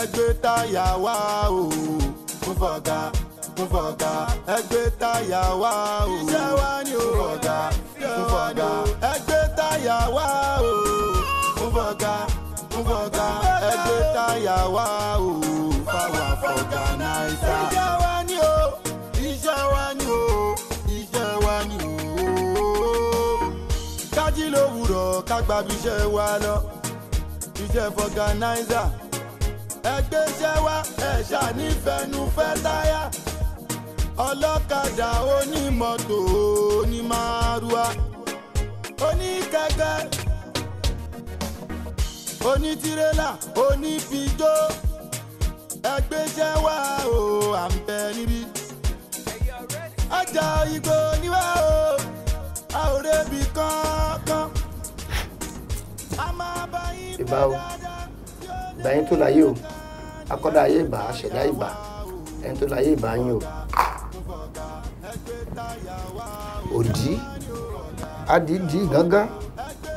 ẹgbẹ́ táyà wá o kún fọ̀gá kún fọ̀gá ẹgbẹ́ táyà wá o iṣẹ́ wa ni o kún fọ̀gá kún ẹgbẹ́ táyà wá o kún fọ̀gá kún fọ̀gá ẹgbẹ́ táyà wá o fáwọn fọ̀gá náà ìta. iṣẹ́ wa ni o iṣẹ́ wa ni o iṣẹ́ wa ni o. kájí lówùrọ̀ ká gbabi iṣẹ́ wa lọ iṣẹ́ fọ̀gá ẹgbẹ́ṣẹ́ wa ẹ̀ṣà nífẹ̀ẹ́nufẹ́ táyà ọlọ́kadà onímọ́tò onímàrúwa oníkẹ̀kẹ́ onítìrẹ́là onípijó ẹgbẹ́ṣẹ́ wa o à níbí ọjà igbó níwá o a ò kankan a gbàyìn tó láyé o akọ́dá ayé ìbà aṣẹ̀dá ìbà ẹni tó láyé ìbà yín o. òdì adìdì gángan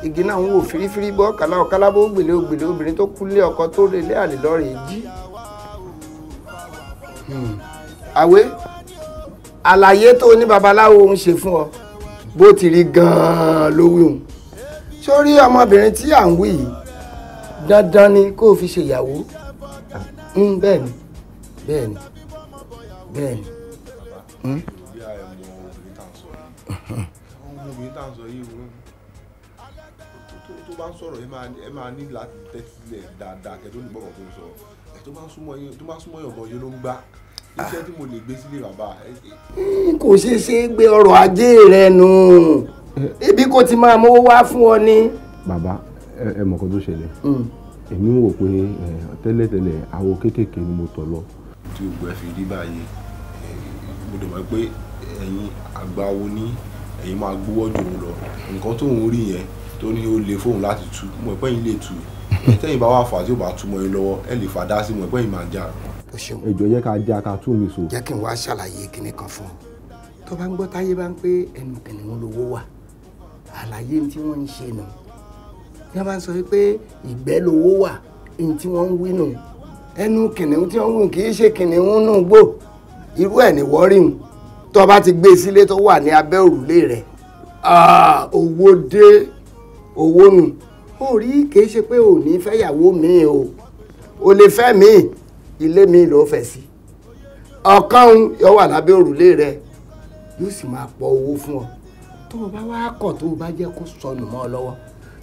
igi náà ń wò fírífírí bọ́ kàlá ọ̀kálá bó gbèlè ògbèlè obìnrin tó kúlé ọkọ tó relé àlè lọ́rẹ̀ jí. Hmm. àwé àlàyé tó ní babaláwo ń ṣe fún ọ bó ti rí gan-an lówí òun sórí ọmọbìnrin tí à ń wí yìí dandan ni kó o fi ṣe ìyàwó hm, bẹ́ẹ̀ ni bẹ́ẹ̀ ni bẹ́ẹ̀ ni. ọmọbìnrin hm? tá à ń sọ yìí wọ́n tó bá ń sọ̀rọ̀ ẹ máa ní láti tẹ́tílẹ̀ dáadáa kẹ́ tó ní bọ́kàn tó ń sọ ẹ tó bá súnmọ́ yín tó bá súnmọ́ mo lè gbé sílé hm, kò ṣeé ṣe é gbé ọrọ̀ ajé rẹ nù ibi kò ti máa mówó wá fún ọ ni. bàbá ẹ mọ̀ kó tó ṣẹlẹ̀ èmi ń wò pé tẹ́lẹ̀tẹ́lẹ̀ àwo kéékèèké ni mo tọ̀ lọ. tí gbogbo ẹ fi rí báyìí mo dẹ̀ mọ̀ pé ẹ̀yin àgbà wo ní ẹ̀yin máa gbówó jù ú lọ nǹkan tóun rí yẹn tó ní ó le fóun láti tú mọ̀ pé yín lè tú tẹ́yìn bá wà fà tí ò bá túmọ̀ yín lọ́wọ́ ẹ lè fàdá sí mọ̀ pé yín máa jà. ẹjọ jẹ ká já ká tú mi so. jẹ́ kí n wá ṣàlàyé kinní kan fún ọ tó bá ń gbọ́ táyé bá ń pé ẹnu kìnìún lówó wà àlàyé tí wọ́n ń ṣe nù tí wọ́n bá ń sọ wípé ìgbẹ́ lowó wà ní tí wọ́n ń wí nù ẹnu kìnìún tí wọ́n ń wù kì í ṣe kìnìún nù gbò irú ẹ̀ ní wọ́rìn tó bá ti gbé e sílé tó wà ní abẹ́ òrùlé rẹ̀ owó dé owó nù ó rí kì í ṣe pé ò ní fẹ́yàwó mi o ò lè fẹ́ mi ilé mi ló fẹ́ sí ọ̀kan yóò wà lábẹ́ òrùlé rẹ̀ yóò sì máa pọ̀ owó fún ọ tó o bá wá kọ̀ tó o bá jẹ́ kó sọnù mọ́ ọ lọ́wọ́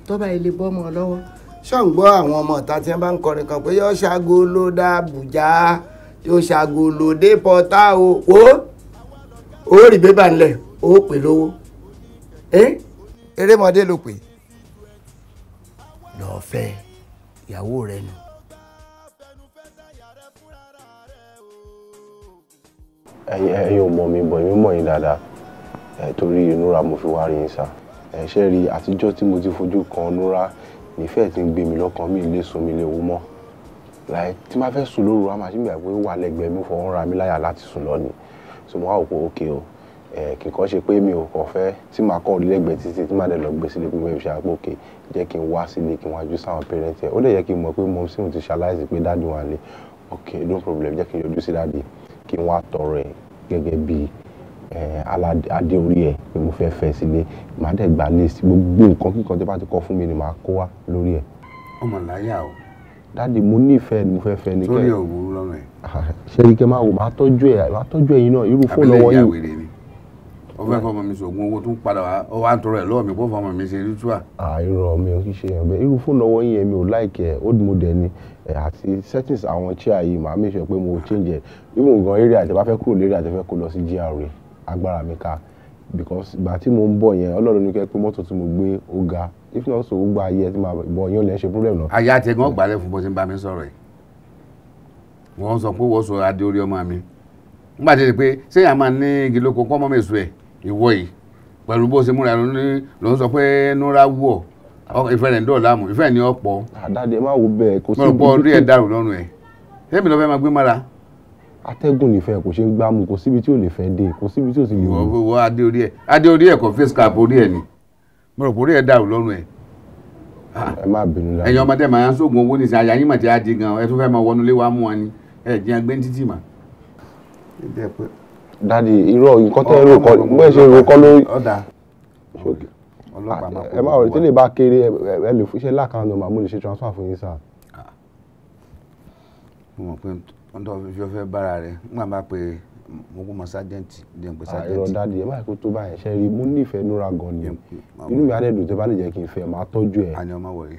tọ́ba ilé bọ́mọ lọ́wọ́ ṣọ̀ǹgbọ́ àwọn ọmọ ọ̀tá tí wọ́n bá ń kọrin kan pé yóò ṣàgó ló dá Àbújá yóò ṣàgó ló dé pọ́tà o ó ó rí bébà ńlẹ̀ ó pè lówó erémọdé ló pè lọ́ọ́ ìyàwó rẹ nù. ẹ̀yin ẹ yóò mọ̀ mi bọ̀ èmi mọ̀ yín dáadáa torí inúra mo fi wá rí yín sá ẹ̀ṣẹ́ rí àtijọ́ tí mo ti fojú kan nura nífẹ̀ẹ́ tí ń gbé mi lọ́kàn mi lè sùn mi lè wú mọ́ láì tí máa fẹ́ sùn lóru àmà sí ìgbàgbé wà lẹ́gbẹ̀ẹ́ mi fọwọ́n ra mi láyà láti sùn lọ ni so mo wá òkú òkè o kì í kọ́ ṣe pé mi ò kọ́ fẹ́ tí màá kọ́ orí lẹ́gbẹ̀ẹ́ títí tí màá dẹ̀ lọ gbé sílé pípẹ́ ìṣe àpò òkè jẹ́ kí n wá sílé kí n wájú sáwọn pẹ́rẹ́ntì ẹ̀ ó dẹ̀ yẹ kí n mọ̀ pé mo sì ń ti ṣaláìsí pé dáàdì wà ní ok no problem jẹ́ kí n yọjú sí dáàdì kí n wá tọrọ ẹ̀ gẹ́gẹ́ bíi aládé orí ẹ̀ pé mo fẹ́ fẹ́ sílé màá dẹ̀ gba list gbogbo nǹkan kíkan tó bá ti kọ́ fún mi ni màá kó wá lórí ẹ̀. ọmọ láyà o. dáàdi mo nífẹ̀ẹ́ ni mo fẹ́ fẹ́ ni kẹ́. sórí òwúrú lọ́nà ẹ̀. ṣé ike máa wò máa tọ́jú ẹ̀ máa tọ́jú ẹ̀yin náà irú fóònù ọwọ́ yìí. àbílẹ̀ ìyá wèrè ni ó fẹ́ fọmọ mi sògùn owó tó ń padà wá ó wá ń tọrọ ẹ̀ lọ́wọ́ mi kó fọmọ mi ṣe ritual. àìrọ̀ mi ò kí ṣe yẹn bẹ́ẹ̀ irú fóònù ọwọ́ yìí mi ò like old model ni àti settings àwọn chair yìí màá mi sọ pé mo change ẹ̀ even gan area àti bá fẹ́ kúrò lérí àti fẹ́ kó lọ sí GRA agbára mi ká because ìgbà tí mo ń bọ̀ yẹn ọlọ́run ní kẹ́ pé mọ́tò tí mo gbé ó ga if not so ó gba ayé ẹ tí máa bọ̀ yẹn ó lè ṣe problem náà. àyà àti ẹ̀gbọ́n gbalẹ̀ fún bó ṣe ń bá mi sọ̀rọ̀ yìí wọ́n sọ pé wọ́n sọ adé orí ọmọ mi nígbà tí ó di pé sẹ́yìn àmà ní igi lóko kọ́ mọ́ mẹ́sù ẹ̀ ìwọ yìí pẹ̀lú bó ṣe múra ló ń sọ pé nura wọ̀ ìfẹ́ rẹ̀ ń dọ̀ láàmú ìfẹ́ ni ọ̀pọ̀. àdáde má wo bẹ́ẹ̀ kò sí. mo rò pọ̀ orí ẹ̀ dàrú lọ́rùn ẹ̀ ṣé èmi lọ fẹ́ máa gbé mára atẹ́gùn nífẹ̀ kò ṣe ń gbámú kò síbi tí ò lè fẹ́ dé kò síbi tí ò sì lè wọ. wọ́n adé orí ẹ̀ adé orí ẹ̀ kò face cap orí ẹ̀ ni mo rò pé orí ẹ̀ dàrú lọ́rùn ẹ̀. ẹ má bínú dáadáa ẹ̀yin ọmọdé màá sóògùn owó nìsín àyà yín mà ti á di gan ẹ tún fẹ́ máa wọnú ilé wa mú wọn ni ẹ jẹ́ agbẹ́ ní títì mà. dadi irọ́ nǹkan tẹ́ rò kọ́ bẹ́ẹ̀ ṣe rò kọ́ lórí. ẹ má wọlé tí lè bá kéré ẹ lè fúnṣẹ́ lákàánú màmú n tọ́ fi ọfẹ́ bára rẹ̀ n gbà bá pe mo kó mọ sájẹ́ǹtì dẹ̀ ń pe sájẹ́ǹtì. àìrọ̀ dáadé ẹ báyìí kó tó báyìí ṣe rí mo nífẹ̀ẹ́ núra gan ni inú mi àdẹ́dùn tó bá lè jẹ́ kí n fẹ́ máa tọ́jú ẹ̀. àní ọmọ wọ̀nyí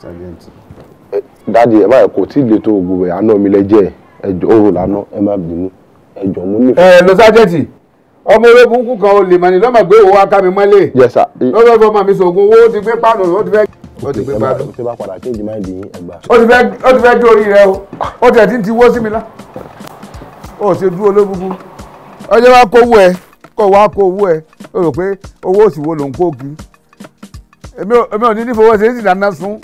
sájẹ́ǹtì. dáadé ẹ báyìí kò tí ì le tó gbogbo ẹ̀ àná mi lẹ́jẹ̀ ẹjọ́ òru lánà ẹ má bínú ẹjọ́ mo nífẹ̀ẹ́. ẹ lọ sájẹ́ǹtì ọmọ ewé burúkú kan olè mọ̀ ní lọ́mọ̀ òwò akámi mọ́lẹ̀. yẹ ó ti gbé gbádùn. ó ti bá padà change mind yín ẹgbà. ó ti fẹ́ ó ti fẹ́ dé orí rẹ o ó tẹ̀ tí ń ti wó sí mi lá ó ṣe dúró lóbúbú ọjọ́ wa kó owó ẹ kó wa kó owó ẹ ó rò pé owó òsì wo ló ń kó kí èmi ò ní ní fowó ṣe é sì dáná sun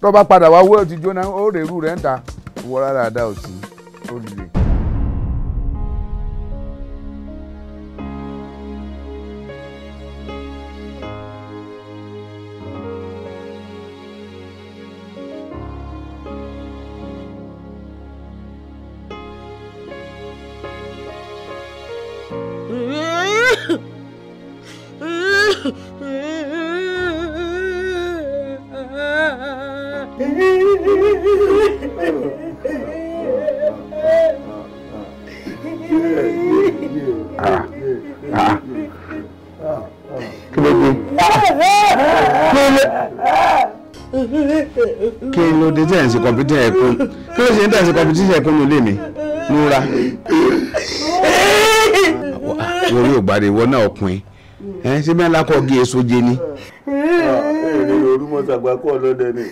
tó bá padà wá owó ti jóná ó rèé rú rẹ̀ ń ta wọ́n rárá dá òsì ó lè. ìwọ náà ọkùnrin ẹ ṣé mẹ́la kọ́ gé èso jẹ ni. èrè orúmọ ṣàgbákọ ọlọ́dẹ ni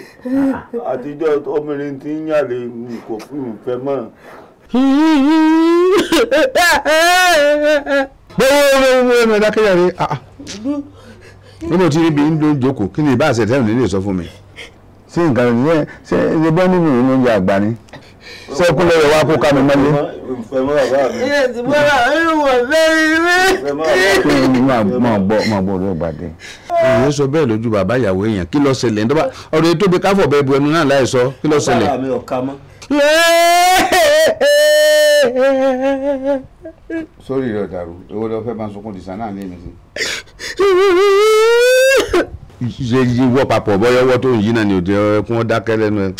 àtijọ́ obìnrin ti ń yàlè kò fẹ́ mọ́. gbogbo mi dákẹ́yà rẹ̀ ó lóò ti rí bí n ló ń jókòó kí ni ìbá àṣẹ tẹ́lẹ̀ nílé sọ fún mi. ṣé nǹkan ìyẹn ṣe ẹgbẹ́ nínú ìlú oúnjẹ àgbà ni sẹ́kún lọ́yọ̀ wá kó kámi mọ́lé. èyí sọ bẹ́ẹ̀ lójú bàbá ìyàwó èèyàn kí ló ṣẹlẹ̀ ńdọ́bà ọ̀rọ̀ ètò bí káfọ̀ bẹ́ẹ̀ bu ẹnu náà láì kí ló ṣẹlẹ̀. sórí rẹ̀ dàrú owó lọ́ọ́ fẹ́ máa sunkún dìsá náà ní èmi sí ṣe yíwọ́ papọ̀ bọ́yọ́wọ́ tó ń yí náà ni òde ẹkún dákẹ́ lẹ́nu ẹ̀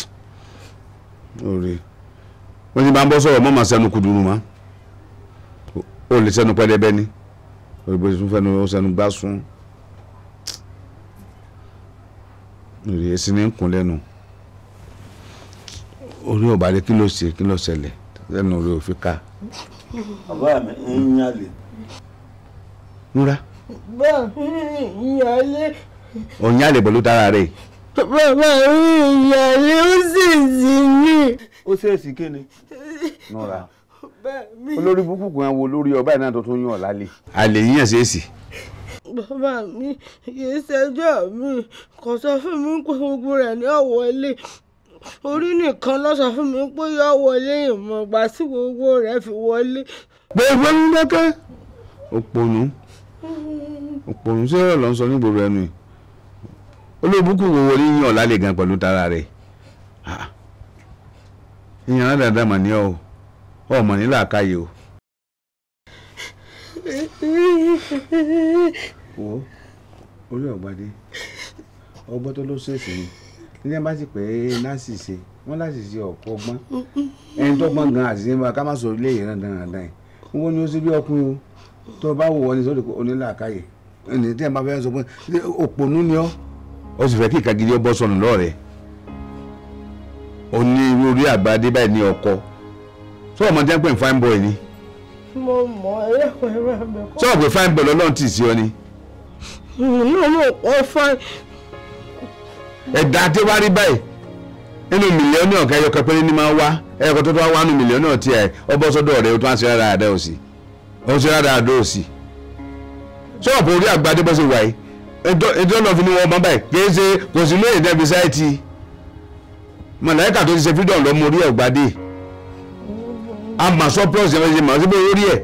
orí wọ́n ti bá ń bọ́ sọ̀rọ̀ mọ́ màá sẹ́nu kùdùrù mọ́ ó lè sẹ́nu pẹ́lẹ́bẹ́ ni òyìnbó tún fẹ́nu ó sẹ́nu gbá sún òrì èsì ní kún lẹ́nu orí ò bá lè kí ló ṣe kí ló ṣẹlẹ̀ lẹ́nu orí ò fi ká. bàbá mi ń yàlè. nura. bẹ́ẹ̀ ni ìyáálé. òun yàlè pẹ̀lú tara rẹ̀. bàbá mi ìyáálé ó sì sí mi ó ṣèèṣì kéne nura olórí búkúkú yẹn wo lórí ọba yìí náà tó tún yún ọ lálẹ́. àlè yíyan ṣèèṣì. bàbá mi yìí ṣẹjọ́ mi kò sọ fún mi pé gbogbo rẹ̀ ní ọ̀wọ́ ilé orí nìkan ló sọ fún mi pé yọ wọlé ìmọ̀ ìgbà tí gbogbo rẹ̀ fi wọlé. gbogbo ń lọ́kẹ́ òpònú òpònú ṣé ọ̀rọ̀ ló ń sọ nígboro ẹnu yìí olóòbùkún wo wọlé yín ọ̀la lè gan pẹ̀lú tara rẹ̀ ìyànná dandan mọ̀ ní ọ ọmọ ní làákàyè o. wo orí ọ̀gbadé ọgbọ́n tó ló ṣèṣì ni nílẹ̀ bá sì pé nancy ṣe wọ́n láti ṣe ọ̀pọ̀ ọgbọ́n ẹni tó gbọ́n gan àti ṣẹ́ni ká má sọ ilé yìí rán dandan dandan yìí wọ́n ní ó ṣe bí ọkùnrin o tó bá wò wọ́n ní sọ́dọ̀ onílàákàyè ẹni tí ẹ̀ máa fẹ́ sọ pé òpònú ni ọ́ ọ sì fẹ́ kí ìka gidi ọ bọ́ sọnù lọ́ọ̀rẹ́ onírúurú àgbàdé báyìí ní ọkọ tó ọmọdé ń pè ní fine boy ni. mo mọ ẹyẹ kò ẹrọ ẹgbẹ kọ. sọ pé fine boy lọ́lọ́run tì sí ọ ni. mo mọ ọ fine. ẹ̀dá tí wàá rí báyìí nínú mílíọ̀nù ọ̀kan ẹyọkọ péré ni máa wá ẹyọkọ tó tó wá wánú mílíọ̀nù ọ̀tí ẹ ọbọ̀ sọ́dọ̀ rẹ o tó wá sí rárá àdá òsì o sí rárá àdá òsì. sọ pé orí àgbàdé bọ́ sí wáyé ẹjọ́ lọ́ọ́ fi ni wọ́n mọ́ báyìí kì í ṣe kò sí lóye dẹ́bi sáìtì mọ̀lẹ́kà tó ti ṣe freedom lọ́mọ orí ẹ̀ gbadé a mà sọ plus ẹ̀ ṣe mà sí bó orí ẹ̀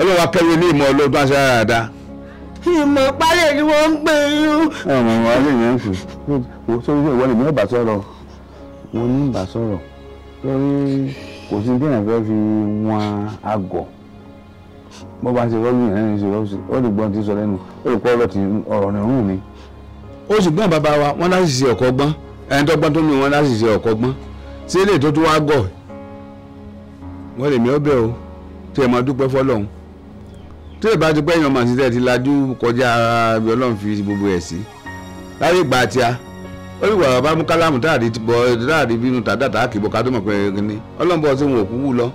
ọlọ́wà kẹ́rin ilé ìmọ̀ ọlọ́dún aṣọ ara dáa. ìmọ̀ pálẹ̀ ni wọ́n ń pè é yún. ọmọ ìwà lè yẹn ń sùn kò sórí ìwọ ni mo bá sọ̀rọ̀ mo ní bá sọ̀rọ̀ lórí kò sí bí èèyàn fẹ́ fi wọn àgọ̀ bó bá ń ṣe rọ́ọ̀lù yẹn ní ṣe rọ́ọ̀lù sí ó lè gbọ́n ti sọ lẹ́nu ó lè kọ́ ọ̀rọ̀ ọ̀rọ̀ nìrún mi. ó sì gbọ́n bàbá wa wọ́n láti ṣe ọ̀kọ́ gbọ́n ẹni tó gbọ́n tó nu wọn láti ṣe ọ̀kọ́gbọ́n sí ilé tó tún wá gọ̀ wọ́n lèmi ọbẹ̀ o tí ẹ máa dúpẹ́ fọlọ́hún tí ìbá ti pẹ́ yan màsí tẹ̀ ti lajú kọjá ara bí ọlọ́run fi gbogbo ẹ̀ sí láyé ìgbà tí a ó ní wàá bá mú kálámù táàdì ti bọ táàdì bínú tàdá tààkì bọ ká tó mọ̀ pé kíní ọlọ́run bọ̀ sí wọn òkú wù lọ.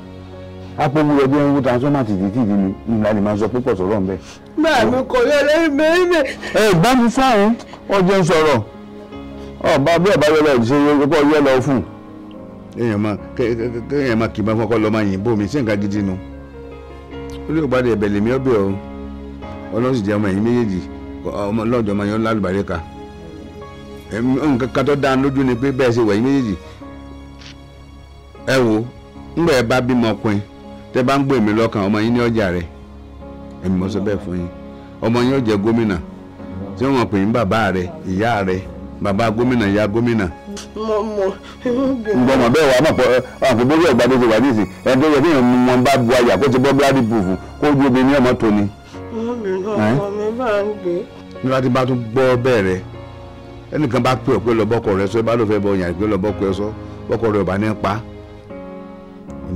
apẹ̀wù rẹ̀ bí wọ́n wú transformer àti ìdí tìdí ni ìlà lè máa sọ púpọ̀ sọ̀rọ̀ ń bẹ̀. bẹ́ẹ̀ mi kò yẹ lẹ́yìn mẹ́rin mẹ́. ẹ bá mi fáwọn ọjọ́ sọ̀rọ̀. ọba bí ọba yẹlọ ṣe pọ yẹlọ fún. kéèyàn máa kéèyàn máa kìbọn fún ọkọ lọ́ọ́ máa yìnbó mi sí nǹkan gidi nu ó lè gbádùn lèmi o ọlọ́run sì jẹ́ ọmọ ẹ̀yìn méjèèjì ọmọ ọlọ́jọ́ máa yan lálùbáríkà nǹkan kan tó dáa lójú ni pé bẹ́ẹ̀ ṣe wẹ̀ ẹ̀yìn méjèèjì ẹ wo ńgbà ẹ bá bímọ ọkùnrin tẹ bá ń lọ́kàn ọmọ yín ní ọjà rẹ ẹ̀mí mọ́ sọ bẹ́ẹ̀ fún bàbá gómìnà ìyá gómìnà. mo mọ ìwọ mọ bẹ́ẹ̀ wà á mọ pọ ọkùnrin bóyá ìgbàdo ti wà ní ìsìn yẹ kí èèyàn mọ bá bu àyà kó ti bọ́ bíládì bùfù kó ju obìnrin ọmọ tó ni. ọmọ mi bá ń gbé. ní wàá ti bá tún gbọ́ bẹ́ẹ̀ ẹnìkan bá pè ọ́ pé lọ bọ́kọ rẹ sọ ẹ bá lọ fẹ́ bọ ọyàn pé lọ bọ́kọ rẹ sọ bọ́kọ rẹ ọba ní pa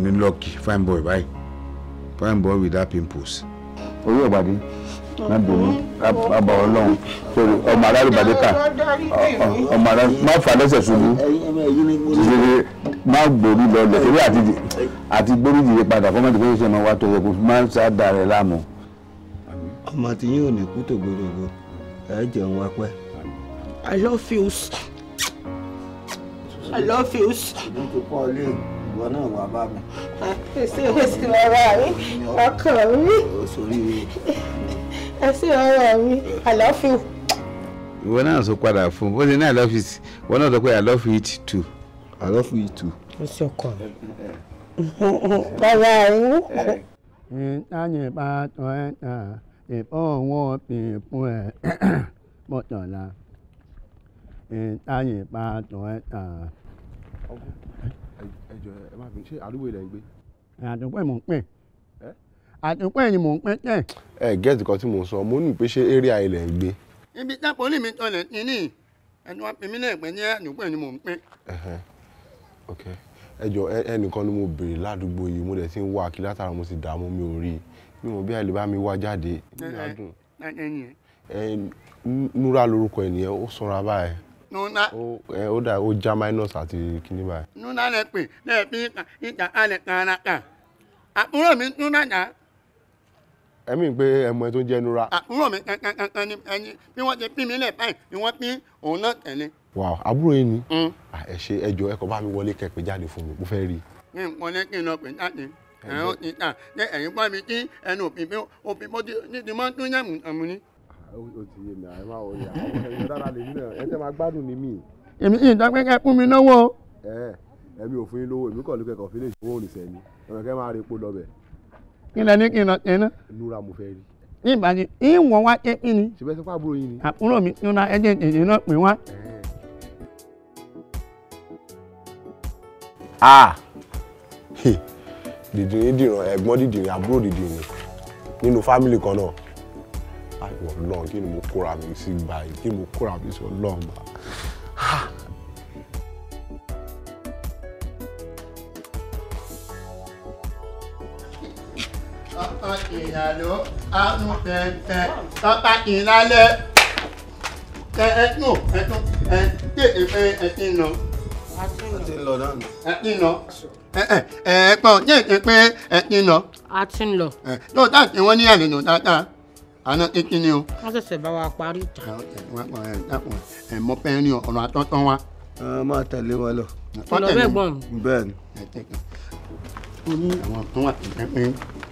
ní lọ́ọ̀kì fine boy báyìí fine boy without pimples. orí ọ̀bàdì má bínú àbá ọlọ́run torí ọmọ aráàlú bàdékà ọmọ aráàlú má fà lẹ́sẹ̀ ṣubú ṣíṣe má gbòòrú lọlẹ̀ eré àti gbórí yìí padà fọmọ tí kò ṣe máa wá tó yẹ kó má sáadà rẹ láàmú. ọmọ tí yín ò ní kú tó gbòdògbò ẹ jẹun wá pẹ́. I love you. I love you. ìwọ náà wà bá mi. èsì èsì lọ́rọ̀ mi ọkàn mi ẹ sì rọrọ mi i love you. ìwọ náà sọ padà fún bó ṣe ní i love you ìwọ náà sọ pé i love you too. i love you too. ó sì ọkọ mi. bàbá rẹ. ìtàjì bá tọ́ ẹ̀ tà ìfọwọ́ pìpọ̀ ẹ̀ mọ́tọ̀lá ìtàjì bá tọ́ ẹ̀ tà. ẹjọ ẹ má fi ṣe àdúgbò ilẹ̀ ń gbé. àdúgbò ìmọ̀ ń pè. àtúnpẹ́ ẹ̀yìn mò ń pẹ́ tẹ̀. ẹ gẹ́ẹ̀tì kan tí mò sọ mo ní ìpèsè eré ilẹ̀ ń gbé. ibi tápọ̀ ní mi tọ̀lẹ̀ ti ní ẹni náà pẹ́ ní àtúnpẹ́ ẹ jọ ẹnìkan ni mo bèrè ládùúgbò yìí mo dẹ̀ ti ń wá kí ti dààmú mi ò mi bí bá jáde. ènìyàn ó sanra nuna. ẹ minus àti báyìí. nuna lẹ pè ìta alẹ kan ara kan àbúrò mi nuna ẹ̀mí pé ẹ̀mọ ẹ̀ tó ń jẹ́ nura. ràn ah, mí ẹni ẹni bí wọ́n ti pín mi lẹ̀ báyìí ni wọ́n pín òun náà tẹ̀lé. wà á àbúrò yín ni mm. ah, ẹ ṣe ẹjọ ẹ kọ bá mi wọlé kẹpẹ jáde fún mi mo fẹ́ rí i. ní nǹkan ní kí n lọ pè jáde ẹ̀rọ ti tà ní ẹ̀yìn pa mi kí ẹnu òbí mi òbí mo ti ní ti máa ń tún yàmù àmú ni. o ah, ti yé mi àyè máa wọlé àwọn ẹ̀yin dára lè nílẹ̀ ẹ ẹ̀mí òfin lówó èmi kọ̀ lókè kọ̀ fi lè ṣòwò òrìṣẹ́ ni ọ̀rọ̀ kẹ́ máa rí epo lọ kí lẹ ní kí n lọ tẹ ná. ìnura mo fẹ́ rí. ní ìbàdí ìwọ̀n wá jẹ́ kí ni. ṣùgbọ́n sọ́kọ́ àbúrò yìí ni. àbúrò mi ń ra ẹjẹ́ tètè náà pè wá. a dìdìrín dìran ẹ̀gbọ́n dìdìrín àbúrò dìdìrín nínú fámìlì kan náà àìwọ̀ ọlọ́run kí ni mo kóra mi sí gbà yìí kí ni mo kóra mi sí ọlọ́run gbà. ọkọ ìyàló àánú pẹ̀pẹ̀ pápá ìlálẹ̀ ẹ̀ẹ́dùn ẹ̀ẹ́dùn ẹ̀ẹ́dùn ẹ̀ẹ́dùn nù. àti ń lọ náà nù. ẹ̀ẹ́dùn nù ẹ̀ẹ́pọ̀ jẹ́ ìpín pé ẹ̀ẹ́dùn nù. a ti ń lọ. lóòótọ́ àti wọ́n ní àlejò dáadáa àná kíkí ni o. wọ́n ṣẹ̀ṣẹ̀ bá wa parí ìtàn. ẹ̀ mọ́ pẹ́ rí ọ̀rọ̀ àtọ́tọ́ wa. máa tẹ̀lé wa lọ. lọ bẹ́ẹ̀ gbọ́n. bẹ́ẹ̀ ni. orí àwọn kan wà tó jẹ́ pé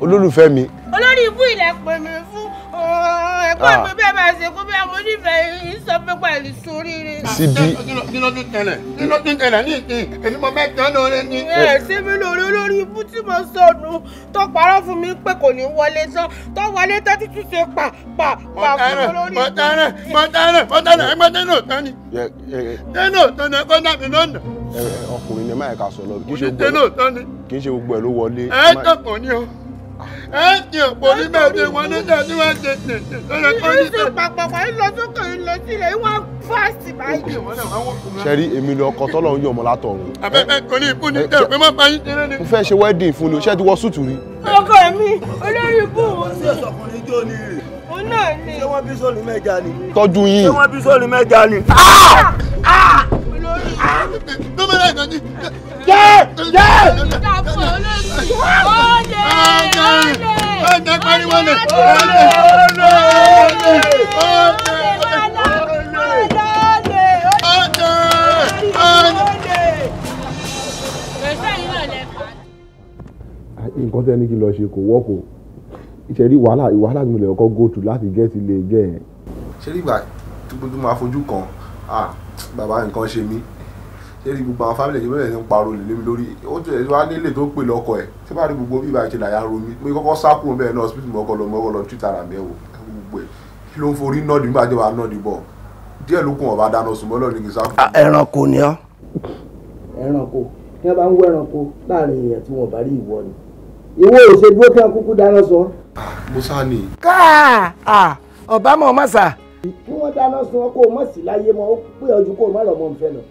olólùfẹ́ mi. olórí ibú ilẹ̀ pè fún ẹ̀gbọ́n ah. mi bẹ́ẹ̀ máa ṣe kó bẹ́ẹ̀ mo nífẹ̀ẹ́ sọ pé pẹ̀lú sóríire. síbi kí tẹ̀lẹ̀ kí tẹ̀lẹ̀ ní ìsìn èmi mo fẹ́ tán lóore ní. ẹ ṣé mi lórí olórí ibú tí mo sọnù tó parọ́ fún mi pé kò ní wọlé tán tó wọlé tán títí ṣe pa pa pa fún olórí ibú. ẹ mọ̀tánà ni. ẹ kọ́ dàbí lọ́nà. sọ lọ kì í ṣe gbogbo ẹ̀ ló wọlé. ẹ tọkàn ni o ẹ̀sìn òpó ní mẹ́rin wọn nígbà tí wọ́n ṣe tètè lọ́dọ̀ tó ní tètè. papọ̀ wọ́n lọ sókè lọ sílẹ̀ wọ́n fásitì báyìí. sẹ́rí èmi ni ọkọ tọ́lọ̀ ń yọ̀ ọmọ látọ̀run. abẹ́fẹ́ kò ní ikú ní tẹ̀ pé má bá yín tẹ́lẹ̀ ni. mo fẹ́ ṣe wedding fún ni o ṣé ti wọ súùtù rí. ọkọ mi olórí ibú òun sì. òun náà ni. ṣé wọ́n bí sóòlù mẹ́ja ni. tọ́jú yín. ṣé wọ́n bí sóòlù mẹ́ja ni. olórí jẹ́ jẹ́. ọ̀dẹ̀ ọ̀dẹ̀ ọ̀dẹ̀ pariwo lè ọ̀dẹ̀ ọ̀dẹ̀ ọ̀dẹ̀ ọ̀dẹ̀. nǹkan tẹ́ ní kí n lọ ṣe kò wọ́pọ̀ ìṣẹ̀rí wàhálà ìwàhálà mi lè ọkọ̀ go to láti gẹ́ẹ̀tì lè gẹ́ ẹ̀. ṣé nígbà tó máa fojú kan ah, bàbá nǹkan ṣe mí ṣé ní gbogbo àwọn fámìlì ẹ̀jẹ̀ bẹ̀rẹ̀ ní parọ́ lè lémi lórí ó tẹ̀ ẹ́ wá nílé tó pè lọ́kọ̀ ẹ̀ ṣé bá rí gbogbo bí ìbá ìṣẹ̀lẹ̀ àyà romi mo kọ́kọ́ sá kúrò bẹ́ẹ̀ náà hospital mọ́kọ́ lọ mọ́kọ́ lọ twitter rà mẹ́wò gbogbo ẹ̀ kí ló ń forí nọ́ọ̀dì nígbà tí wàá nọ́ọ̀dì bọ̀ díẹ̀ ló kún ọ̀bá dáná sùn mọ́lọ́ ní kí sá. Ah, ẹranko ni ọ. ẹranko tí wọn bá ń wọ ẹranko láàrin èèyàn tí wọn bá rí ìwọ ni ìwọ ò dúró kí wọn kúkú dáná sọ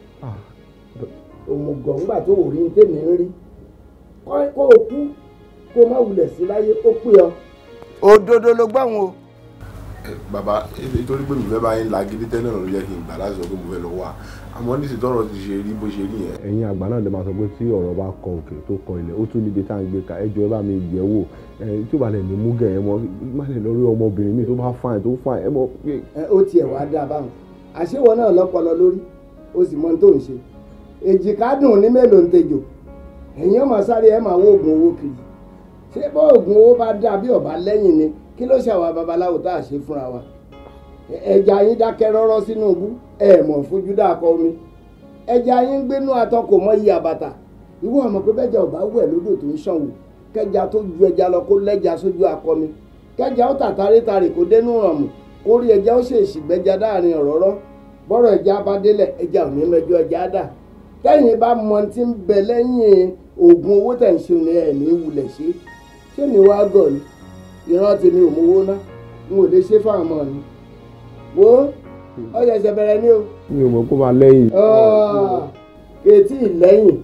òmùgọ̀ ńgbà tó wò rí tèmi ń rí kó o kú kó o má wulẹ̀ sí láyé ó pè ọ. òdodo ló gbọ́ wọn o. bàbá nítorí pé mi fẹ́ bá yín la gidi tẹ́lẹ̀ náà ló yẹ kí n gbà láti sọ pé mo fẹ́ lọ wá àmọ́ ní ìsìtọ́rọ̀ ti ṣe rí bó ṣe rí yẹn. ẹ̀yin àgbà náà lè máa sọ pé tí ọ̀rọ̀ bá kọ òkè tó kọ ilẹ̀ ó tún níbi tá à ń gbé ka ẹjọ́ ẹ bá mi yẹ̀ wò tí ó bá lè ní mú ẹ mọ́ má lè lọ rí ọmọbìnrin mi tó bá fine tó fine ẹ mọ́. ó tiẹ̀ wá dáa báwọn àṣewọ náà lọ́pọlọ lórí ó sì mọ ohun tó ń ṣe èjìkádùn ní mélòó ń tejò èyàn máa sáré ẹ máa wó oògùn owó kiri ṣé bá oògùn owó bá dà bí ọba lẹ́yìn ni kí ló ṣàwà babaláwo tá a ṣe fúnra wa ẹja yín dákẹ́ rọ́rọ́ sínú ibú ẹ mọ̀ fojú omi ẹja yín gbénú atọ́ kò mọ iye àbàtà ìwọ pé bẹ́jà ọba wẹ̀ lódò tó ń kẹja tó ju ẹja lọ kó lẹ́ja sójú kẹja ó kó dénú kórí ẹja ó ṣèṣì gbẹja dáàrin ọ̀rọ̀rọ̀ bọ́rọ̀ ẹja bá délẹ̀ tẹ́yìn bá mọ tí ń bẹ lẹ́yìn oògùn owó tẹ̀ ń ṣe ni ẹ̀ ní wulẹ̀ ṣe ṣé mi wá gọ̀ ni ìran tèmi ò mówó ná n ò lè ṣe fáwọn ọmọ mi wo ó ṣẹ̀ṣẹ̀ bẹ̀rẹ̀ ni o. mi ò mọ̀ kó máa lẹ́yìn. kètì lẹ́yìn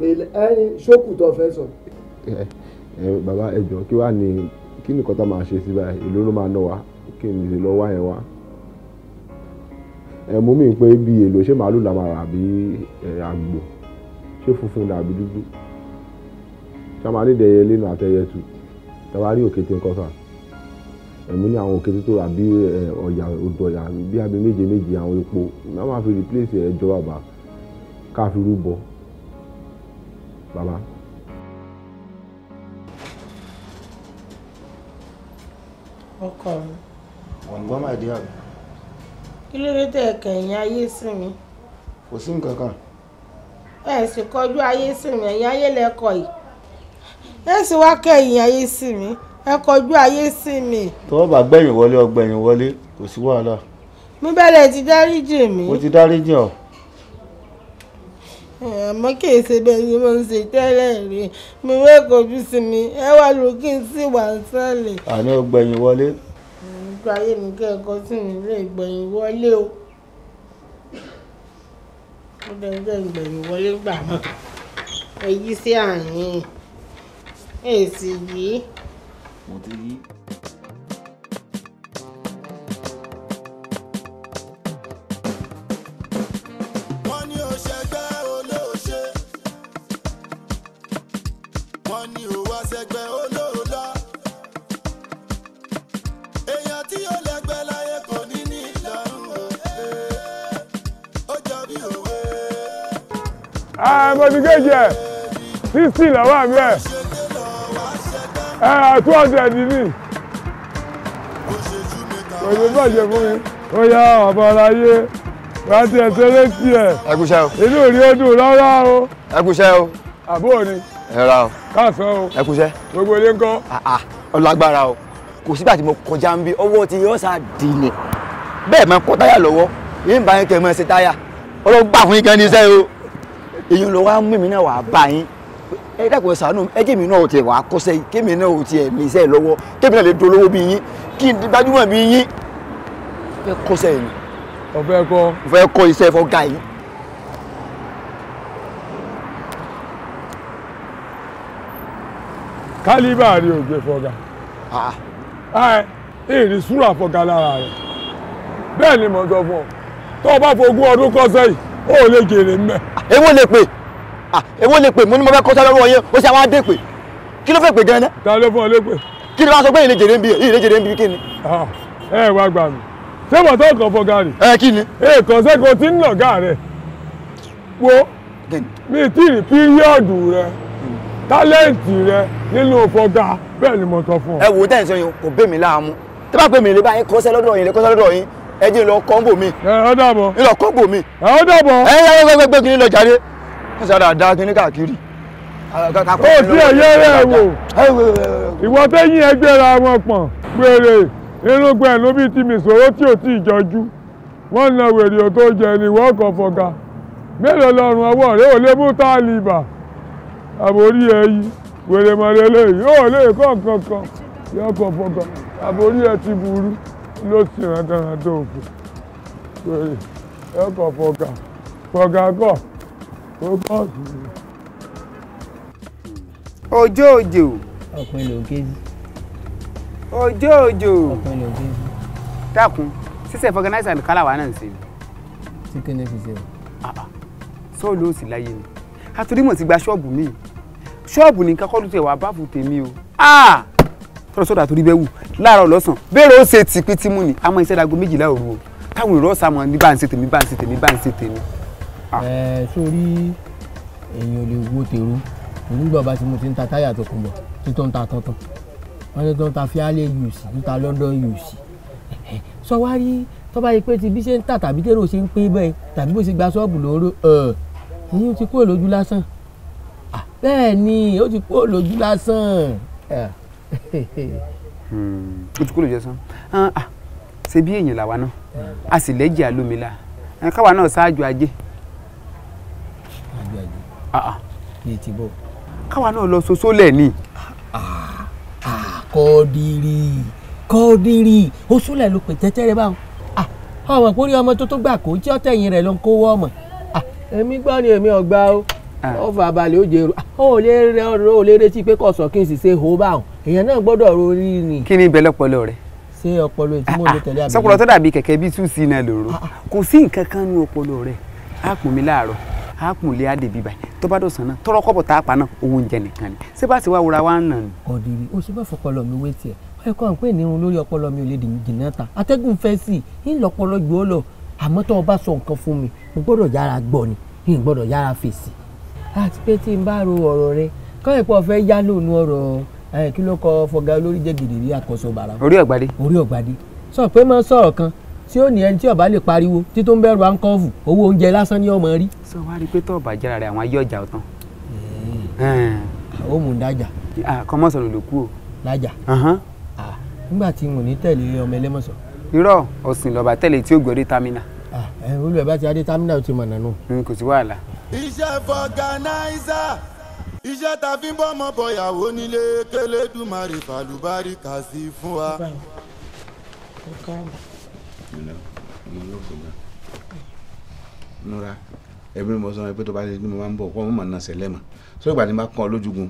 ẹyin ṣókù tó fẹ́ sọ. bàbá ẹ jọ̀ọ́ kí wàá ní kí nìkan tá máa ṣe sí báyìí ìlú ló máa ná wa kí n lè lọ wá yẹn wá ẹ mú mi pé bí èlò ṣé màálù la máa rà bí àgbò ṣé funfun ni àbí dúdú ṣàmà ní ìdẹyẹ lẹ́nu àtẹyẹ tu tàbá rí òkété nǹkan sàn ẹ̀mú ní àwọn òkété tó àbí ọ̀yà odò ọ̀yà bi abẹ méje meje àwọn epo náà máa fi replace ẹ̀jọ́ bàbá ká fi rúbọ bàbá. ọkọ mi. wọ́n gbọ́ máa kí ló dé tẹ̀ kẹ̀yìn ayé sí mi. kò sí nǹkan kan. ẹ sì kọjú ayé sí mi ẹ̀yìn ayé lẹ́kọ̀ọ́ yìí ẹ sì wá kẹ̀yìn ayé sí mi ẹ kọjú ayé sí mi. tọ́wọ́ bá gbẹ̀yìn wọlé ọgbẹ̀yìn wọlé kò sí wàhálà. mi bẹ̀rẹ̀ ti dáríjì mi. mo ti dáríjì ọ́ àmọ́ kì í ṣe bẹ́ẹ̀ ni mo ń ṣe tẹ́lẹ̀ rí mi wẹ́ẹ́ kojú sí mi ẹ wá lókè sí wàásù lè. àní ọgbẹ̀yìn wọlé gbogbo ayé mi kẹ́ ẹ̀kọ́ sí mi lè gbẹ̀yìn wọlé o ó dẹ̀ gbẹ̀yìn gbẹ̀yìn wọlé gbà mọ́ èyí sí àyìn èsì yìí. mo ti yí. Ah, mọ̀tíkẹ́jẹ̀ sixty lọ́wọ́ àbẹ̀ ah, two hundred ní òye bàjẹ́ fún mi ó yá ọ̀bọ̀ aráyé láti ẹ̀sẹ̀ létí ẹ̀ ẹ̀kúṣẹ́ o inú rí ó dùn lọ́rọ́ o ẹ̀kúṣẹ́ o àbúrò ni ẹ̀rọ o káàsán o ẹ̀kúṣẹ́ gbogbo ilé ń kọ́ ọlágbára ah, o kò sígbà tí mo kọjá ń bí ọwọ́ ti yọ sá dì ní bẹ́ẹ̀ máa kọ táyà lọ́wọ́ yín bá yín kẹ́ mọ́ ṣe táyà ọlọ́gbà fún yín kan ní iṣẹ́ o èyàn lọ wá mú èmi náà wà bá yín ẹ dàpọ̀ sànù ẹ jẹ́ mi náà ò tiẹ̀ wà kọ́sẹ́ kémi náà ò tiẹ̀ mí iṣẹ́ lọ́wọ́ kémi náà lè dolówó bí yín kí n gbajúmọ̀ bí yín fẹ́ kọ́sẹ́ yìí. ọ̀fẹ́ kọ́. ọ̀fẹ́ kọ́ iṣẹ́ fọ́ ga yìí. kálíbà rí ògbé fọ́gà. ìrìn súrà fọ́gà lára rẹ̀ bẹ́ẹ̀ ni mo sọ fún ọ tó o bá fogún ọdún kọ́sẹ́ yìí ó lè jèrè mẹ́. èwo lè pè èwo lè pè mo ní mo fẹ́ kọ́ sábẹ́ wọ yẹn ó sì àwọn adé pè kí ló fẹ́ pè gan-an. ta ló fún ọ lé pè. kí ló wá sọ pé ìlè jèrè ń bi ìlè jèrè ń bi kí ni. ẹ wá gbà mí ṣé wọ́n tó kàn fọ gàrí. ẹ kí ni. ẹ kàn sẹ́kọ̀ọ́ tí ń nà gà rẹ̀ wo mi tí ì píríọ̀dù rẹ̀ tálẹ́ǹtì rẹ̀ nínú fọgà bẹ́ẹ̀ ni mo sọ fún ọ. ẹ wò ó tẹ̀ kò bẹ́ mi láàmú tí bá pè mí lè bá kọ́sẹ́ lọ́dọ̀ yín lè kọ́sẹ́ lọ́dọ̀ yín ẹ jẹ́ lọ kọ́ńbò mi. ẹ ọ dàbọ̀. ń lọ kọ́ńbò mi. ẹ ọ dàbọ̀. ẹ yẹ wọ́n gbẹgbẹ́ kí ni lọ jáde. wọ́n sì dáadáa dá kíní káàkiri. ó sì ẹ̀yẹ́ rẹ̀ wò. ìwọ tẹ́yìn ẹgbẹ́ ra wọn pọ̀n gbèrè irúgbìn ló bí ti mìsòrò tí ò tí ì jọjú wọ́n na wèrè tó jẹ ní wọ́ọ̀kọ̀ fọ̀gà mélòó lọ́rùn ọwọ́ rẹ̀ ò lè mú táàlì ibà àbórí ẹyí wèrè mọ̀lẹ́lẹ́ yìí ó lè kọ́ kankan yọ̀ọ̀kọ̀ fọ̀gà àbórí ẹ ti burú ló sì rádaràdà òfò pèrè ẹ̀kọ́ fọ̀gà fọ̀gà kọ̀ ó kọ̀ sí i. òjò òjò. ọkùnrin ló kéjì. òjò òjò. ọkùnrin ló kéjì. dákun ṣíṣe fọgànáìsà ní kálá wa náà ń ṣe. tí kí ni fi ṣe. sọ́ọ̀lù ò sì láyé ni àtúndì mo ti gba ṣọ́ọ̀bù mi ṣọ́ọ̀bù nìkan kọ́ ló ti báàbù tèmi o tọ́lọ́sọ́dà torí bẹ́ẹ̀ wù láàárọ̀ lọ́sàn béèrè ó ṣe tìpín tí mú ni àmọ́ iṣẹ́ dago méjìlá òru o táwọn èrò ọ̀sà mọ̀ ní bá ń ṣe tèmi bá ń ṣe tèmi bá ń ṣe tèmi. ẹ sórí èèyàn ò lè wo tèrú nígbà bá ti mo ti ń ta táyà tó kún bọ̀ títọ́ ń ta tọ́tọ́ wọ́n ti tó ń ta fíálẹ̀ use ń ta London use sọ wá rí tó bá yẹ pé ti bí ṣe ń tà tàbí tèrò ṣe ń pé bẹ́ẹ̀ tàbí bó ṣe gba ṣọ́ọ̀bù lóró ẹ̀ ẹ̀yìn ó ti kúrò lójú lásán bẹ́ẹ̀ ni ó ti kúrò lójú lásán. Hmm. otukulu jẹsan ah, ah, ṣe bí èèyàn làwa náà a sì lẹ́jẹ̀ alómìnira eh, káwa náà ṣáájú ajé. Ah, káwa náà lọ soso lẹ̀ ni. kọ́ọ̀dìrì kọ́ọ̀dìrì oṣùlẹ̀ ló pè tẹ́tẹ́rẹ́ báwọn ọmọ kórìí ọmọ tó tó gbà kó tí ọ̀tẹ̀yìn rẹ̀ ló ń kówó ọmọ. èmi gbọ́ ni èmi ọ̀gbà o. Ah. ó fà balẹ̀ ó jẹ́ ah, ó lè retí pé kọ̀sọ̀ kí n sì ṣe hó báwọn èèyàn náà gbọ́dọ̀ rori ni. kí ni ìbẹ̀lẹ̀ ọpọlọ rẹ. ṣé ọpọlọ ètí mò ń ah, lè tẹ̀lé àbí. sọpọlọ tó dàbí kẹ̀kẹ́ bíi two náà lòrò kò sí nǹkan kan ní ọpọlọ rẹ àpò mi láàárọ̀ àpò lè àdè bíbá tó bá dọ̀sán náà tọrọ kọ́bọ̀ tá a pa náà owó oúnjẹ nìkan ni ṣé bá ti wá wura wá ń nà ni. o ṣe bá fọpọlọ mi wé tiẹ̀ ẹ̀kọ́ àpò ènìyàn lórí ọpọlọ mi ò lè dìnnà ta atẹ́gùn fẹ́ sí i ńlọpọlọ jù ọ lọ àmọ́ tó o bá sọ nǹkan fún mi mo gbọ́dọ̀ yára gbọ́ ni n gbọ́dọ̀ yára fèsì àti pé tí n bá ro ọ̀rọ̀ rẹ káyọ̀ pé ọ̀fẹ́ yá lónìí ọ̀rọ̀ kí ló kọ fọgá olórí jẹ́ gidi rí àkọsọ bàrà. orí ọ̀gbadé. orí ọ̀gbadé sọ pé máa sọ̀rọ̀ kan tí ó ní ẹni tí ọba lè pariwo tí tó ń bẹ̀rù àǹkọ́ọ̀fù owó oúnjẹ lásán ni ọmọ rí. sọ wá rí i pé tó ọba jára rẹ àwọn ayé ọjà ọtán. ó mú un dájà. kọ́mọ́sọ̀rọ̀ ló kú o. lájà nígbà tí mo ní tẹ̀lé ọmọ ẹlẹ́mọ̀sọ̀. irọ́ ọ̀sìn lọ́ba tẹ̀lé tí ó gbé dé tamina. olùwẹ̀ bá ti adé tamina ó ti mọ̀nà nù. kò sí wàhálà iṣẹ́ fọ̀gánáìsà iṣẹ́ ta fi ń bọ́ ọmọ bọ̀yàwó nílé kẹlẹ́dùmarè fàlùbárì kà sí fún wa. nura ẹbí mi mọ sọ pé tó bá ní mo máa ń bọ̀ kọ́ mo máa na sẹ́lẹ̀ mọ̀ sọ ìgbà tí mo bá kàn lójúgun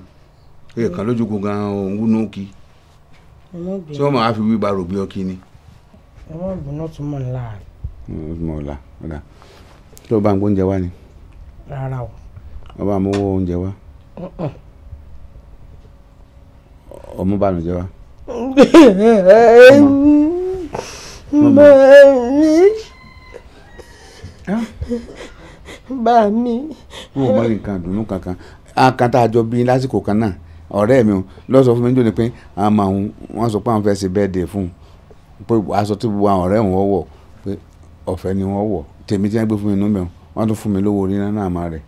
èyí kan lójúgun gan-an òun wúnú kí tí wọ́n máa fi wí ba rògbé ọkí ni. ọmọ ìgbóná tún mọ̀ ńlá. ọmọ ìgbóná tún mọ̀ ńlá tó bá ń gbóúnjẹ wá ni rárá o. ọba amówó oúnjẹ wa ọmú bànújẹ́ wa. Mami. Mami. Mo mọ nǹkan àdùnnú kankan. Akata àjọ bíi lásìkò kan náà. Ọ̀rẹ́ mi lọ sọ fún mi jóni pé àmọ́ àwọn wọ́n sọ pé àwọn fẹ́ ṣe birthday fún un. Pé aṣọ tí gbogbo àwọn ọ̀rẹ́ òun wọ̀ pé ọ̀fẹ́ ni wọ́n wọ̀. Tèmi tí wọ́n gbé fún mi nú mẹ́wọ̀n wọ́n tún fún mi lówó orí náà máa rẹ̀.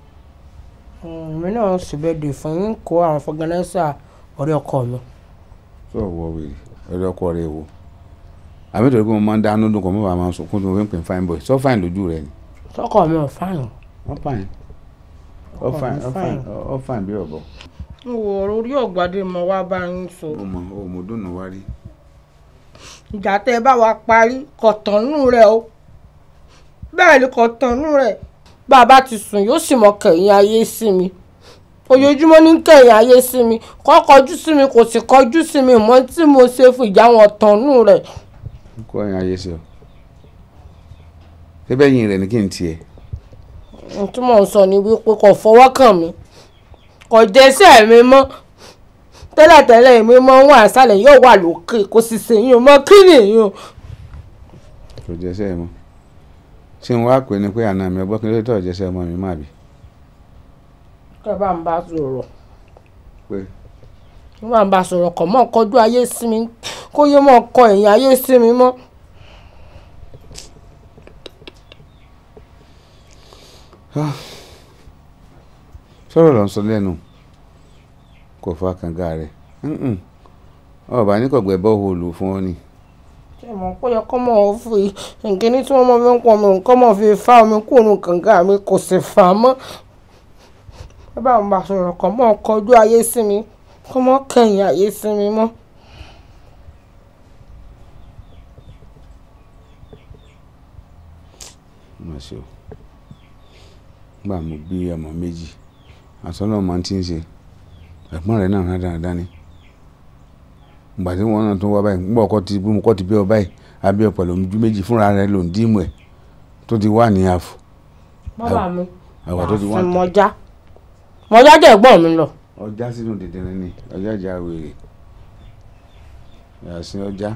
Hmm, mi náà ń ṣèbẹ̀dè fún ń kó àwọn fọgànẹ́sà ọ̀rẹ́ ọkọ mi. sọ wọ wèrè ọ̀rẹ́ ọkọ rẹ wo àbí torí pé mo máa ń dáná dùn kọ́ mo bá máa sunkún tó mo fi ń pè fine boy sọ fine lójú rẹ ni. sọkọ mi ò fine. wọ́n fine ọ fine ọ fine ọ fine bí ọ̀bọ. n wo ọ̀rọ̀ orí ọ̀gbàdé mọ wá bá yín sọ. o mọ o mọ dùnú wá rí. ìjà tẹ bá wa parí kọ̀tọ̀nù rẹ o bẹ́ẹ̀ ni kọ̀tọ̀nù rẹ bàbá ti sùn yóò sì mọ kẹ̀yìn ayé sí mi ojoojúmọ́ ní kẹ̀yìn ayé sí mi kọ́ kọjú sí mi kò sì kọjú sí mi mọ́ tí mo ṣe fún ìjà wọn tọ̀nù rẹ̀. kó ẹyin ayé sí ọ bẹ́ẹ̀ yìn rẹ̀ ní kí n tiẹ̀. tí mò ń sọ ni wípé kò fọwọ́ kàn mí kò jẹ́sẹ̀ mi mọ́ tẹ́lẹ̀tẹ́lẹ̀ èmi mọ́ ń wà sálẹ̀ yóò wà lókè kò sì sèyìn mọ́ kí nìyí o. kò jẹ́sẹ̀ mọ́. ṣé n wá pè ní pé àná mi ọgbọ́n kí ló tọ̀ ọmọ mi ma bi. kẹ́ ẹ mọ́ kọjú ayé sí mi kó yé mọ́ kọ ẹ̀yìn ayé sí mi mọ́. sọ̀rọ̀ ló sọ lẹ́nu kò fa rẹ̀ ọba ní fún ọ ni. mọ̀ pé yẹ kọ́ mọ̀ ọ́ fi nkíní tí wọ́n mọ̀ fi ń pọ̀ mi nǹkan mọ̀ fi fa omi kúrò kànga mi kò sì fà á mọ́ bàbá mi bá sọ̀rọ̀ kọ́ mọ̀ kọjú ayé sí mi kọ́ mọ̀ kẹ̀yìn ayé sí mi mọ́. mà o gbà mo bí ọmọ méjì àtọ́nà ọmọ tí ń ṣe ẹ̀gbọ́n rẹ̀ náà rádàá dání. ìgbà tí wọ́n náà tó wá báyìí gbọ́ ọkọ ti bí ọkọ ti bí ọ báyìí abẹ́ ọ pẹ̀lú ojú méjì fúnra rẹ ló ń tó ti wà ní àfọ̀. bàbá mi àfin mọjá mọjá jẹ́ ẹ̀gbọ́n mi lọ. ọjà sínú ni ọjà jà wèrè yàtọ̀ ọjà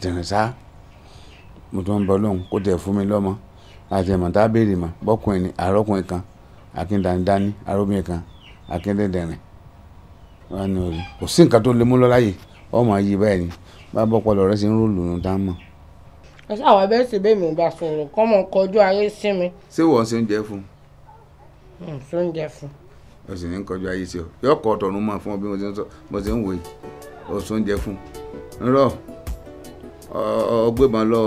tó sá mo tún akíndéndérin wọn ni orí kò sí nǹkan tó lè mú lọ láyè ọmọ yìí báyìí ni bá bọ́pọlọ rẹ ṣe ń rúlù nù tá a mọ̀. ẹ ṣàwọn abẹ́ sì bẹ́ẹ̀ mi ò bá sọ̀rọ̀ kọ́ mọ̀ kọjú ayé sí mi. ṣé wọ́n ṣe oúnjẹ fún un. ṣé oúnjẹ fún un. o sì ní kọjú ayé sí ọ yóò kọ ọtọ̀run mọ̀ fún ọ bí mo ṣe ń wòye o ṣe oúnjẹ fún un. nrọ ọgbẹ́bọn lọ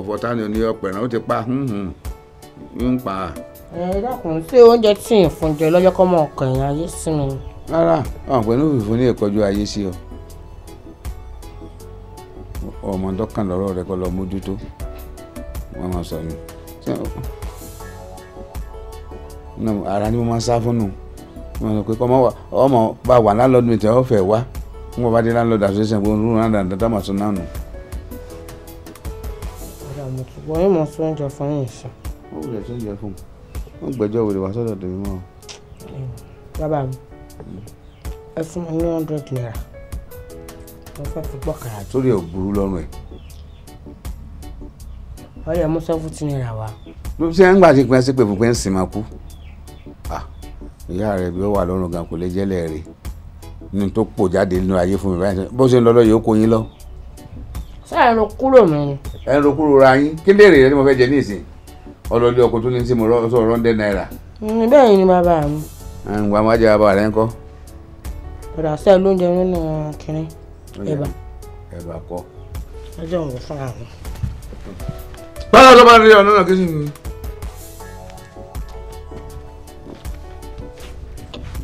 ọ̀fọ̀ tani oníyọ̀pẹ̀rán ó ti pa ń pa á ẹ dákun ṣé oúnjẹ tí ì fún jẹ lọ́jọ́ kọ́ mọ ọkàn yẹn ayé sí mi. rárá àwọn pẹ̀lú òfìfún ní ìpọ́jú ayé sí ọ ọmọ dọ́kàn lọ́rọ̀ rẹ kọ́ lọ mójútó wọ́n máa sọ ni ara ni mo máa ń sá fún nù mo sọ pé ọmọ bá wà lálọ́dún mi tẹ́ ọ fẹ́ wá n kò bá dé landlord association gbogbo nínú náà dáadáa tá a máa sọ náà nù. ọ̀rọ̀ àmọ̀tí wọ́n yóò mọ̀ sóúnjẹ fún yín sàn. ó wùlẹ̀ sóúnjẹ fún mi wọ́n gbẹ́jọ́ wèrè wá sọ́dọ̀ tèmi mọ́. bàbá mi ẹ fún mi ní one hundred naira mo fẹ́ fi gbọ́ kàrà jù. sórí ẹ̀ ò burú lọ́rùn ẹ̀. ọ̀rẹ́ mo seventy naira wá. bí ṣe ń gbà ṣe pẹ́ sí pé fún pé ń sìn máa kú ìyá rẹ̀ bí ó wà lọ́rùn gan kò lè jẹ́lẹ̀ rẹ̀ ní tó pò jáde nínú ayé fún mi báyìí bó ṣe ń lọ lọ́yọ̀ ó kó yín lọ. sáà ẹran kúrò mi. ẹran kúrò ra yín kí lè rè é ni mo fẹ́ jẹ ní ìsìn ọlọ́lé ọkọ tó ní sí mo sọ̀rọ̀ hundred naira. Mm, bẹ́ẹ̀ ni bàbá mi. ǹgbà máa jẹ bàbá rẹ ń kọ́. ọ̀dà sí ẹ lóúnjẹ nínú kìnrin ẹ̀bà. ẹ̀bà kọ́. ẹ jẹ́ òun fún àwọn. báwo ló máa ń rí ọ̀nà náà kí sì ń.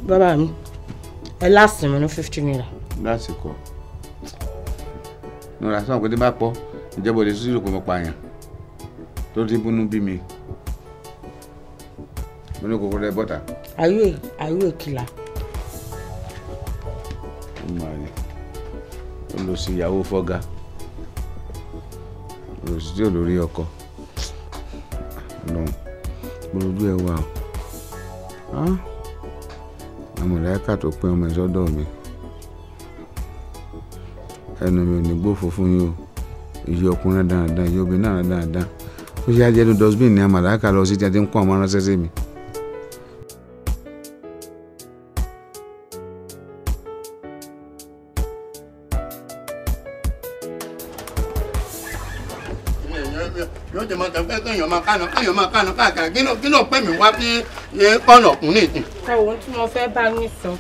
bàbá mi ẹ láàsì mi ní fifty naira. lásìkò nùrà sọ̀rọ̀ pé tí bá pọ̀ ìjọba òde sísè kò mọ̀ pààyàn tó ti bínú bí mi nínú kòkó rẹ bọ́tà. ayé ayé kìlà. ó máa ní ó lọ sí ìyàwó fọ́gá òsì tí ò lórí ọkọ lọ́hùn gbọ́dọ̀dú ẹ̀ wà ó àmọ̀lẹ́kà tó pín ọmọ ìsọ́dọ̀ mi ẹnu mi ò ní gbófo fún yín o iye ọkùnrin dáadáa iye obìnrin náà dáadáa ó ṣe ajẹ́nu dustbin ní àmàlàkà lọ sí ti àti ń kó àwọn aránṣẹ́ sí mi. káyọ̀ máa kánu káàkiri kí ló pè mí wá sí kọ́nà ọ̀kùnrin ìtì. ohun tí mo fẹ́ bá mi sọ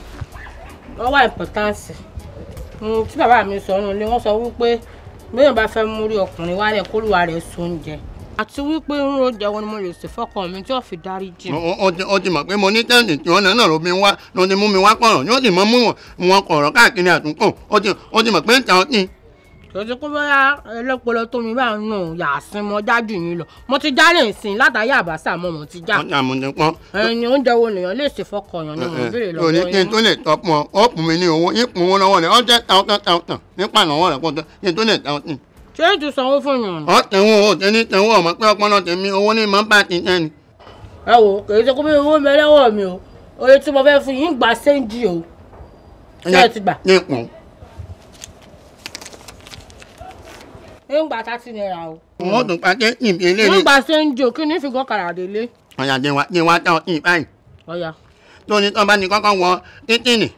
lọ́wọ́ ìpọ́tánsì tí bàbá mi sọ ọ́nà ni wọ́n sọ wípé bẹ́ẹ̀ bá fẹ́ mú rí ọkùnrin wálẹ̀ kóluwa rẹ̀ sóúnjẹ àti wípé ń ro jẹ́ wọn ni mo lè ṣe fọ́kàn mi tí ó fi dárí jì. ó ti mọ̀ pé mo ní tẹ́ǹtì tí wọ́n náà ló mi wá ló ti mú mi wá pọ̀rọ̀ yóò sì mọ mú wọn kọ̀ọ̀rọ̀ káàkiri àtúnkò ó ti mọ̀ pé ń ta ọtí kìí kó bóyá ẹlẹ́pọ̀lọ́ tó mi báyìí nù yàsín mọ́ jájú yín lọ mo ti já lè sìn látàyè àbáṣà mọ́ mo ti já. wọ́n ní àmúni pọ́n. ẹyin oúnjẹ wo nìyẹn lè ṣe fọkànyàn ni mo ń béèrè lọ́wọ́ yín. òní kí n tó lè tọ́ pọn ó kùn mí ní owó ìpín owó lọ́wọ́ rẹ̀ ó jẹ́ thousand thousand nípa ìnáwó rẹ̀ pọ́n tó kí n tó lè thousand. ṣé ètò sanwó fún yàn. ọ tẹ̀wọ́ o tẹ̀ní tẹ̀wọ́ ọmọ pé ọpọlọ tèmi owó ní mọ́ bá ti tẹ́ni. ẹ wo kì í ṣe kó bí owó mẹ́lẹ́wọ̀ mi o oye tí mo fẹ́ fún yín gbà séǹjì o. ṣé ẹ ti gbà. ní ìpín ń gba thirty naira o. wọ́n tún pa ké ìbí eléyìí. wọ́n gba ṣe ń jò kí ní fìgọ́ kàrà délé. ọ̀yà jẹ́ wa jẹ́ wa tán ọtí báyìí. ọ̀yà. tó ní tọ́ bá ní kọ́kọ́ wọ títìnì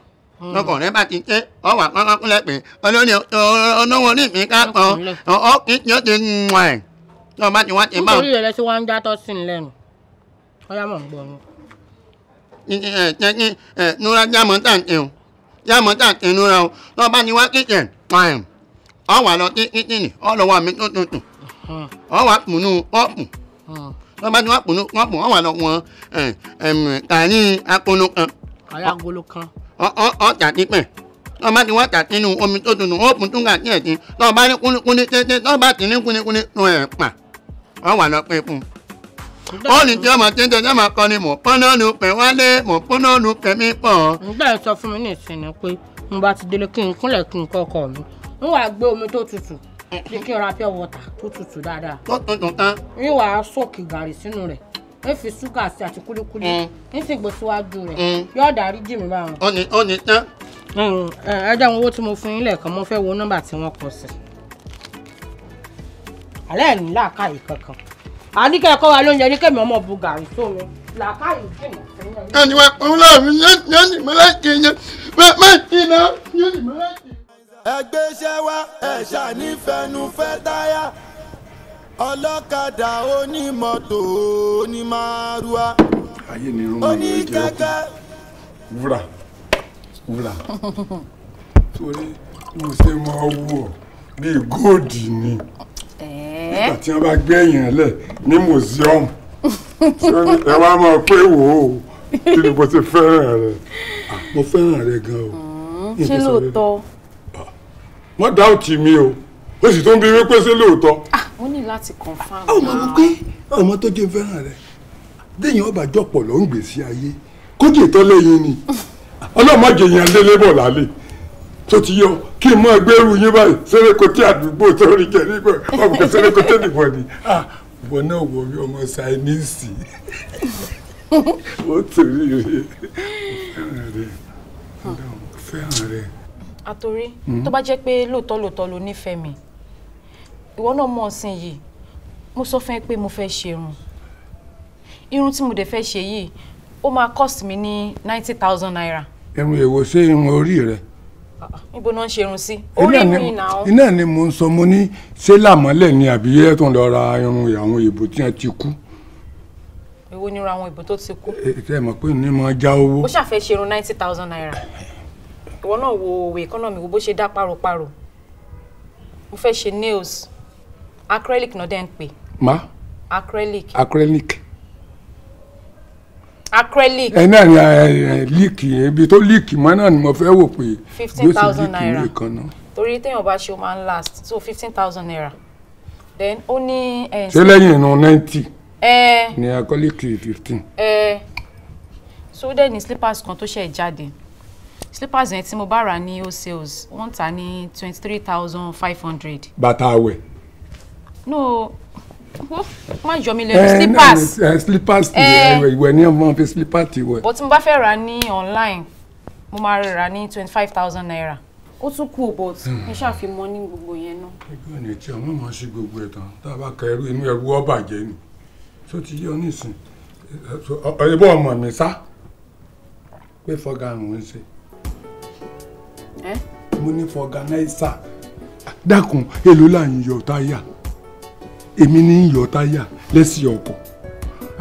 lọkọ̀ hmm. rẹ bá ti ké ọwà kọ́kọ́ kúnlẹ̀ pé olórí olówó orí mi ká kan ọkì tí ó ti ń wọ̀ ẹ̀ tó bá ti wá ti bá. nítorí rẹ̀ tí wọ́n ń dá tọ́ lẹ́nu ọ̀yà mọ̀ ń gbọ́ ọ nura jámọ̀ tàǹtẹ̀ o jámọ̀ tàǹtẹ̀ nura o ọ wà lọ tíntìntìntì ọ lọ wà mí tuntun ọ wà kùnú ọ̀pù wọ́n bá ti wá kùnú ọ̀pù ọ wà lọ wọn kàní akolo kan. kàní akolo kan. ọ ọ tàtí pẹ̀ tọ́ bá ti wá tàtí nínú omi tó tutù ọ̀pù tún kà tiẹ̀ tí tọ́ bá ní kúnikúni tẹ́tẹ́ tọ́ bá ti ní kúnikúni tún ẹ̀ pa ọ wà lọ pé fún un ó ní tí ọmọ tẹ́tẹ́ tí ọmọ kan ni mò ń pọ́nà nu pẹ̀ wálé mò ń pọ́nà nu pẹ̀ mí pọ̀. ǹgbà ẹ sọ fún mi ní ìsinmi pé mo bá ti délé kí n kúnlẹ̀ kí n kọ́kọ́ mi n wàá gbé omi tó tutù bí kí n ra pure water tó tutù dáadáa. tó tuntun tán. n wàá sọ̀kì gàrí sínú rẹ̀ n fi ṣúgà sí àti kúlíkúlí mm. n sì gbé síwájú rẹ̀ mm. yóò dárí jì mí báwọn. ó ní tán. Mm, ẹ jẹ́ àwọn owó tí mo fún yín lẹ́ẹ̀kan mo fẹ́ wo nọ́mbà tí wọ́n kọ sí. alẹ́ ní làákàyè kankan àdìkẹ́ ẹ̀kọ́ wa lóúnjẹ ní kẹ́mi ọmọ bu gàrí sómi làákàyè jìnnà. ẹni wa òun láàrin yóò ní mọ́lá kí n yẹn máa ń kí n náà yóò ní mọ́lá kí n ẹgbẹ́ṣẹ́ wa ẹ̀ṣà nífẹ̀ẹ́nufẹ́ táyà ọlọ́kadà onímọ́tò onímàrúwa oníkẹ́kẹ́. wúrà wúrà torí mo ṣe máa wù ọ bíi góòdì ni nígbà tí wọn bá gbé èèyàn lẹ ní mùsíọmù ẹ wá máa pé wò ó kí ni mo ti fẹ́ràn rẹ mo fẹ́ràn rẹ gan o. Mm-hmm. ṣé lóòótọ́ wọ́n dáùtì mi o ó sì tún bí wípé ṣé lóòótọ́. Ah, ó ní láti confam. àwọn ọmọ pé ọmọ tó jẹ́ fẹ́ràn rẹ̀ déèyàn ọba jọ̀pọ̀ ló ń gbèsè ayé kójú ìtọ́lẹ́yìn ni ọlọ́mọdé yẹn lélẹ́bọ̀ lálẹ́ tó ti yọ kí n máa gbẹ́rù yín báyìí sẹ́rẹ́kọtì àdúgbò sórí kẹrí pé ọkùnrin sẹ́rẹ́kọtì nìkan ni ah, ìwọ náà wọ orí ọmọ sáyẹ́nìsì ó torí rẹ̀ fẹ́ràn rẹ̀ fẹ́ràn rẹ̀ àtòrí hmm. tó bá jẹ́ pé lóòótọ́ lóòótọ́ ló nífẹ̀ẹ́ mi ìwọ náà mọ̀ ọ́sìn yìí mo sọ fún ẹ pé mo fẹ́ ṣe irun irun tí mo dẹ̀ fẹ́ ṣe yìí ó máa cost mi ní ninety thousand naira. irun èwo ṣé irun orí rẹ. ibo náà ń ṣe irun sí orí mi náà. iná ni mo ń sọ mo ní ṣé làmọ́lẹ̀ ni àbí yẹ́ tó ń lọ ra irun àwọn èèbò tí wọ́n ti kú èwo ni irun àwọn ìbò tó ti kú. ṣe é mọ̀ pé ní mo já owó. ó ṣàfẹ́ ṣerun ninety thousand naira ìwọ náà wo òwe economy wo bó ṣe dá páropáro mo fẹ́ ṣe nails acrylic náà dẹ́ ń pè. ma acrylic. acrylic. acrylic. ẹ náà ni líìkì yẹn ibi tó líìkì mọ́ náà ni mo fẹ́ wò pé fifteen thousand naira torí téèyàn bá ṣe ó máa ń last so fifteen thousand naira then ó ní. ṣé lẹ́yìn inú ninety. ní acrylic fifteen. so then ní slippers kan tó ṣe jáde slippers yẹn tí mo bá rà ní wholesales wọ́n tà ní twenty three thousand five hundred. bàtà àwẹ̀. no má jọ mi lẹ́nu eh, slippers. Eh, eh. ẹ slippers ti ìwẹ̀ ní ọmọ fi slippers ti wẹ̀. bó mo bá fẹ́ rà ní online mo máa rà ní twenty five thousand naira ó tún kú but ẹ ṣàfihàn ní gbogbo yẹn náà. ẹgbẹ́ ọ̀nà ìtì ọmọ máa ṣe gbogbo ẹ̀ tán tá a bá ka ẹrú inú ẹrú ó bàjẹ́ ni tó ti yọ nísìn ẹ̀bọ́ ọmọ mi sá pé fọ́gà ń ṣe mo ní fọgànáísà dákun èló là ń yọ táyà èmi ní ń yọ táyà lẹ́sìn ọkọ̀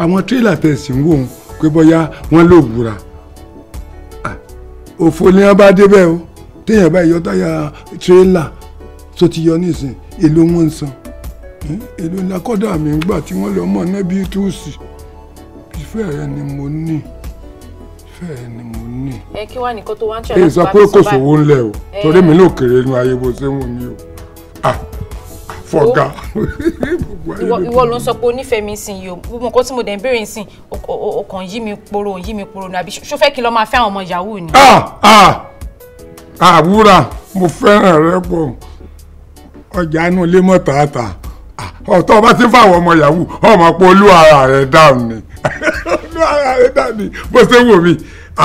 àwọn tírélà tẹ̀sí ń wò ó pé bóyá wọ́n lò wúra òfò ni wọ́n bá débẹ̀ o téèyàn bá yọ táyà tírélà tó ti yọ nísìn èló wọn ń san èló ńlá kọ́dà mi gbà tí wọ́n lọ mọ̀ náà bí túùsì ìfẹ́ rẹ ni mo ní ìfẹ́ rẹ ni mo ní. ẹ kí wàá nìkan tó wá ń ṣe ọ̀la tó bá fi sọ báyìí. èyí sọ pé kò sówó ńlẹ̀ o torí mi náà kéré nu ayé bó ṣe ń wù mí o fọ̀gá. ìwọ ló ń sọ pé onífẹ̀ẹ́ mi sìn yìí o gbogbo nǹkan tí mo dẹ̀ ń béèrè sìn ọkàn yí mi poro yí mi poro nàbí ṣó fẹ́ kí lọ́ọ́ máa fẹ́ àwọn ọmọ yahoo ni. àwúrà mo fẹ́ràn rẹ pọ̀ ọjà inú ilé mọ́ tààtà ọ̀tọ́ bá ti fáwọn ọmọ yahoo ọmọ pé olú ara rẹ̀ dáhùn ni inú ara rẹ dàbí bó ṣe wò mí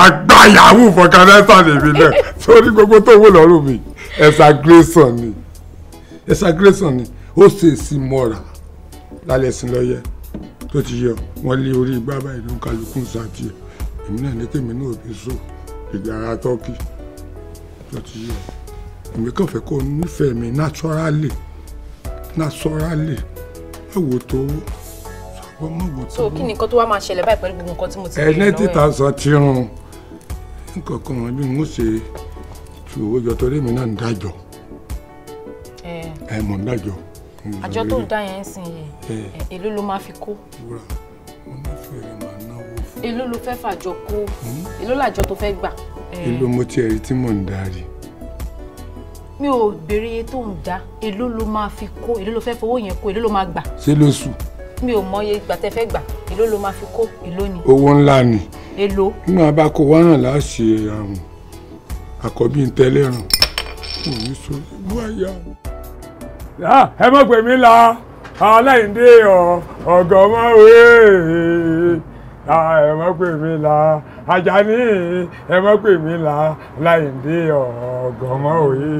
àgbàyàwó fọkànlẹ́sà lèmi náà sórí gbogbo tó wò lọ́rùn mi exaggeration ni exaggeration ni ó ṣe sí mọ́ra lálẹ́ sí lọ́yẹ́ tó ti yọ wọ́n lé orí igbá báyìí ló ń kálukú ṣáàtì ẹ̀ èmi náà ní kémi náà òbí so ìgbà ara tọ́kì tó ti yọ èmi kàn fẹ́ kó nífẹ̀ẹ́ mi naturally naturally báwo tó wọ́ so kí ni nǹkan tó wá máa ṣẹlẹ̀ báyìí pẹ̀lú gbogbo nǹkan tí mo ti bèrè lọ́wọ́ ẹ̀. ẹ tu owó yọ torí mi náà ń dájọ́ ẹ mọ̀ ń dájọ́. àjọ tó ń dá yẹn ń sìn yìí èló ló máa fi kó. mo ní fèrè máa náwó fún. èló ló fẹ́ fàjọ kó hmm? èló làjọ tó fẹ́ gbà. èló mo ti ẹ̀rí tí mò ń darí mi ò béèrè tó ń dá èló ló máa fi kó èló ló fẹ́ fowó yẹn kó èló ló máa gbà. ṣé lóṣù mi ò mọye ìgbà tẹ fẹ́ gbà èló ló máa fi kó èló ni. owó ńlá ni. èló. nígbà bá kó wọ́ràn láṣẹ àrùn àkọ́bí ń kò ní so ìlú àyà. Ah, ẹ mọ̀ pé mi la aláìndé ọ̀gọ́mọ́ ah, ẹ mọ̀ pé mi la Àjàní ẹ mọ̀ pé mi la láìndé ọ̀gọ́mọ́ òye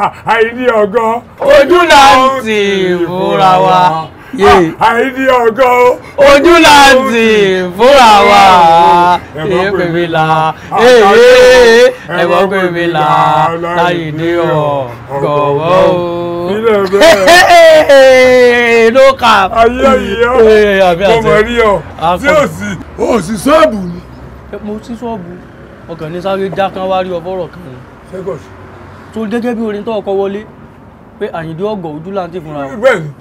ah, àìní ọgọ́ ojú là ń tì fúnra wa àìdí ọgọ́ ojú láti fúnra wa èyí pèmí la èyí ẹ̀wọ̀n pèmí la láyìdí ọgọ́ o. ilé bẹ́ẹ̀ ló kà. ayé yìí ọ mo mọ̀ rí ọ tí o sì o sì sọ́ọ̀bù ni. mo ti sọ́ọ̀bù ọkàn ní sáré dá kan wá rí ọ fọ́rọ̀ kan ni. tó gẹ́gẹ́ bí orin tó ọkọ̀ wọlé pé àyìndé ọgọ ojú láǹtí fúnra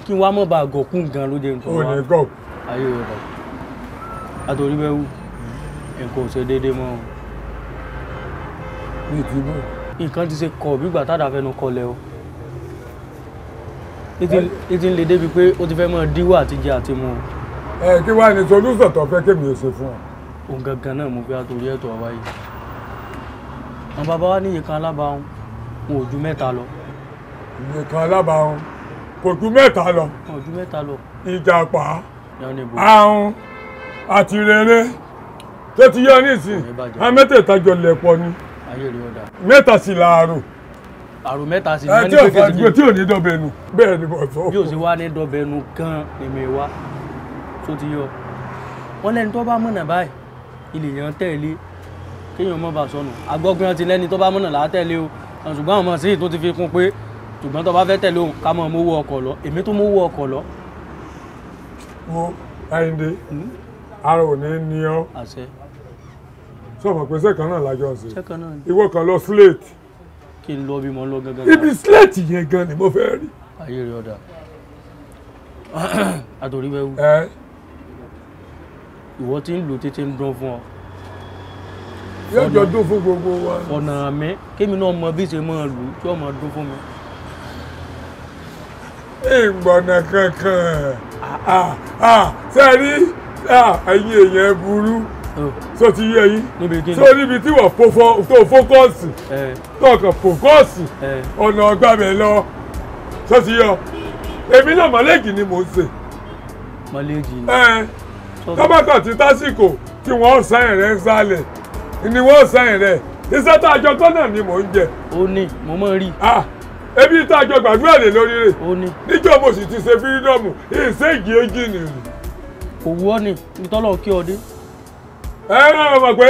kí n wá mọ bá àgọ kún gan ló dé nítorí wa òní gọ ayé rẹ bàbá àtòrí bẹ wù nǹkan ò ṣe déédé mọ o. mi kì í bọ̀. nǹkan ti ṣe kọ bí ìgbà tádà fẹnu kọlẹ o ìtì ń le débi pé ó ti fẹ́ mọ díwọ̀ àti jẹ àti mu o. ẹ kí wàá ní solúsọ tó fẹ́ kémi ò ṣe fún ọ. òun gangan náà mo fi àtòrí ẹ̀tọ́ wa yìí àwọn bàbá wa níyì kan alábàáhùn wọn ò ju mẹ́ta lọ nìkan alábàáhùn kò ju mẹ́ta lọ. kò ju mẹ́ta lọ. ìjàpá ahun àti rere tó ti yọ nísìn a mẹ́tẹ̀ẹ̀ta jọ lẹ̀pọ̀ ni mẹ́ta sì láàárọ̀ àrùn mẹ́ta sí ní ẹni pé kejì tí ò ní dọ́bẹ̀ nu bẹ́ẹ̀ ni mo sọ. bí o ṣe wá ní dọ́bẹ̀ nu gan èmi wá tó ti yọ wọn lẹni tó bá mọ̀nà báyìí ilé yẹn tẹ̀lé kéèyàn mọ̀ bá sọnù agbọ́gbọ́n ti lẹ́ni tó bá mọ̀nà látẹ̀lé o ṣùgbọ́n àwọn ọmọ sí i tó ti fi kún pé ṣùgbọ́n tó bá fẹ́ tẹ̀lé òun ká mọ̀ mówó ọkọ̀ lọ èmi tó mówó ọkọ̀ lọ. wo ayinde ara ò ní ní ọ sọ ma pé sẹ́kàn náà lájọ ṣe ìwọ kan lọ slate. kí n lọ bí mo lọ gangan. ibi slate yẹn gan ni mo fẹ́ rí. ayé rẹ ọ̀dà àtòrí bẹ́ẹ̀ wù. ìwọ ti ń lò tètè ń dán fún ọ yóò jọ dún fún gbogbo wa. ọ̀nà mi kémi náà mọ bí ṣe máa lù tí ọmọ dún fún mi ìgbọ̀nà kankan ah, ah, ah, sẹ́rí ẹ̀yin èèyàn burú tó oh. ti yé yín tó níbi tí wọ́n tó fókọ́ọ̀sì eh. tó kàn fókọ́ọ̀sì eh. ọ̀nà ọgbà mi lọ tó ti yọ èmi náà mọ̀lẹ́gì ni mò ń ṣe. mọ̀lẹ́gì ni. Eh. tọ́mọ́tà ti tásìkò tí wọ́n sàn rẹ̀ ń sálẹ̀ ni wọ́n sàn rẹ̀ iṣẹ́ tó àjọ tó náà ni mò ń jẹ. ó ní mo mọ̀ rí ebi tá a jọ gbàdúrà lè lórí rẹ̀ níjọ́ sì ti ṣe fírídọ́ọ̀mù ìṣèjì èjì nìyí. òwú ọ ìtọ́lọ̀ kí ọ dé. ẹ ẹ mọ̀ pé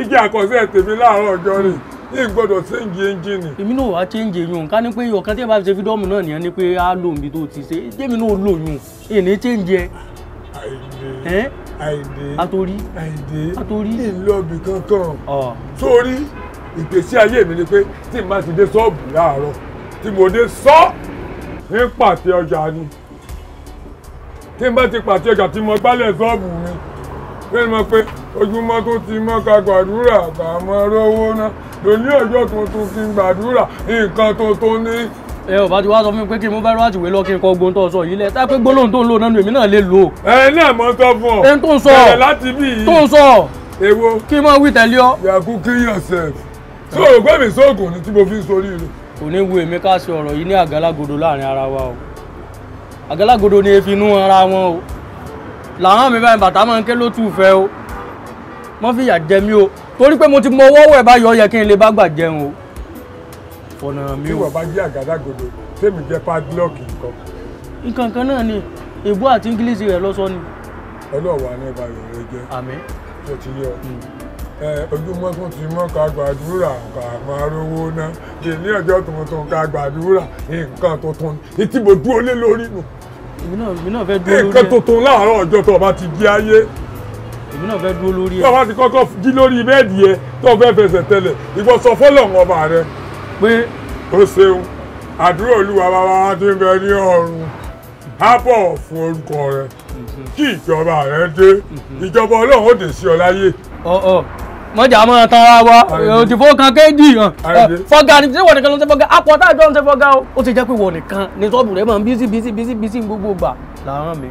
igi àkọsílẹ̀ tèmi láàárọ̀ ọjọ́ rìn ní gbọ́dọ̀ ṣéǹjì ẹ́ńjìnì. èmi náà wàá ṣéǹjì yun ká ní pé ọ̀kan tí ẹ bá ṣe fídọ́ọ̀mù náà nìyẹn ni pé á lò níbi tó ti ṣe jẹ́mi náà lò yun èmi ṣéǹjì ẹ. àìdè àìdè àtòrí àìdè ìlọbì kankan sórí ìgbésí ayé mi ni pé tí n bá ti dé ṣọ́ọ̀bù láàárọ̀ tí mo dé sọ́ ní pàtẹ ọjà ni tí n bá ti pàtẹ ọjà tí mo gbálẹ̀ ṣọ́ọ̀bù mi bẹ́ẹ̀ ni mo pe ojúmọ́ tó ti mọ́ ká gbàdúrà àbàmọ́ rówó ná lóní ọjọ́ tuntun kí n gbàdúrà nǹkan tuntun ní. ẹ ò bá ti wá sọ fún mi pé kí n mú bẹ́rù àtìwé lọ kí n kọ ogun tó sọ yìí lẹ tá pé gbólóhùn tó ń lò náà èmi náà lè lò. ẹ náà mọ tó fún ọ ẹ tó ń sọ bẹ̀rẹ̀ láti bí yìí tó ń sọ èwo kí n mọ wí tẹ̀lé ọ. yàgò kill yourself tó o gbé mi sóògùn ni tí mo fi sórí rẹ. kò ní wo èmi ká ṣe ọ̀rọ̀ yìí ní àgálágodo láàrin ara wa o àgálágodo ni efi inú ara wọn o làwọn mi báyìí bàtà máa ń ké lótú fẹ́ o mọ́ fìyà jẹ mí o torí pé mo ti mọ ọwọ́ ẹ̀ bá yọ yẹ kí n lè bá gbà jẹun o fọ̀nà mi o. tí wọ́n bá jẹ́ àgádágodo tèmi jẹ́ padlọ́ọ̀kì nǹkan. nǹkan kan náà ni èbú àti English rẹ̀ lọ́sọ ni. ọlọ́wà ni ẹ bá jẹ́. àmín. tó ti yọ ojúmọ́ tún ti mọ́ ká gbàdúrà ká máa rówó ná kì ní ọjọ́ tuntun ká gbàdúrà nǹkan tuntun ní mo dúró lé lórí nù. èmi náà èmi náà fẹ́ dúró lórí ẹ. nǹkan tuntun láàárọ̀ ọjọ́ tó o bá ti di ayé. èmi náà fẹ́ dúró lórí ẹ. tó ti kọ́kọ́ jí lórí bẹ́ẹ̀dì yẹ tó o fẹ́ fẹsẹ̀ tẹ̀lẹ̀ ìwọ sọ fọ́lọ́run ọba rẹ. pé o ṣeun àdúrà olúwa bàbá ti ń bẹ ní ọ̀run ábọ̀ fún orúkọ rẹ kí ìjọba rẹ dé ìjọba ọlọ́run ó dé sí ọ láyé. ọ̀ ọ̀ mọ̀jà mọ̀ tán ra wa òdìbò kan kéèdì hàn fọ́gà ni tí wọ́n nìkan ló ń ṣe fọ́gà àpọ̀ tá àjọ ń ṣe fọ́gà ó ti jẹ́ pé wọ́n nìkan ni sọ́ọ̀bù rẹ̀ máa ń bísí bísí bísí bísí gbogbo gbà làárọ̀ mi.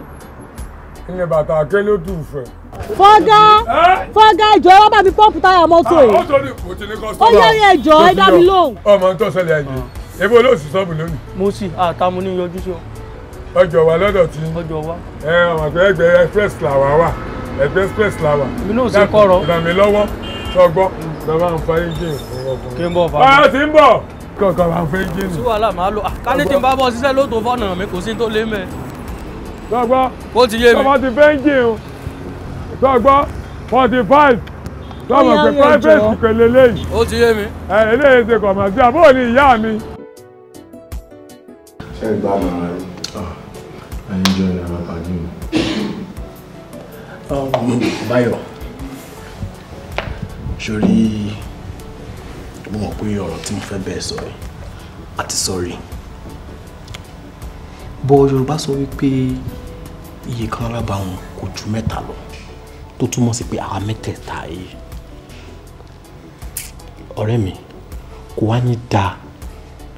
ilé bàtà akẹ́lẹ́ òdù fẹ́. fọ́gà fọ́gà ìjọ ẹ wá bá mi pọ́ǹpù táyà mọ́tò yìí ó yẹ ẹ jọ ẹ dá mi lóhùn. ọmọ ń tọ́sẹ̀lẹ̀ ẹ̀jẹ̀ ebi olóòsì sọ́ọ̀bù lónìí. mo sì àtàmú ẹgbẹ́ express la wà. mi náà ṣe kọ́rọ̀. ràn mí lọ́wọ́ sọgbọ́ bàbá ń fa engine fún ọkùnrin. kí n bọ̀ fà á. báyọ̀ ti ń bọ̀ kọ̀ọ̀kan máa ń fa engine. sí wàhálà máa lo kálí tí n bá bọ̀ ṣiṣẹ́ lóòótọ́ fọ́nà mi kò sí tó lé mẹ́. sọgbọ́ ó ti yé mi. tọ́mọ ti fẹ́ engine o sọgbọ́ forty five tọ́mọ pé private ìpele léyìí. ó ti yé mi. ẹ eléyìí ṣe kọ̀ màá sí àbúrò ní ìyá mi. ṣé ìgbà màá rí? àyíjọ ìlànà pàdé mi. Báyọ̀ sórí mo mọ̀ pé ọ̀rọ̀ tí mo fẹ́ bẹ́ẹ̀ sọ yìí àti sọ́rí bọ́ Yorùbá sọ wípé iye kan alábàáwọn kò ju mẹ́ta lọ tó túmọ̀ sí pé àwa mẹ́tẹ̀ẹ̀ta yìí ọ̀rẹ́ mi kò wá ní dáa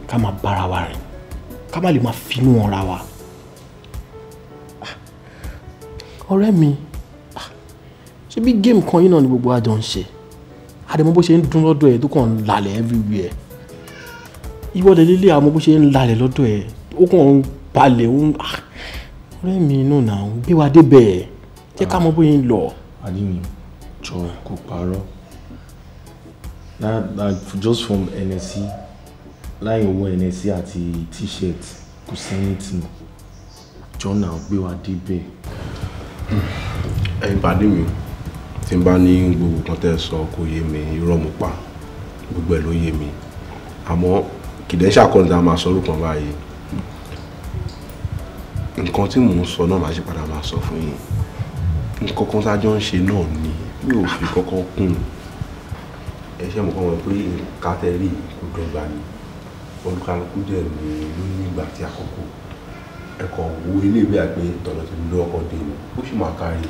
ká máa bára wa rìn ká má lè máa finú ọ̀ra wa ọ̀rẹ́ mi ṣé bí géèmù kan yín náà ni gbogbo àjọ ń ṣe àdèmọ bó ṣe ń dún lọ́dọ̀ ẹ̀ tó kàn ń lalẹ̀ everywhere ìwọ́de lílé àmọ́ bó ṣe ń lalẹ̀ lọ́dọ̀ ẹ̀ ó kàn ń balẹ̀ ó ń ah, ọ̀rẹ́ mi inú náà ń gbé wa débẹ̀ ẹ̀ jẹ́ ká mọ bóyá ń lọ. adini jọ kò parọ́ just from nsc láì wọ nsc àti t-shirt kò sẹ́yìn tì mọ́ jọ náà gbé wa débẹ̀. ẹ̀yin pàdé mi tí n bá ní gbogbo kan tẹ́ sọ kò yé mi irọ́ mo pa gbogbo ẹ̀ ló yé mi àmọ́ kìdẹ́ṣà kan tá a máa sọ orúkọ báyìí nǹkan tí mò ń sọ náà máa ṣe padà máa sọ fún yín nǹkan kan tá a jọ ń ṣe náà ni mi ò fi kọ́kọ́ kún ẹ ṣe mọ̀ kọ́ wọn pé nǹkan tẹ́ rí kò dọ́gba ni olùkàlùkù dẹ̀ ni ló ní ìgbà tí àkókò ẹ̀kọ́ wo ilé ìwé àgbẹ̀ tọ̀nà tó lọ́kọ̀ dé ni ó sì máa kárí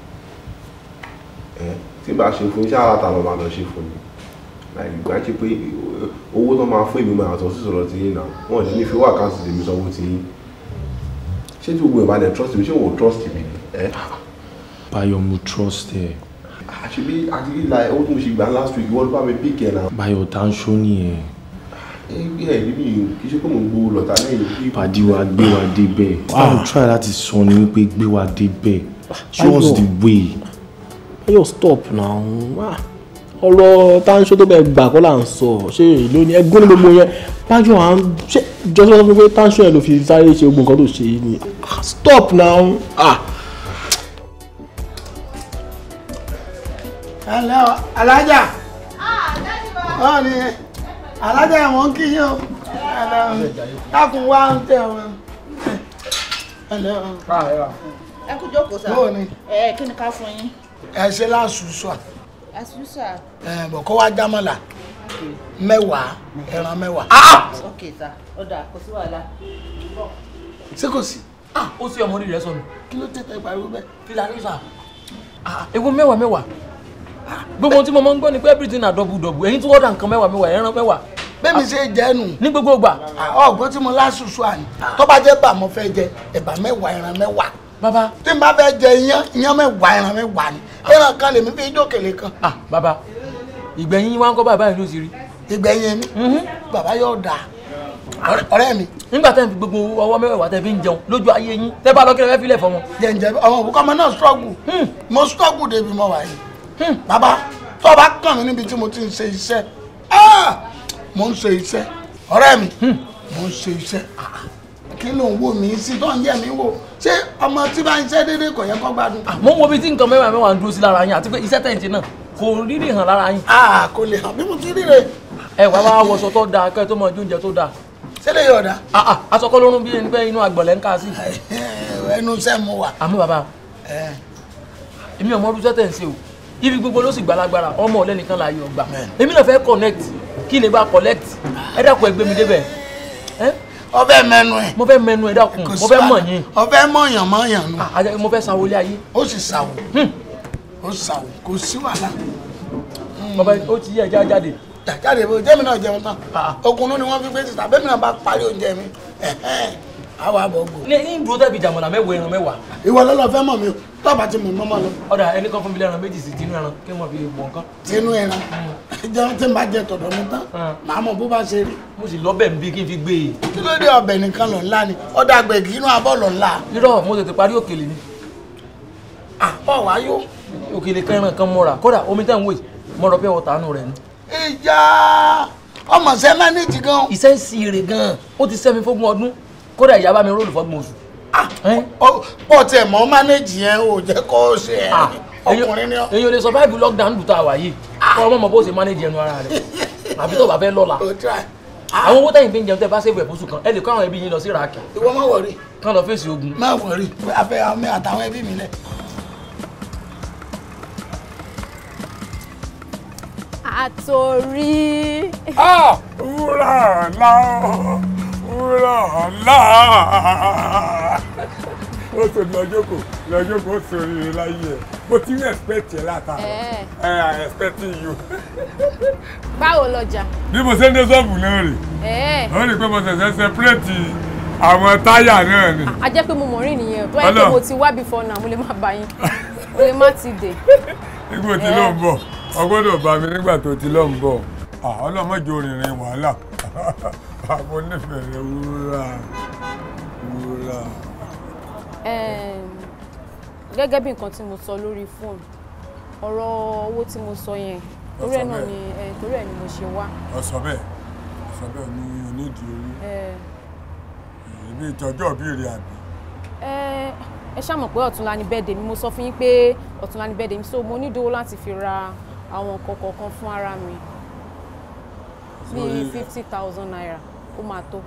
tí bá ṣe fún iṣẹ́ aláta lọ máa lọ ṣe fún mi ìgbà ṣe pé owó tó máa fún èmi máa yàtọ̀ sí sọ̀rọ̀ ti yín náà wọ́n ti ní fi wá àkáǹtì tèmi sanwó ti yín ṣé tí gbogbo ìbàdàn trust mi ṣé wò trust mi ni. Báyọ̀ trust ẹ. àṣebí àti líla owó tó mo ṣe gbà last week wọ́n ló bá mi bí kẹ́ náà. Báyọ̀ dáńṣó nìyẹn ẹgbẹ́ ìbí kì í ṣe pé mò gbowó lọ́tà lẹ́yìn bí. wa gbé wa débẹ̀. táwọn ah. try láti sọ ni wípé gbé wa débẹ̀ show us the way. Táyọ̀ stop now ah, ọ̀rọ̀ táńṣó tó bẹ́ẹ̀ gbà kọ́ là ń sọ ṣé ìlú ni ẹgbẹ́ ní gbogbo yẹn bájọ́ à ń ṣe jọ́sọ́ sọ pé táńṣó yẹn ló fi sáré ṣe gbogbo nǹkan tó ṣe yìí ni ah, stop now. ẹ̀lẹ́ ah. o alájà ọ̀ ni alájà ẹ̀wọ̀n kì í o dákun wá ń tẹ̀ ọ́ ẹ̀lẹ́ o. ẹ kú jókòó sáà ẹ kí ni ká fún yín ẹ ṣe láṣùṣà. àṣùṣà. ẹ bọ̀ kó wá dámọ̀là mẹ́wàá ẹran mẹ́wàá. Ah, ah! ok ta ọ̀dà kò sí wàhálà. ṣé kò sí. Ah, ó sì ọmọ orí rẹ sọnù. kí ló tètè pariwo bẹ́ẹ̀. fìlà ló sà. ewu mẹ́wàá mẹ́wàá gbogbo tí mo máa ń gbọ́ ni pé everything na double double èyí tí wọ́n dà nǹkan mẹ́wàá mẹ́wàá ẹran mẹ́wàá. bẹ́ẹ̀ni ṣe jẹ́ nù. ní gbogbo ìgbà. ọ̀gbọ́n tí mo láṣùṣù àná tó bá jẹ́ bà mo fẹ́ jẹ ẹ̀bà mẹ́wàá ẹran mẹ́wàá bàbá. tí n bá fẹ́ jẹ iyán iyán mẹ́wàá ẹran mẹ́wàá ni ẹran kan lèmi fi jókèlè kan. ah baba ìgbẹ̀yìn wa ń kọ́ bàbá yìí ló ti rí. ìgbẹ̀yìn mi mhm. bàbá yóò dà ọ̀rẹ́ mi. nígbà tẹ́ ń fi gbogbo ọwọ́ mẹ́wàá tẹ́ fi ń jẹun lójú ayé yín tẹ́ bá lọ́kẹ́rẹ́ fẹ́ filẹ̀ fọmọ. jẹ̀ǹjẹ̀ ọmọ òkú ọmọ náà struggle hmm. mo struggle débi mo wà yìí. Hmm. bàbá tó o bá kàn mí níbi tí mo ti ń ṣe iṣẹ́ ah, mo ń ṣe iṣẹ́ ọ̀rẹ́ mi hmm. mo ń ṣe iṣẹ́ ah, ah kí ló ń wò mí sí tó ń yẹ̀ mí wò ṣé ọmọ tí bá ń ṣe déédéé kò yẹ kó gbádùn. àmọ́ ah, mo fi tí nǹkan mẹ́wàá mẹ́wàá ń dúró sí lára yín àti pé iṣẹ́ tẹ̀yìntì náà kò rírì hàn lára yín. a ah, kò lè hàn bí mo ti rí rè. ẹ wá wá wọṣọ tó dáa kẹ́ tó mọ oúnjẹ tó dáa. ṣé lè yọ̀ọ̀dà. Ah, aṣọ kọ́ lórun bí ẹni pé inú àgbọ̀lẹ̀ ń ká sí. Eh, eh, ẹnu iṣẹ́ mo wà. àmọ́ bàbá eh. èmi ọmọ ọdún sẹ́tẹ̀ ń ṣe o ibi gbogbo ló sì gbalagbara ọmọ ọ̀lẹ́nìkan láàyè ọgbà èmi náà fẹ́ connect kí lè bá collect ẹ dákun ẹgbẹ́ mi débẹ̀ o fẹ́ mẹ́nu ẹ̀. mo fẹ́ mẹ́nu ẹ̀ dákun mo fẹ́ mọ̀ yín. o fẹ́ mọ̀yàn mọ̀yàn nù. Ah, ah, mo fẹ́ sanwó ilé ayé. ó sì sanwó hmm. ó sanwó kò sí wàhálà. Hmm. bàbá ó ti yẹ jáde. jáde bó jẹ́mi náà jẹun tán ah, okùnrin ni wọ́n fi gbé sísá bẹ́ẹ̀ mi náà bá parí oúnjẹ mi àwa bọ̀ gbò. ní ní dúró tẹ̀bi jàmọ̀lá mẹ́wàá ẹran mẹ́wàá. ìwọ lọ́lọ́ fẹ́ mọ̀ mi o tọ́ba ti mọ̀ mọ́ mọ́ lọ. ọ̀dà ẹnì kan fún mi lẹ́ran méjì sí tinú ẹran kí wọ́n fi mọ̀ nǹkan. tinú ẹran hmm jẹun tí n bá jẹ tọ̀dọ̀ mi tán ah. màá mọ̀ bó bá ṣe rí. mo sì lọ́bẹ̀ ń kí n fi gbé e. kí ló dé ọbẹ̀ nìkan lọ ńlá ni ọ̀dà àgbẹ̀gì inú abọ́ lọ ńlá. irọ́ mo tètè parí òkèlè ni. àpọ̀ wáyó. òkèlè kẹrin kan mọ́ra kódà omi tẹ̀ ń wè mo rọ pé wọ́n tàánú rẹ̀ ni. ìjà ọmọ sẹ́ mánéjì gan. iṣẹ́ ń si èrè gan ó ti sẹ́mi fógún ọdún kódà ìyá bá mi rólù fọ́gbọ̀n oṣù. pọ̀ tiẹ̀ mọ́ mánéjì yẹn ò jẹ́ kó ṣe ẹ̀ ọkùnrin ni ọ. èyí ò lè survive lockdown dùtà wà yìí ah. kọ́ ọmọ ọmọ bó ṣe manage ẹnu ara rẹ̀ àbí tó bá fẹ́ lọ́la. Ah. àwọn owó tẹ̀yìn fi ń jẹun tẹ́ bá ṣe ìwẹ̀ fóṣù kan ẹ lè kọ́ àwọn ẹbí yín lọ sí iraki. ìwọ má wọrí. kán lọ fèsì ogun. má wọrí afẹ́ àmì àtàwọn ẹbí mi lẹ. àtòrí. Ah, wúrà ńlá wúrà ńlá ó tó lọ́jọ́kò lọ́jọ́kò ó tó rere láyé ẹ̀ bó ti ń expect ẹ̀ látàrọ̀ ẹ̀ i expecting you. báwo lọjà. bí mo ṣe ń dé sọ́ọ̀bù náà rè ó rí i pé mo ṣẹ̀ṣẹ̀ separate àwọn táyà náà ni. a jẹ́ pé mo mọ̀ rí nìyẹn tó yẹ pé mo ti wá before now mo lè má bá yín mo lè má ti dè. nígbà tí ló ń bọ̀ o gbọ́dọ̀ bá mi nígbà tó ti ló ń bọ̀ ọlọ́mọdé orinrin wàhálà àwọn onífẹ̀ẹ́ wúrà wúrà gẹ́gẹ́ bí nǹkan tí mo sọ lórí fóònù ọ̀rọ̀ owó tí mo sọ yẹn torí ẹ̀ náà ni torí ẹ̀ ni mo ṣe wá. ó sọ bẹ́ẹ̀ ó sọ bẹ́ẹ̀ ní onídìí orí ibi ìtọ́jú òbí rẹ àbí. ẹ ṣàmọ̀ pé ọ̀túnla ni bẹ́ẹ̀ dèmi mo sọ fún yín pé ọ̀túnla ni bẹ́ẹ̀ dèmi so mo nídòó láti fi ra àwọn nǹkan kọ̀ọ̀kan fún ara mi bíi fifty thousand naira ó máa tó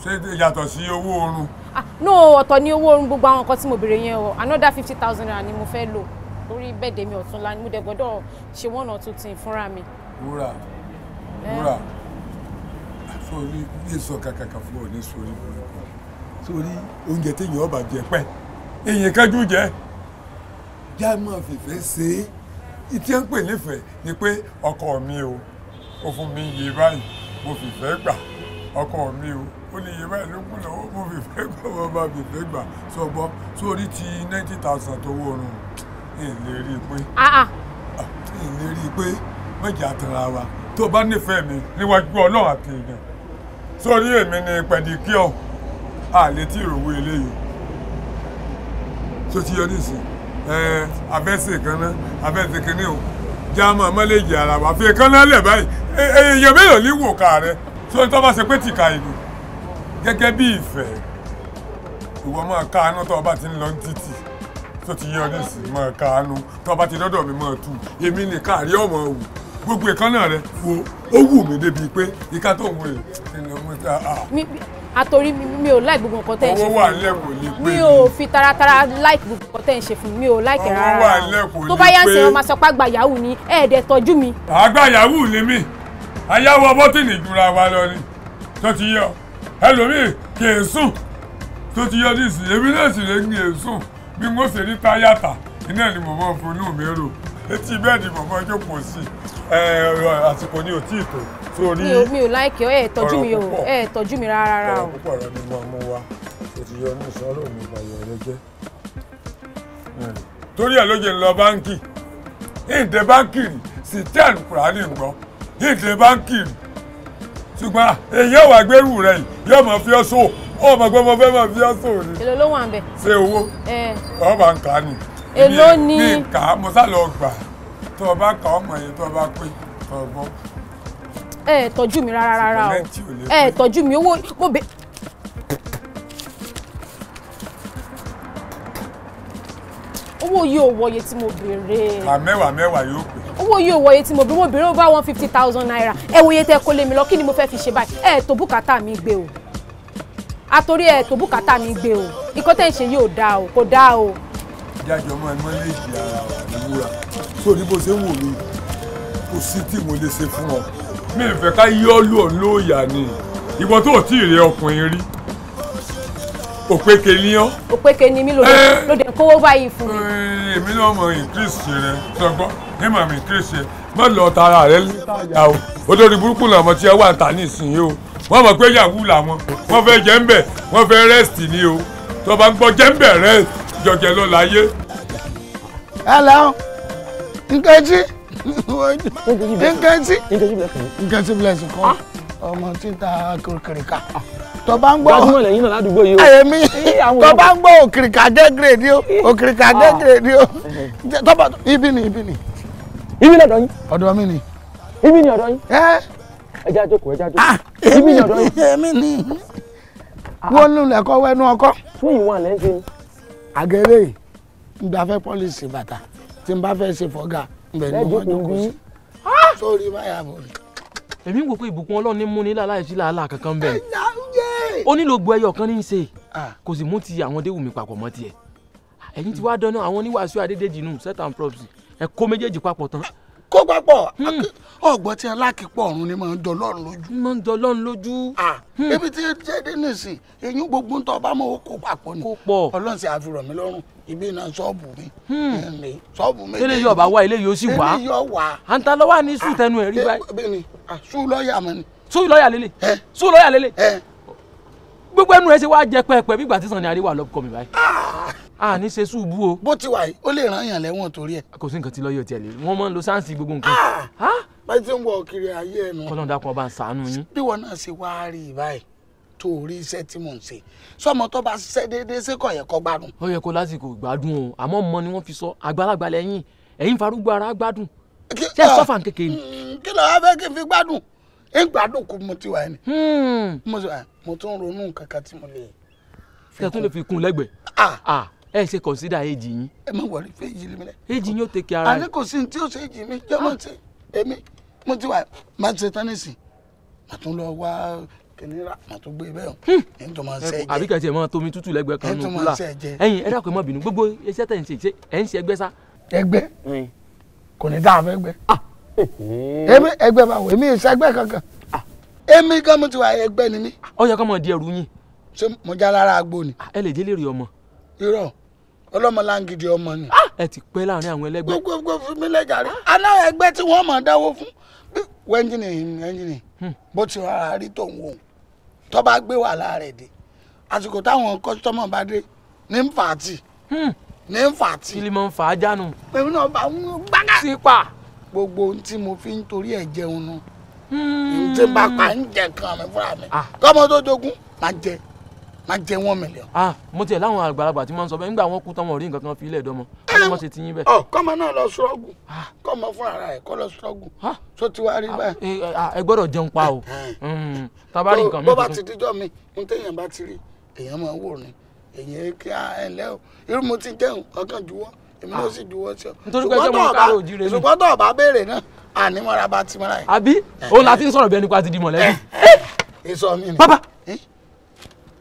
ṣé yàtọ̀ sí owó oorun. Ah, no ọ̀tọ̀ ni owó oorun gbogbo àwọn nǹkan tí mo béèrè yẹn o another fifty thousand naira ni mo fẹ́ lò lórí bẹ́ẹ̀dẹ̀ mi ọ̀tún la ni mo dẹ̀ gbọ́dọ̀ ṣe one or two things fúnra mi. wúrà eh. wúrà sórí ilé sọ kàkàkà fún ọ ní sórí burúkú sórí oúnjẹ téèyàn ọba jẹ pẹ èèyàn kájú jẹ já máa fìfẹ́ ṣe é ìtí à ń pè nífẹ̀ẹ́ ni pé ọkọ mi o ó fún mi yé báyìí mo fìfẹ́ gbà ọkọ mi o ó ní iye báyìí ló kù lọ́wọ́ mo fi fẹ́ gbà wọ́n bá fi gbà sọ gbọ́ sórí ti ninety thousand tó wọ̀ ìlérí pé ìlérí ah, ah. ah, pé méjì àtàrà wa tó bá nífẹ̀ẹ́ mi níwájú ọlọ́run àti èèyàn sórí èmi ni pẹ̀díkíọ̀ àlè tí ìròwé eléyìí tó ti yọ nísìnyí abẹ́sẹ̀ kan náà abẹ́sẹ̀ kan ní jáàmù ọmọlẹ́jì ara wa fi kan náà lẹ̀ báyìí èèyàn mélòó ní wò ká rẹ sórí tó bá ṣe pé tìka ìlú gẹ́gẹ́ bí ìfẹ́ ìwọ máa káánú tó o bá ti ń lọ títì tó ti yẹ ọ nísìnyí máa káánú tó o bá ti dọ́dọ̀ mi máa tú èmi ní káàrí ọmọ wù gbogbo ìkànnà rẹ wo ó wù mí débi pé ìka tó ń wò yìí ti lọ mú ta a. àtòrí mi ò láì gbogbo nǹkan tẹ́ ẹ̀ ṣe fún mi. ọwọ́ wà lẹ́kọ̀ọ́ lè pé mi. mi ò fi taratara láì gbogbo nǹkan tẹ́ ẹ̀ ṣe fún mi ò láì rárá. ọwọ́ wà lẹ́kọ̀ọ́ lè pé tó bá yá ń ṣe wọn máa yahoo ni ẹ̀ẹ́dẹ̀ tọ́jú mi. àgbà yahoo lèmi ayáwó bọ́tìnì jura wa lọ ni tó ti yọ ẹlòmíì kì í sùn tó ti yọ nísìnyí èmi náà sì lè ní èsùn bí wọ́n ṣe ní táyàtà iná ni mọ̀mọ́ fúnú mi rò etí bẹ́ẹ̀ni mọ̀mọ́ jókòó sí àsìkò ni ò tí ì tó sórí ọ̀rọ̀ púpọ̀ mi ò láìkẹ́ ẹ̀ tọ́jú mi o ẹ̀ tọ́jú mi rárá rárá o. ọ̀rọ̀ púpọ̀ rẹ ni mo mú wa tó ti yọ ní ìsọ́rọ̀ mi ìbàyọ̀ rẹ jẹ́. torí ẹ̀ ló jẹ́ lọ báńkì ìdè báńkì rì sí tẹ́ẹ̀nù kùránì ń gbọ́ ìdè báńkì rì ṣùgbọ́n èyí ò wá gbẹ́rù rẹ̀ yìí yóò mọ̀ fi ọ́ so ó mọ̀ pé mo fẹ́ mọ̀ fi ọ́ so ni. èlò ló wà ń bẹ. ṣé owó ọba ń kà á ni. èlò ni mi ń kà á mo sá lọ gbà tó o bá kà ọ́ mọ̀ yẹn tó o bá pé tó o bọ́. ẹ ẹ tọ́jú mi rárá rárá o ẹ ẹ tọ́jú mi owó mo bẹ. owó yìí ò wọye tí mo béèrè. àmẹ́wàá mẹ́wàá yóò pè owó yìí ò wọ̀ye mo bí mo bèrè over one fifty thousand naira ẹ wòye tẹ kó lé mi lọ kí ni mo fẹ́ fi ṣe báyìí ẹ tó bùkátà mi gbé o àtòrí ẹ tó bùkátà mi gbé o ikọ́ tẹ̀ ń ṣe yìí dáa o kò dáa o. ìdájọ́ máa ń mọ́lẹ́jì ara rẹ̀ wúra sórí bó ṣe ń wò mí kò sí tí mo lè ṣe fún ọ mi ò fẹ́ ká yí ọ́ lù ọ́ lóòyà ni ìwọ tó tí ì rẹ ọkùnrin rí òpèkè ni ọ́. òpèkè ni mi lòdì eh. kówó báyìí fún mi. Eh, èmi náà mọ ìkírísì rẹ sọgbọ́n ní màmí kírísì mọ lọ tara rẹ níta o olórí burúkú làwọn tí ẹ wà ta nísìnyí o wọn mọ pé yahoo làwọn wọn fẹ́ jẹ ń bẹ wọn fẹ́ rest ni o tó bá ń gbọ́ jẹ ń bẹ rẹ jọjẹ lọ láyé. hello nkechi nkechi nkechi blessing kọ ọmọ títa kìrìkìrìkà tó bá ń gbọ́ gbajúmọ̀ lẹ́yìn náà ládùúgbò yìí o èmi tó bá ń gbọ́ òkìrìkà dé gírèdì o òkìrìkà dé gírèdì o ah. ibi ni ibi ni ibi lọ́dọ̀ yín. ọ̀dọ̀ mi ni. ibi ni ọ̀dọ̀ yín. ẹ jẹ́ àjòkò ẹ jẹ́ àjòkò. Ah, ibi ni ọ̀dọ̀ yín. èmi ni ah, ah. wọ́n nù lẹ́kọ́ wẹ́nu ọkọ́. tún ìwọ̀n lẹ́ńtì ni. àgẹ̀rẹ́ ń bá fẹ́ pọ́lísì bàtà tí n bá fẹ́ ṣe fọ́gà ńbẹ̀ ni wọ́n jókòó sí. sórí báyà bò ní. èmi ń wò pé ìbùkún ọlọ́run ní múni láláì sí làálàá kankan bẹ́ẹ̀. ó nílò gbọ́ ẹyọ kan ní í ṣe kò sì mú ti àwọn déwùmí papọ̀ mọ́ tiẹ̀. ẹ̀yin ti wá dáná àwọn oníwàásù Adédèjì nù set and props ẹ kó méjèèjì papọ̀ tán. kó papọ̀ hmm. ọgbọ́n tí alákìpọ̀ ọ̀run ni máa ń dọ̀ lọ́run lójú. máa ń dọ̀ lọ́run lójú. Hmm. ebi tí jẹ́dé nìsín eyín gbogbo ń tọ́ ọba mọ́ kó papọ̀ ni ọlọ́run sì àfihàn mi lọ́rùn ibi náà ṣọ́ọ̀bù mi. Hmm. ṣọ́ọ̀bù mi. eléyìí ọba wa eléyìí ó sì wá. eléyìí ó wá. à ń ta lọ́wọ́ ní sùn tẹnu ẹ̀ rí báyìí. sùn lọ́ọ̀yà mọ́ ni. sùn lọ́ọ̀yà lélẹ̀. sùn lọ́ọ̀yà lélẹ̀. gbogbo ẹnu a ní ṣe ṣùgbù o. bó ti wà yìí ó lè ràn yàn lẹ́wọ̀n torí ẹ̀. kò sí nǹkan tí lọ́yọ̀ tiẹ̀ lè rí wọ́n máa ń lo sáǹsì gbogbo nǹkan. Ah! bá a ti ń wọ kiri ayé ẹnu. kọ́lọ́n dákun ọba ń sàánú yín. bí wọn náà ṣe wáá rí i báyìí tó rí iṣẹ́ tí mò ń ṣe sọmọ tó bá ṣiṣẹ́ déédéé ṣé kò yẹ kó gbádùn. ó yẹ kó lásìkò gbádùn o àmọ́ mọ ni wọ́n fi sọ àgbàlagbà lẹ́yìn ẹ̀yin farúgbó ara gbádùn ṣé ah! sọ́fà kékeré ni. Hmm, kí ẹ ṣe consider èjì yín. ẹ má wọlé fún èjì mi rẹ. èjì yín ó tẹ̀kẹ́ ara rẹ. àní kò sí ní tí ó ṣe èjì mi jẹ́ mọ́ ti èmi mo ti wà má ti ṣe tánìsì má tún lọ wá kìnìún má tún gbé bẹ́ẹ̀ o ẹ̀ ń tó máa ṣe ẹ̀jẹ̀. àbí kẹ̀sì ẹ̀ máa tomi tútù lẹ́gbẹ̀ẹ́ kan nù kúlà ẹ̀yin ẹ dákun ẹ má bínú gbogbo iṣẹ́ tẹ̀ ń ṣe ẹ̀ ń ṣe ẹgbẹ́ sá. ẹgbẹ́ hmm. kò ní dáa fẹ́ gbẹ́ ẹgbẹ́ ah. báwo èmi ìṣẹ́gbẹ́ kankan ah. èmi gan mo ti wà ẹgbẹ́ ni mí. ó yẹ kó di ẹrù yín. ṣé mo já lára agbo ni. Ah, ẹ lè délé rí ọmọ. irọ́ ọlọ́mọlángidi ọmọ ni. Ah! ẹ ti pẹ́ láàrin àwọn ẹlẹ́gbẹ́. gbogbo fún mi lẹ́gàrí. aláwọ̀ ẹgbẹ́ tí wọ́n mọ̀ dáwọ́ fún. wẹ́ńjìnì wẹ́ńjìnì hmm. bó ti rárá rí tòun wò tó bá gbé wàhálà rẹ̀ dé àsìkò táwọn kọ́sítọ́mọ̀ bá dé ní fàtì hmm. ní fàtì. kí ló máa ń fà á jánu. pẹ̀lú náà bá ń gbága. sípà. gbogbo ohun tí mo fi ń torí ẹ̀ jẹun nu. n ti bá pa ń jẹ kan mi fúnra mi. Ah. kọ́mọ tó jogún máa jẹ má jẹ one million. ah mo tiẹ̀ láwọn àgbàlagbà tí wọ́n ń sọ bẹ́ẹ̀ nígbà wọn kú tán wọn rí nǹkan kan fi ilẹ̀ dọ́mọ ọlọ́ wọn ah! ṣe ti yín bẹ́ẹ̀. ọ kọ́mọ náà lọ ṣọ́ọ̀gù ah! kọ́mọ fún ara ẹ̀ kọ́ lọ ah! ṣọ́ọ̀gù tó ti wá rí báyìí. Eh, ẹ gbọ́dọ̀ jẹun pa o eh, eh. mm, tabari nǹkan mi tuntun. bó bá ti dijọ́ mi n téèyàn bá ti rí èèyàn máa wò ni èèyàn kí ẹ lẹ́ o irú mo ti jẹun ọkàn juwọ́ èmi ló sì juwọ́ sí ọ. nítorí pé jẹ́ mo káàró òjì rẹ̀ mi. ṣùgbọ́n tó o bá béèrè náà ànímọ́ra bá ti mọ́ra yẹn. àbí òun la ti ń sọ̀rọ̀ bí ẹni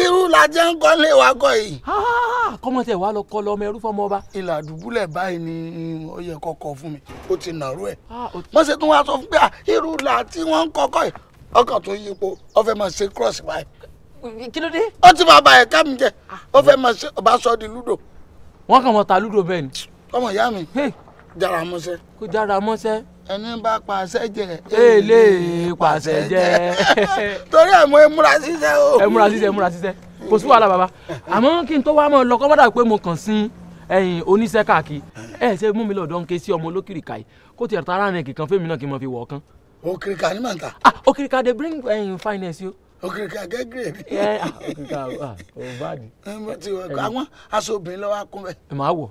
irú la jẹ́ ń kọ́lé wa kọ́ yìí. kọ́mọ tẹ wàá lọ kọ́ lọ ọmọ ẹrú fọmọ ọba. ìlà àdúgbùlẹ̀ báyìí ni ó yẹ kọ́kọ́ fún mi ó ti nàró ẹ̀. wọ́n ṣe tún wá sọ fún pé irú la tí wọ́n ń kọ́kọ́ yìí ọkàn tó yípo ó fẹ́ máa ṣe cross báyìí. kí ló dé. ó ti máa ba ẹ̀ka mi jẹ ah. ó fẹ́ máa ṣe ọba sọ di ludo. wọ́n kàn mọ́ ta ludo bẹ́ẹ̀ ni. ọmọ ìyá mi jára mọ́ṣẹ́. kó jára mọ́ṣẹ́ ẹni bá pàṣẹ jẹ èlé pàṣẹ jẹ. torí ẹ̀ mú ẹmúra ṣiṣẹ́ o. ẹmúra ṣiṣẹ́ ẹmúra ṣiṣẹ́ kò sí wàhálà bàbá àmọ́ kí n tó wá mọ́ ọ lọ kọ́ bá dà pé mo kàn sí ẹ̀yin oníṣẹ́ káàkiri ẹ̀ ṣe mú mi lọ́dọ̀ ń ké sí ọmọ olókìrì káyì kó tiẹ̀ tara rẹ̀ kìkan fẹ́mi náà kí n mọ̀ fi wọ̀ ọ̀kan. okirika ni màá ta. ah okirika dey bring um, finance yo. okirika get grade. ẹ eh, ah okirika ah o bad. àwọn aṣọ obìnrin lọ́wọ́ á kún bẹ́ẹ̀. ẹ máa wọ̀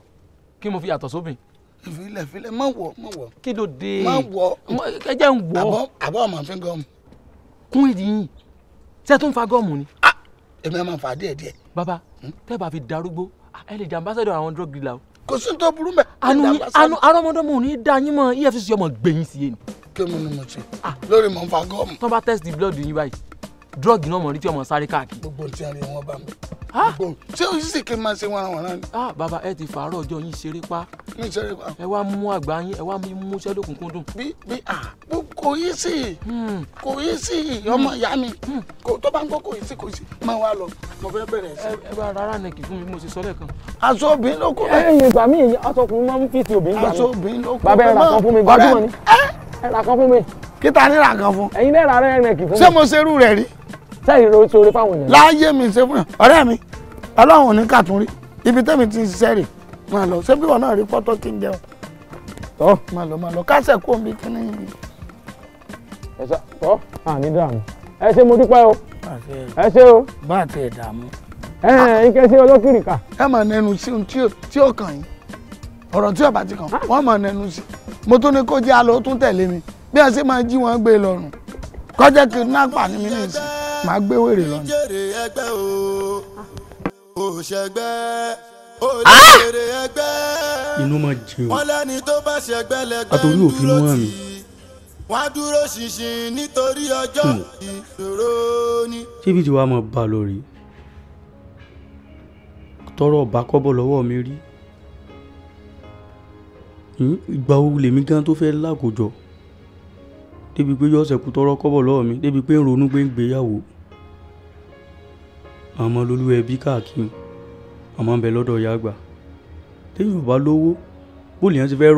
kí mo fi yàtọ̀ sóbìn filẹ filẹ má wọ má wọ. kí ló dé má wọ ẹjẹ ń wọ. àbọ̀ àbọ̀ ọmọ fi gọ́ọ̀mù. kún ìdí yín ṣé tó ń fa gọ́ọ̀mù ni. Ah, èmi ẹ̀ máa fà á díẹ̀ díẹ̀. bàbá hmm? tẹ́ bá fi darúgbó ah, ẹ lè jẹ́ ambassador àwọn drug dealer o. kò sí tó burú mẹ́. anu anu arọmọdọmọ ò ní dá yín mọ efcc ọmọ gbẹ̀yìn sí yé ni. kí ni mo ṣe ah. lórí mọ̀ ń fa gọ́ọ̀mù. tó test the blood yín báyìí drug náà mọ̀ rí tí ọmọ sáré káàkiri. gbogbo tí a rí wọn bá mi. Ah! ṣé o sì kí n máa ṣe wàràwàrà ni. Ah, bàbá ẹ ti fàárọ̀ ọjọ́ yín ṣeré pa. mi ṣeré pa. ẹ wá mú àgbà yín ẹ wá mú iṣẹ́ lókùnkúndùn. bí bí kò yí sí i hmm. kò yí sí i ọmọ hmm. ìyá mi hmm. tó bá ń gbọ́ kò yí sí kò yí sí i máa wá lọ mo fẹ́ bẹ̀rẹ̀ sí. ẹ bá rárá ni fún mi mo ṣe sọ lẹ́ẹ̀kan. aṣọ obìnrin ló kó bẹ́ẹ̀. ẹ̀yin ìgbà míì aṣọ ọkùnrin máa ń fìtì obìnrin gbà mí. aṣọ obìnrin ló kó ẹ ra kan fún mi. kíta ní ra kan fún. ẹ̀yin náà rárá ẹ̀rìn ẹ̀kì fún mi. ṣé mo ṣerú rẹ̀ rí. sẹ́yìn ló ṣoore fáwọn èèyàn. láàyè mi ṣe fún yàn ọ̀rẹ́ mi ọlọ́run ò ní kàtún rí ibi tẹ́mi ti ń ṣiṣẹ́ rè máa lọ ṣé bí wọn náà rí pọ́tọ́ kí n jẹ ọ máa lọ máa lọ kásẹ̀ kó omi kí ni. ẹ ṣe ọ àní dààmú ẹ ṣe mo dúpẹ́ o ẹ ṣe o. bá a ti ẹ̀ dààmú. ẹ ẹ ike ṣe olókìrìkà. ẹ mà nẹnu sí ohun tí ó kàn yín ọ̀rọ̀ tí ọ̀bà ti kàn wọ́n mọ̀ nẹnu sí mo tún ní kó jẹ́ àlọ́ tún tẹ̀lé mi bí a ṣe máa jí wọn gbé lọ́rùn kọjá kidnapper ní mi ní ìsìn màá gbé wèrè lọ́nà. Ah! inú máa jẹ o àtòrí òfin mọ́ mi. wọ́n dúró ṣinṣin nítorí ọjọ́ hmm. ìṣòro ni. ṣébi tí wàá máa bá a tọrọ ọba kọ́bọ̀ lọ́wọ́ mi rí. Hmm? ìgbà wo lèmi gan tó fẹ́ lákòjọ débi pé yọ̀ọ́sẹ̀ kú tọrọ kọ́bọ̀ lọ́wọ́ mi débi pé ń ronú pé ń gbéyàwó àmọ́ lolúwa ẹbí káàkiri àmọ́ bẹ lọ́dọ̀ ìyá àgbà téèyàn bá lówó bó ti fẹ́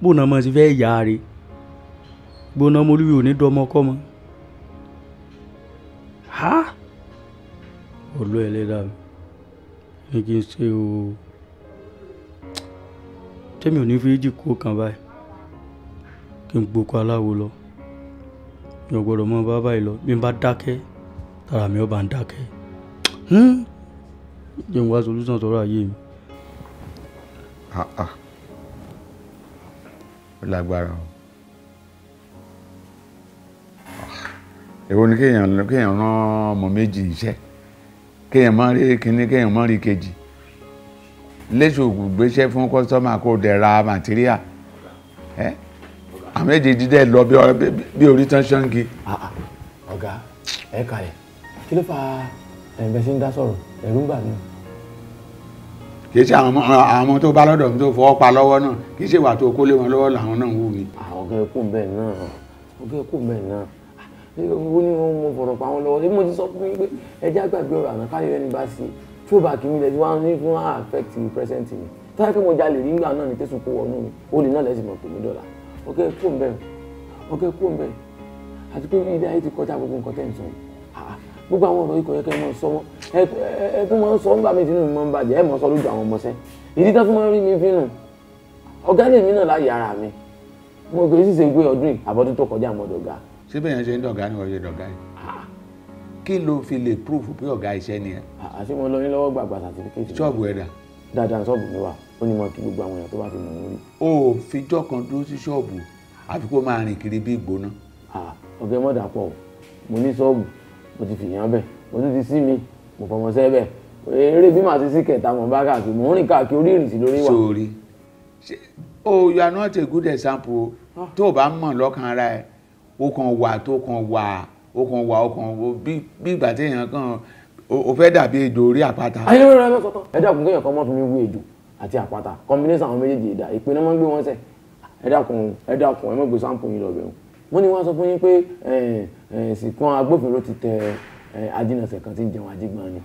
ọmọ bó ti fẹ́ tẹ́mi ò ní fíríjì kó kan báyìí kí n gboko aláwo lọ mi ò gbọ́dọ̀ mọ bá báyìí lọ bí n bá dákẹ́ tara mi ò bá ń dákẹ́ jẹ́ n wá solution sọ̀rọ̀ ayé mi. ó lágbára o èwo ni kéèyàn rán ọmọ méjì iṣẹ́ kéèyàn má rí kínní kéèyàn má rí kejì léṣù gbéṣẹ́ fún kọ́sítọ́mà kó dẹ̀ ra màtíríà àmì èjèèjì dẹ̀ lọ bí orí tán ṣáǹgì. Ah, ah, ọ̀gá ẹ kalẹ̀ kí ló fa ẹ̀bẹ̀ sí ń dá sọ̀rọ̀ ẹ̀rú ń bà mí. kì í ṣe àwọn tó bá lọ́dọ̀ tó fọwọ́ pa lọ́wọ́ náà kì í ṣe ìwà tó kó lé wọn lọ́wọ́ làwọn náà ń wù mí. Ah, ọ̀gá ẹkú bẹ́ẹ̀ náà ọ̀gá ẹkú bẹ́ẹ̀ náà ó ní wọn mọ fọ̀rọ̀ pa wọn lọ́wọ́ ṣé mo ti sọ fún yín pé ẹ fullback mi lẹ́sìn wá ní fún affect mi present mi tọ́lá pé mo jalè rí nígbà náà ní tẹ̀sùn kó wọnú mi olè náà lẹ́sìn mọ̀ pé mi dọ̀là ok kó mbẹ́ ok kó mbẹ́ àti pé ilé ayé ti kọjá gbogbo nǹkan tẹ̀ ń sọ yìí ah, gbogbo àwọn ọ̀rọ̀ ikọ̀ yẹn kẹ́ ẹ mọ̀ sọ wọn ẹ tún máa ń sọ nígbà méjì nínú mi máa ń bàjẹ́ ẹ mọ̀ sọ lójú àwọn ọmọọṣẹ́ ìdí tó fún máa ń rí mi fínù ọ̀gá lè mí náà láyé ara mi mo kì í sì ṣe gbé ọdún àbọ̀dún tó kọjá mọ́ dọ̀gá. síbẹ̀ yẹn ṣe ń dọ̀gá ni wọ́n ṣe dọ̀gá yìí kí ló fi lè proof pé ọ̀gá iṣẹ́ ni ẹ. àti mo lọ ní lọ́wọ́ gbàgbà certificate. ṣọ́ọ̀bù ẹ̀ dà. dáadáa ṣọ́ọ̀bù mi wà ó ní mo kí gbogbo àwọn èèyàn tó bá fi mọ̀ wọ́n rí. o ò fijọ́ kan dúró sí ṣọ́ọ̀bù àfi kó máa rìn kiri bí ìgbóná. ọ̀gá mọ̀dà pọ̀ mo ní ṣọ́ọ̀bù mo ti fìyàn bẹ̀ mo tún ti sí mi mo fọmọ sẹ́ bẹ̀ eré bí màá ti sí kẹta mọ̀ bá káàkiri mò ń rìn káàkiri orí ìrìnsì lórí wa. sori o you are not a good example ah. tó o bá mọ̀ lọ́kàn ara ẹ̀ o kàn wà tó kàn wà ó kàn wà ó kàn wo bí ìgbà tí èèyàn kan ó fẹ́ dàbí ejò orí àpáta. ayé ló rẹ lọ́kọ̀tọ̀ ẹ dákun kéèyàn kan mọ́ fi mi wú ejò àti àpáta combination àwọn méjèèjì ìdá ìpinnu máa ń gbé wọn sẹ̀ ẹ dákun ẹ dákun ẹ mọ̀ gbé sampo yín lọ́bẹ̀ wọn ni wọ́n sọ fún yín pé sìnkún agbófinró ti tẹ ajínàṣẹ́ kan tí ń jẹun ajígbọ́n ni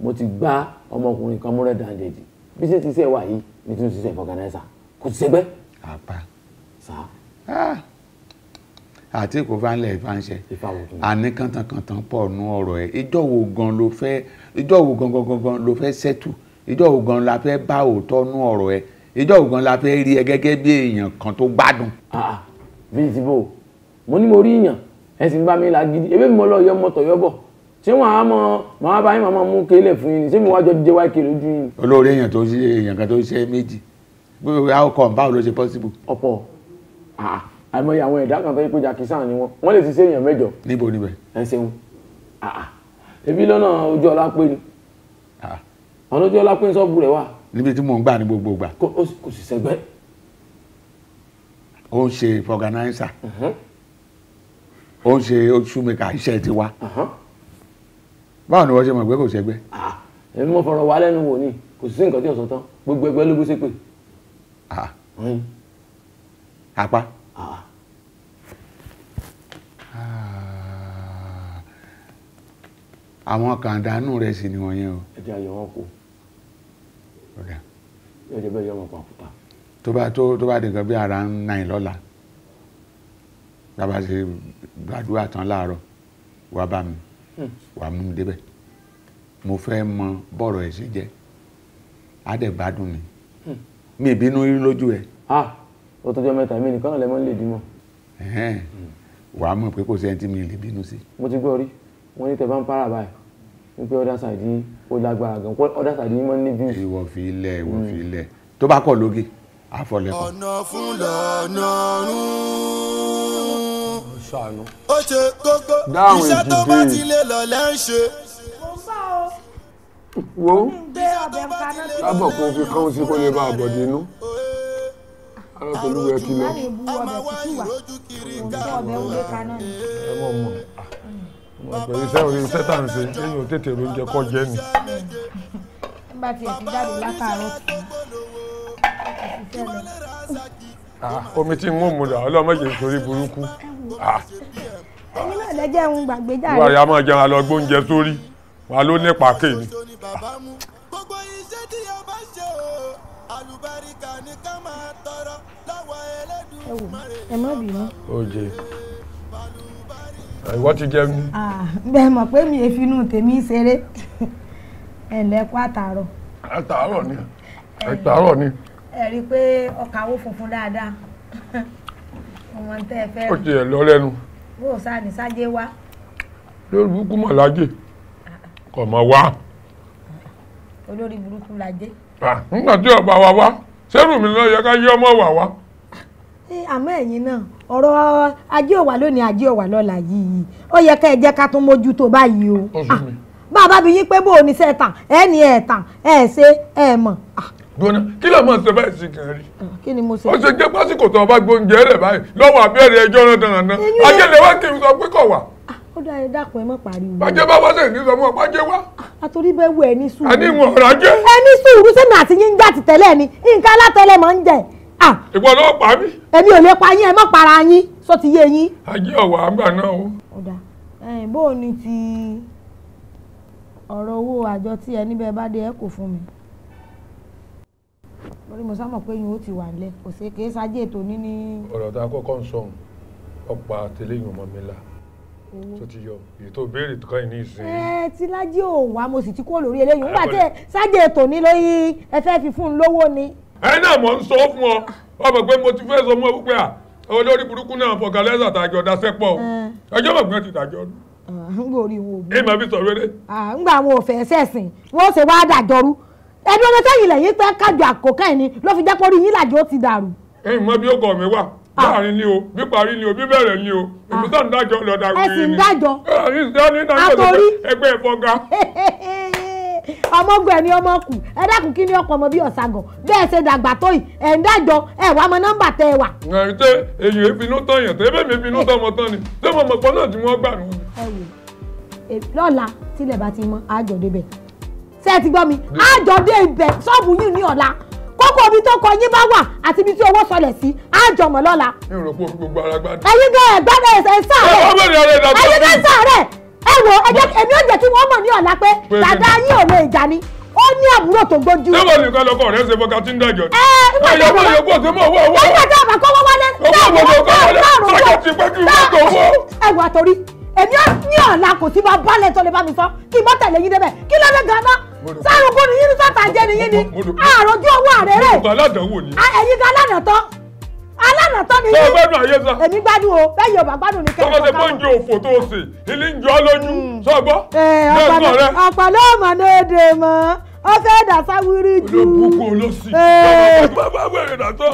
mo ti gbá ọmọkùnrin kan múrẹ̀ dáńdẹ̀dì bí ṣe ti ṣe wà yìí ni tí ó ti ṣe fọ̀gànáìsà kò ti ṣẹgbẹ́. àpá. sá. Ah àti kò fà ń lẹ̀ fà ń ṣe àní kàntànkàntàn pọ̀ nú ọ̀rọ̀ ẹ̀ ìjọ wo gan ló fẹ́ ìjọ wo gan gan gan ló fẹ́ sẹ́tù ìjọ wo gan la fẹ́ bá òótọ́ nú ọ̀rọ̀ ẹ̀ ìjọ wo gan la fẹ́ rí ẹ gẹ́gẹ́ bí èèyàn kan tó gbádùn. bíi ti bò mo ní mo rí èèyàn ẹ sì ń bá mi là gidi ebí mi mo lọ yọ ọmọ tọyọ bọ ṣé wọn á mọ màá bá yín màá mú kélé fún yín ṣé mi wájọ díje wáyé kéré ojú yín. olóore èèyàn tó ṣe èèyàn kan tó ṣe méjì how come báwo ló ṣe àìmọye àwọn ẹ̀dá kan tó yẹ kó jàkísà ni wọn wọn lè ti ṣe èèyàn mẹ́jọ. níbo níbẹ̀. ẹ ṣeun ebi lọ́nà ojú ọlá pé ni ọ̀nà ojú ọlá pé ni sọ́ọ̀bù rẹ̀ wà. níbi tí mò ń gbà ní gbogbo gbà. kò sì sẹ́gbẹ́. ó ń ṣe fọgànáísà ó ń ṣe oṣùmẹ̀kà iṣẹ́ tiwa báwo ni wọ́n ṣe mọ̀ pé kò sẹ́gbẹ́. èmi mo fọ̀rọ̀ wá lẹ́nu wò ni kò sí nǹkan tí ọ̀sán tán gbogbo ẹgbẹ́ ló bó ṣe pé. apá. Ah. àwọn kàndánù rẹ̀ sì ni wọ̀nyẹn o. ẹ jẹ́ àyẹ̀ wọn kò. ọ̀dà. ẹ jẹ́ bẹ́ẹ̀ yọ ọmọ pàkúta. tó bá tó tó bá di nǹkan bí ara ń náì lọ́la bàbá ṣe gbàdúrà tán láàárọ̀ wàá bá mi hmm. wàá mú mi débẹ̀ mo fẹ́ mọ bọ́ọ̀rọ̀ ẹ̀ ṣe jẹ́ á dẹ̀ gbádùn hmm. mi mi ìbínú rí lójú ẹ̀. ah ó tọ́jọ́ mẹ́ta mi nìkan lẹ́mọ́ lè bímọ. wà á mọ̀ pé kò sẹ́ni tí mi lè bínú sí. mo ti gbọ́ rí wọ́n ní tẹ̀bá ń para báyìí wípé ọ̀dà sàdí ó lágbára gan ọ̀dà sàdí mọ́ níbí. ìwọ fi ilẹ̀ ìwọ hmm. fi ilẹ̀ tó bá kọ̀ lóge àfọlẹ́kọ̀. ọ̀nà fún lọ́nà rún. ó ṣe kókó iṣẹ́ tó bá ti lè lọ lẹ́ ń ṣe. mo bá o wo kábọ̀ kó fi kán sí kó lè bá àbọ̀dé inú arákùnrin wẹ kìlọ̀. ọmọ wa ìrojú kiri orí iṣẹ́ tá à ṣe lẹ́yìn ò tètè oúnjẹ kọ́ jẹ́ ni. nígbà tí èsì jáde látàárọ̀ omi tí n ó mu dà ọlọ́mọ jẹ́ nítorí burúkú. ẹni lẹ́jẹ̀ ń gbàgbé jáde. wàá a máa jẹun alọ́gbóúnjẹ sórí wàá ló ní pàákè ni àlùbáríkà ni ká máa tọrọ lọ́wọ́ Elédùmarè. ẹ má bínú. oje ìwọ ti jẹun ni. bẹ́ẹ̀ mọ̀ pé mi èfinú tèmi ṣeré ẹ̀ lẹ́kọ́ àtàárọ̀. àtàárọ̀ ni àtàárọ̀ ni. ẹ rí i pé ọkàwó funfun dáadáa ọmọ tẹ́ ẹ fẹ́. ó ti ẹ̀ lọ lẹ́nu. bó o sáà ní sájé wá. lórí burúkú mọ̀ lájè ah, ah. kọ̀ mọ̀ wá. olórí burúkú lájè nígbà tí ọba wa wá sẹ́rù mi lọ́ọ́ yẹ ká yí ọmọ wà wá. àmọ́ ẹ̀yin náà ọ̀rọ̀ ajé òwà lónìí ajé òwà lọ́la yìí ó yẹ ká ẹ jẹ́ ká tún mójútó báyìí o ah, bàbá bí yín pé bó o ní sẹ́ tàn ẹ ní ẹ̀ tàn ẹ̀ ṣe ẹ̀ mọ̀. gbóná ah. kí ló máa ń ṣe báyìí sí kan rí. Ah, kí ni mo ṣe. ó ṣe jẹ́ pásíkò tó ọba gbóúnjẹ rẹ̀ báyìí lọ́wọ́ àbẹ́rẹ́ ẹjọ́ náà dáná náà ajé lè wá kí n sọ pé kọ̀ wà. ó dá ẹ dákun ẹ má pariwo. bàjẹ́ bá wá sẹ́yìn ní ọmọ bàjẹ́ wá. àtòrí bẹ́ẹ̀ wọ ẹ sùúrù. ẹni wọn ọ̀rọ̀ jẹ́. ẹ sùúrù sẹ́mi àti yín ń jẹ. ìwọ ló pa mí. èmi ò lè pa yín ẹ sọ ti yé yín. ajé ọ̀wà àgbà náà o. ọ̀dà ti ọ̀rọ̀ owó àjọ tí ẹ níbẹ̀ bá dé ẹ kò fún mi. mo sá mọ̀ pé yín tó ti yọ èyí tó béèrè tó káyìn ní ìsìn. ẹ ti lájí ò wá mo sì ti kúrò lórí eléyìí nígbà tí ètò ní ẹ fẹ́ lówó ni. ẹ náà mọ̀ ń sọ fún ọ ọmọ pé mo ti fẹ́ sọ mọ́ wípé olórí burúkú náà fọgàlẹ́sà tàjọ daṣẹ́ ẹjọ́ mọ̀ pé ti tàjọ. n kò rí sọ rere. wọn ò fẹ́ ṣe wá ọmọ sẹ́yìn lẹ́yìn pé kájọ àkókò láàrin ni o bí parí ni o bí bẹ̀rẹ̀ ni o èmi tó ah. ń dájọ́ lọ́dà wíìrì ni ẹ sì ń dájọ́ ah, àtòrí ẹgbẹ́ ìfọ̀gà ọmọgbọ ẹni ọmọ kù ẹ dákun kí ni ọkọ ọmọ bíi ọ̀sàgàn bẹ́ẹ̀ ṣe dàgbà tó yìí ẹ̀ ń dájọ́ ẹ̀ wá mọ nọ́mbà tẹ ẹ wà. ṣé èyí ìfinú tán yẹn tẹ́ bẹ́ẹ̀ mi ìfinú tán ọmọ tán ni ṣé mo mọ̀ pọ́ náà tí wọ́n gbà nù. ẹ wò lọ́la tílẹ̀ bá ti mọ́ àjọ débẹ̀ ṣé ẹ ti gbọ́ mi àjọ dé ibẹ̀ ṣọ́ọ̀bù yìí ní ọ̀la kókó omi tó kọ yín bá wà àti ibi tí owó sọlẹ̀ sí àjọmọ̀ lọ́la. mi ò rò pé gbogbo ara gbádùn. ẹ̀yin gan ẹ gbádùn ẹ sáré ẹ̀yin gan sáré ẹ wo èmi ò jẹ́ kí wọ́n mọ̀ ní ọ̀la pé dàda yín ò lè jà ni ó ní àbúrò tó gbójú. ṣéwọ̀n nìkan lọkọ rẹ ṣe fọkà tí ń dàjọ. ẹ ìwádìí ọmọ yòókù ọ̀sẹ̀ mọ̀ owó owó. nígbà tí àbá kọ́wọ́ wálé. owó owó ló kọ́ wọlé sọ́kẹ́ ti pẹ́ kí wọ́n tó wọ́. ẹ wà torí èmi ò ní ọ̀la kò sí bá balẹ̀ tó lè bá mi sọ kí n bá tẹ̀lé yín débẹ̀ kí ló dé gan-an sáré kó ni yín ní sátà jẹ nìyí ni àròjù owó àrẹ rẹ ẹ̀yin ká lánàá tán alánà tán ni yín. sọgbẹ́nu ayé sa. èmi gbádùn o bẹ́ẹ̀ yóò bá gbádùn ní kẹ́kọ̀ọ́ káwọn. sọgbẹ́ tó ń jẹ òfò tó ṣe ilé ń jọ ọ́ lóyún sọgbọ́. Mm. ọ̀pọ̀lọ́ ọ̀pọ̀lọ́ ọmọ náà dè mọ́ ó fẹ́ dàsá wírí jù. olóògùn olóòsì bàbá wẹ̀rẹ̀ dàtọ̀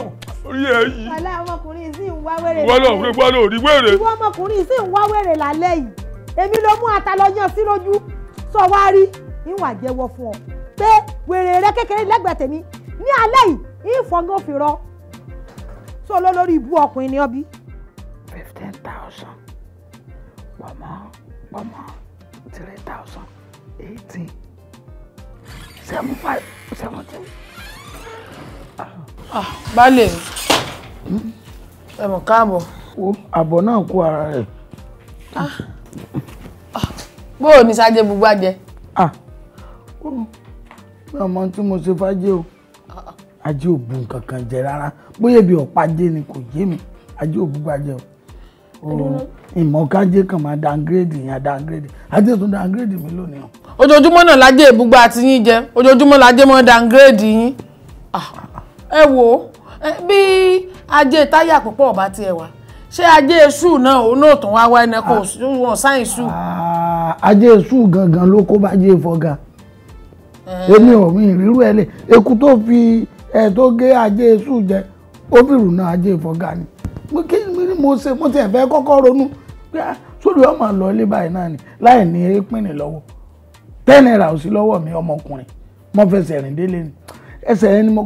orí ẹ̀ yìí. wàlá ọmọkùnrin sì ń wá wẹ̀rẹ̀ lálẹ́ yìí. wọ́n lọ rí wẹ̀rẹ̀. ìwọ ọmọkùnrin sì ń wá wẹ̀rẹ̀ lálẹ́ yìí. èmi ló mú atalọ́yàn sí lójú sọ wá rí ìwà jẹ́wọ́ fún ọ pé wèrè rẹ kékeré lẹ́gbẹ̀ẹ́ tèmi ní alẹ́ yìí ìfọ̀ngàn fi rọ tó lólórí ibú ọkùnrin ní ọbí. fifteen thousand pọ̀mọ́ pọ̀mọ́ three thousand eighteen seven five seventeen. Ah, baálé ẹ̀mọ̀ káàbọ̀. àbọ̀ náà kú ara rẹ̀. Ah, ah. bó o ní sáájé gbogbo àjẹ mi ò mọ tí mo ṣe fájé o ajé ò bu nǹkan kan jẹ rárá bóyá ibi ọ̀pá jẹ ni kò yé mi ajé ò bu gbàjẹ o ìmọ̀kájé kan máa downgrade yẹn downgrade ajé tún downgrade mi lónìí o. ojoojúmọ́ náà lajẹ́ ìbúgbà àti yín jẹ ojoojúmọ́ lajẹ́ mọ́ downgrade yín ah, ẹ wo, bí ajé táyà púpọ̀ ọba tiẹ̀ wá ṣé ajé èṣù náà òun náà tún wá wá ẹnẹ kó ah. wọn sáyìn ṣù. Ah, ajé èṣù gangan ló kó bá ajé ìfọ̀gà. èmi ò mi ìrírú ẹ lè eku tó fi ẹ tó gé ajé èṣù jẹ ó fi náà ajé ni mo kí ni mo ṣe mo tiẹ̀ fẹ́ kọ́kọ́ ronú pé ah, sórí ọmọ lọ ilé báyìí náà ni láì ní pínlẹ̀ lọ́wọ́ ten ò sí mi ọmọkùnrin mo rìn délé ni yẹn ni mo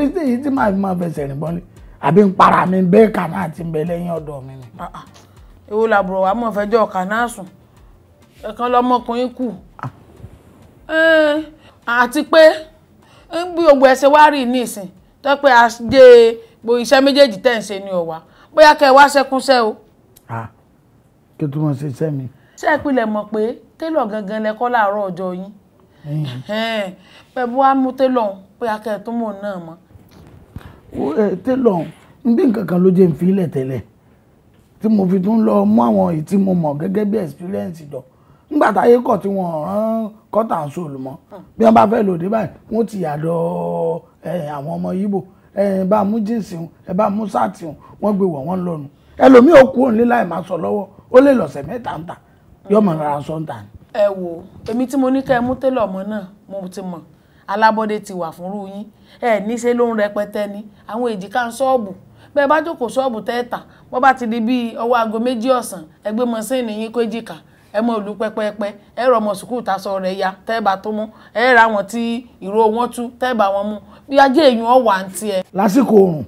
èyí tí màá fi máa rìn àbí para mi bẹ́ẹ̀ kà náà ti bẹ lẹ́yìn ọ̀dọ̀ mi ni. làbúrò wa mọ̀ ọ̀kà náà sùn ẹ̀kan àti pé bí gbogbo ẹsẹ̀ wá rí nísìn tó pé a dé gbo iṣẹ́ méjèèjì tẹ̀ ń ṣe ni ọ̀wà bóyá kẹ́ wá ṣẹ́kúnṣẹ́ o. kí o tún mọ̀ sí iṣẹ́ mi. ṣé ẹ mọ̀ pé télọ̀ gangan lẹ láàárọ̀ ọjọ́ yín pẹ̀lú wa mú bóyá kẹ́ ẹ mọ̀ náà mọ́. télọ̀ ń bí nǹkan kan ló jẹ́ ń fi ilẹ̀ tẹ́lẹ̀ tí mo fi tún lọ mú àwọn èyí mo mọ̀ gẹ́gẹ́ bí experience dọ̀ nígbà táyé kọ̀ tí wọ́n rán kọ́tà ń sòlù mọ́ hmm. bí wọ́n bá fẹ́ lòdì báyìí wọ́n ti yàdọ̀ àwọn ọmọ Yíbò ẹ bá mú jíǹsì ń ẹ bá mú sáàtì ń wọ́n gbé wọ̀ wọ́n lọ́nu ẹlòmíì ò kú òǹlé láì máa sọ lọ́wọ́ ó lè lọ̀sẹ̀ mẹ́ta ń tà yọmọ rárá sọ ń tà ni. ẹ wo èmi tí mo ni kẹ́ ẹ mú télọ̀ ọmọ náà mo ti mọ̀ alábọ́dé ti wà fúnrú yín ẹ níṣẹ́ ló ń rẹpẹtẹ ni àwọn èjìká ń ṣọ́ọ̀bù bẹ́ẹ̀ bá jókòó ṣọ́ọ̀bù tẹ́ẹ̀ta wọ́n bá ti di bíi ọwọ́ aago méjì ọ̀sán ẹgbẹ́ mọ́sẹ́ẹ̀nì yín kó jìkà ẹ mọ ìlú pẹ́pẹ́pẹ́ ẹ rọ ọmọ sùkúù tasọ rẹ̀ ya tẹ́ tó mú ẹ wọn tí ìró wọn tú tẹ́ wọn mú bí ajé èèyàn ọ̀wà ń tiẹ̀. lásìkò oòrùn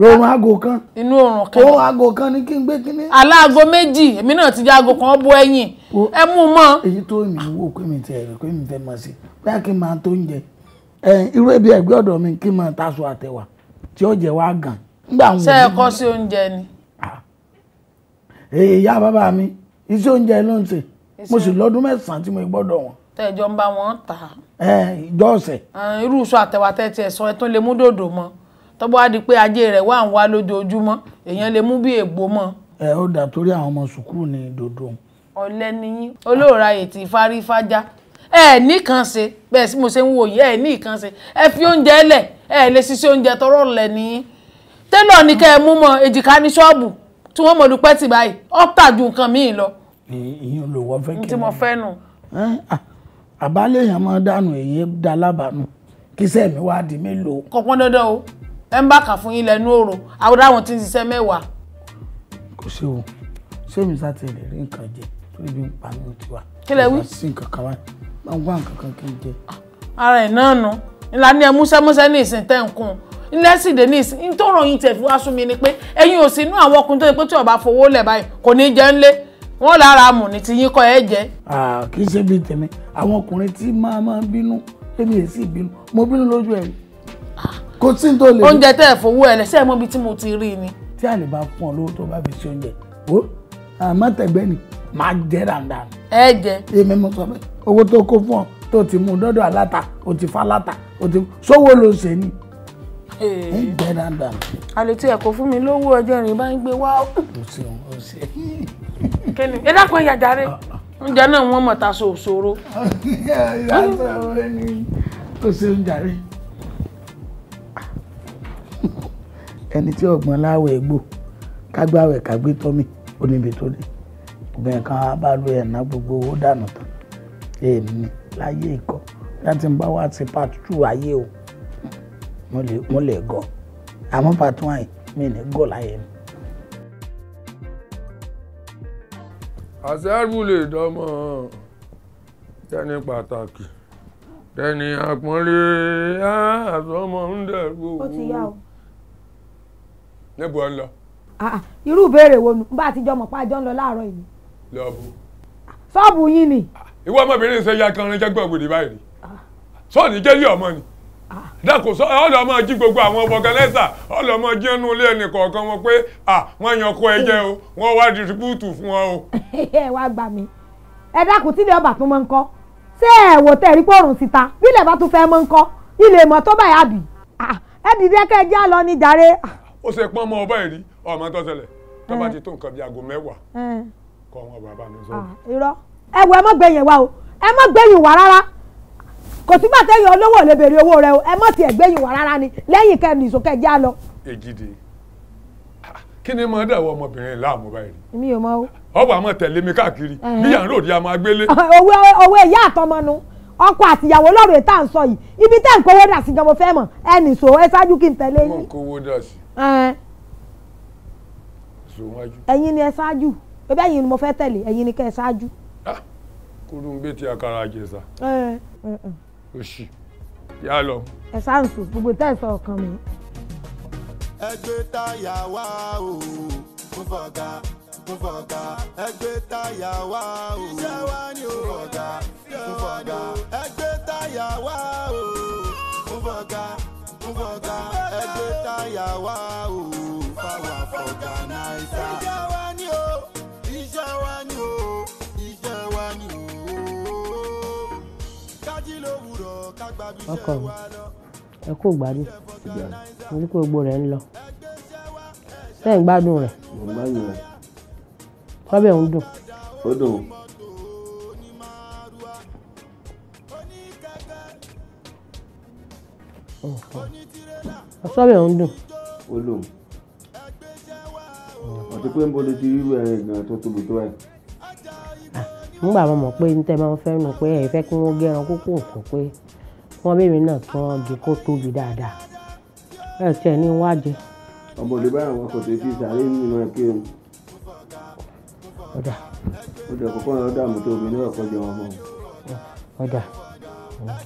lóòrùn aago kan inú oòrùn aago kí n gbé aláago méjì èmi ti aago kan bó ẹ mọ. èyí tó wò pé mi ti pé mi fẹ́ máa ṣe máa tó irú ẹbí ẹgbẹ́ ọ̀dọ̀ mi taṣọ tí ó wá gan. kọ́ sí ni. èyí ìyá bàbá mi iṣẹ́ oúnjẹ ló ń ṣe mo sì lọ́dún mẹ́sàn-án tí mo gbọ́dọ̀ wọn. tẹ̀jọ́ ń bá wọn tà á. ẹ ìjọ ọ̀sẹ̀. irú iṣu àtẹ̀wàtẹ̀ tiẹ̀ sọ ẹ tó lè mú dòdò mọ́ tó bá di pé ajé rẹ̀ wà ń wá lójoojúmọ́ èèyàn lè mú bí ègbò mọ́. ẹ ó dà torí àwọn ọmọ sùkúrù ní dòdò. ọ̀lẹ́ ni yín olóòrà ètì ìfarífájá ẹ nìkan ṣe bẹ́ẹ̀ sí mo ṣe ń wò yìí ẹ nìkan ṣe ẹ fi oúnjẹ lẹ̀ ẹ lè ṣiṣẹ́ oúnjẹ tọrọ lẹ̀ nìyí tẹ́lọ̀ ní kẹ́ ẹ mú mọ́ èjìká ní ṣọ́ọ̀bù tí wọ́n mọ̀ lùpẹ́ tì báyìí ọ́ tà ju nǹkan míì lọ ìyẹn ló wọ́n fẹ́ kí n. tí mo fẹ́ nù. àbálẹ̀ èèyàn máa dànù èyí da lábàánú kí sẹ́mi wá di mélòó. kò pọn dandan o ẹ ń bá kà fún yín lẹ́nu òòrùn àwọn dáhùn ti ń ṣiṣẹ́ mẹ́wàá. kò sí o sẹ́mi sáti lè rí nǹkan jẹ torí bí n pa mi ti wá. kí lẹ wí. sí nǹkan kan wá máa ń wá nǹkan kan kí n jẹ. Ah, ara ẹ̀ náà nù ńlá ní ẹ múṣẹ́múṣẹ́ ní ìsìn tẹ́ ń kún un lẹ́sìn denise nítorí òyìn tẹ̀ fi wá sún mi ni pé ẹ̀yin ò sí inú àwọn ọkùnrin tó yẹ pé tí ọba fowó lẹ̀ báyìí kò ní jẹ́ ńlé wọ́n lára mù ní ti yín kọ́ ẹ jẹ́. kì í ṣe bíi tèmi àwọn ọkùnrin tí máa máa bínú èmi yẹn sì bínú mo bínú lójú ẹ̀ kò tí n tó lè. oúnjẹ tẹ́ ẹ̀ fowó ẹ̀ lẹ́sẹ̀ mọ́ tí mo ti rí ni. tí a lè bá fún ọ lówó tó bá fi ṣe oúnjẹ o àmọ́ tẹ̀gbẹ́ ni màá jẹ́ dandan. ẹ jẹ. èmi mo sọ pé owó tó kó fún ọ tó ti mú dọ́dọ̀ aláta o ti fa aláta o ti sówó ló ṣe ni. ẹ jẹ dandan. àlè tí ẹ kò fún mi lówó ọjọ́ ìrìn bá ń gbé wá. o ṣeun o ṣeun kíni ẹ dákun ẹ̀yà jàre oúnjẹ náà wọ́n mọ̀ ta so òṣòro. òṣèlú jàre ẹni tí ọgbọ́n láwẹ̀ gbò kágbáwẹ̀ kágbé tọ́mì oníbi tó dé obìnrin kan á bá lo ẹ̀ná gbogbo owó dànù tán èmi láyé ìkọ́ láti ń bá wá ti part two ayé o mo lè gọ́ àmọ́ part one mi ní gọ́ láyé mi. àṣẹ́rù lè dánmọ́ tẹni pàtàkì tẹni àpọ́nlé àtọmọ ń dẹ̀rù owó. ó ti yá o. níbo ń lọ. irú ìbéèrè wo nu bá a ti jọ mọ̀ pa àjọ ń lọ láàárọ̀ yìí. lọ́ọ̀bù. ṣọ́ọ̀bù yín ni. ìwọ ọmọbìnrin ṣe ya kan ránṣẹ́ gbọ̀gbọ̀dì báyìí sọ́ọ̀nì jẹ́lí ọmọ ni dákò sọ ọlọ ọmọ jí gbogbo àwọn fọgànẹsà ọlọ ọmọ jí ẹnu ilé ẹnì kọ̀ọ̀kan wọn pé à wọn yan ọkọ ẹjẹ o wọn wá dìrìbùtù fún ọ o. ẹ wá gbà mí ẹ dákun tí ilé ọba tún máa ń kọ ṣé ẹ wò tẹ rí pòrùn síta bí ilé bá tún fẹ́ máa ń kọ ilé mọ tó báyà bì ẹ dìde kẹ ẹ já lọ ní jàre. ó ṣe pọ́n ọmọ ọba ẹ̀rí ọmọ tó ṣẹlẹ̀ tó bá eh. ti tó nǹkan bíi aago mẹ́wàá eh. kọ́ ọmọ bàbá mi sọ. kò sígbà téèyàn olówó lè owó rẹ o ẹ mọ̀ sí rárá ni lẹ́yìn kẹ́ni lọ. ègìdì kí ni máa dàwọ ọmọbìnrin láàmú báyìí. mi o. ọwọ àmọ tẹ̀lé mi káàkiri bí yàrá òde ìyá ọkọ àtìyàwó ètò yìí ibi kówó dà sí gan mo ẹ ṣáájú kí n tẹ̀lé yín. mo kówó ni ẹ ṣáájú ni mo fẹ́ òṣì yá lọ. ẹ sáàǹsù gbogbo tẹ́ ẹ sọ ọkàn mi. ẹ gbé táyà wá o fún fọgá fún fọgá ẹ gbé táyà wá o iṣẹ́ wa ni o fún fọgá fún fọgá ẹ gbé táyà wá o fún fọgá fún fọgá ẹ gbé táyà wá o fáwọn fọgá náà iṣẹ́ wa ni o iṣẹ́ wa ni o iṣẹ́ wa ni o ọkọ mi ẹ kó gbádùn mo ní kó gbogbo rẹ̀ ń lọ ṣé ń gbádùn rẹ̀. mo ń gbádùn rẹ̀. ọbẹ̀ ń dùn. ó dùn. ọsọ́bẹ̀ ń dùn. ó lò ọ̀tí pé ń bolo ti rírú ẹ̀rẹ̀ gan tó tóbi tó báyìí nígbà mo mọ̀ pé ní tẹ́ máa ń fẹ́ nu pé ẹ fẹ́ kí wọ́n gẹ́ran kókó nǹkan pé wọ́n bèbè náà kí wọ́n gé kó tóbi dáadáa ẹ tiẹ̀ ní wájẹ. ọmọ òde báyìí àwọn kòtò ìfi ìsàlẹ̀ nínú ẹ kí ni. ọ̀dà. ọ̀dà kókó náà dààmú tó omi náà kọjá wọn mọ́. ọ̀dà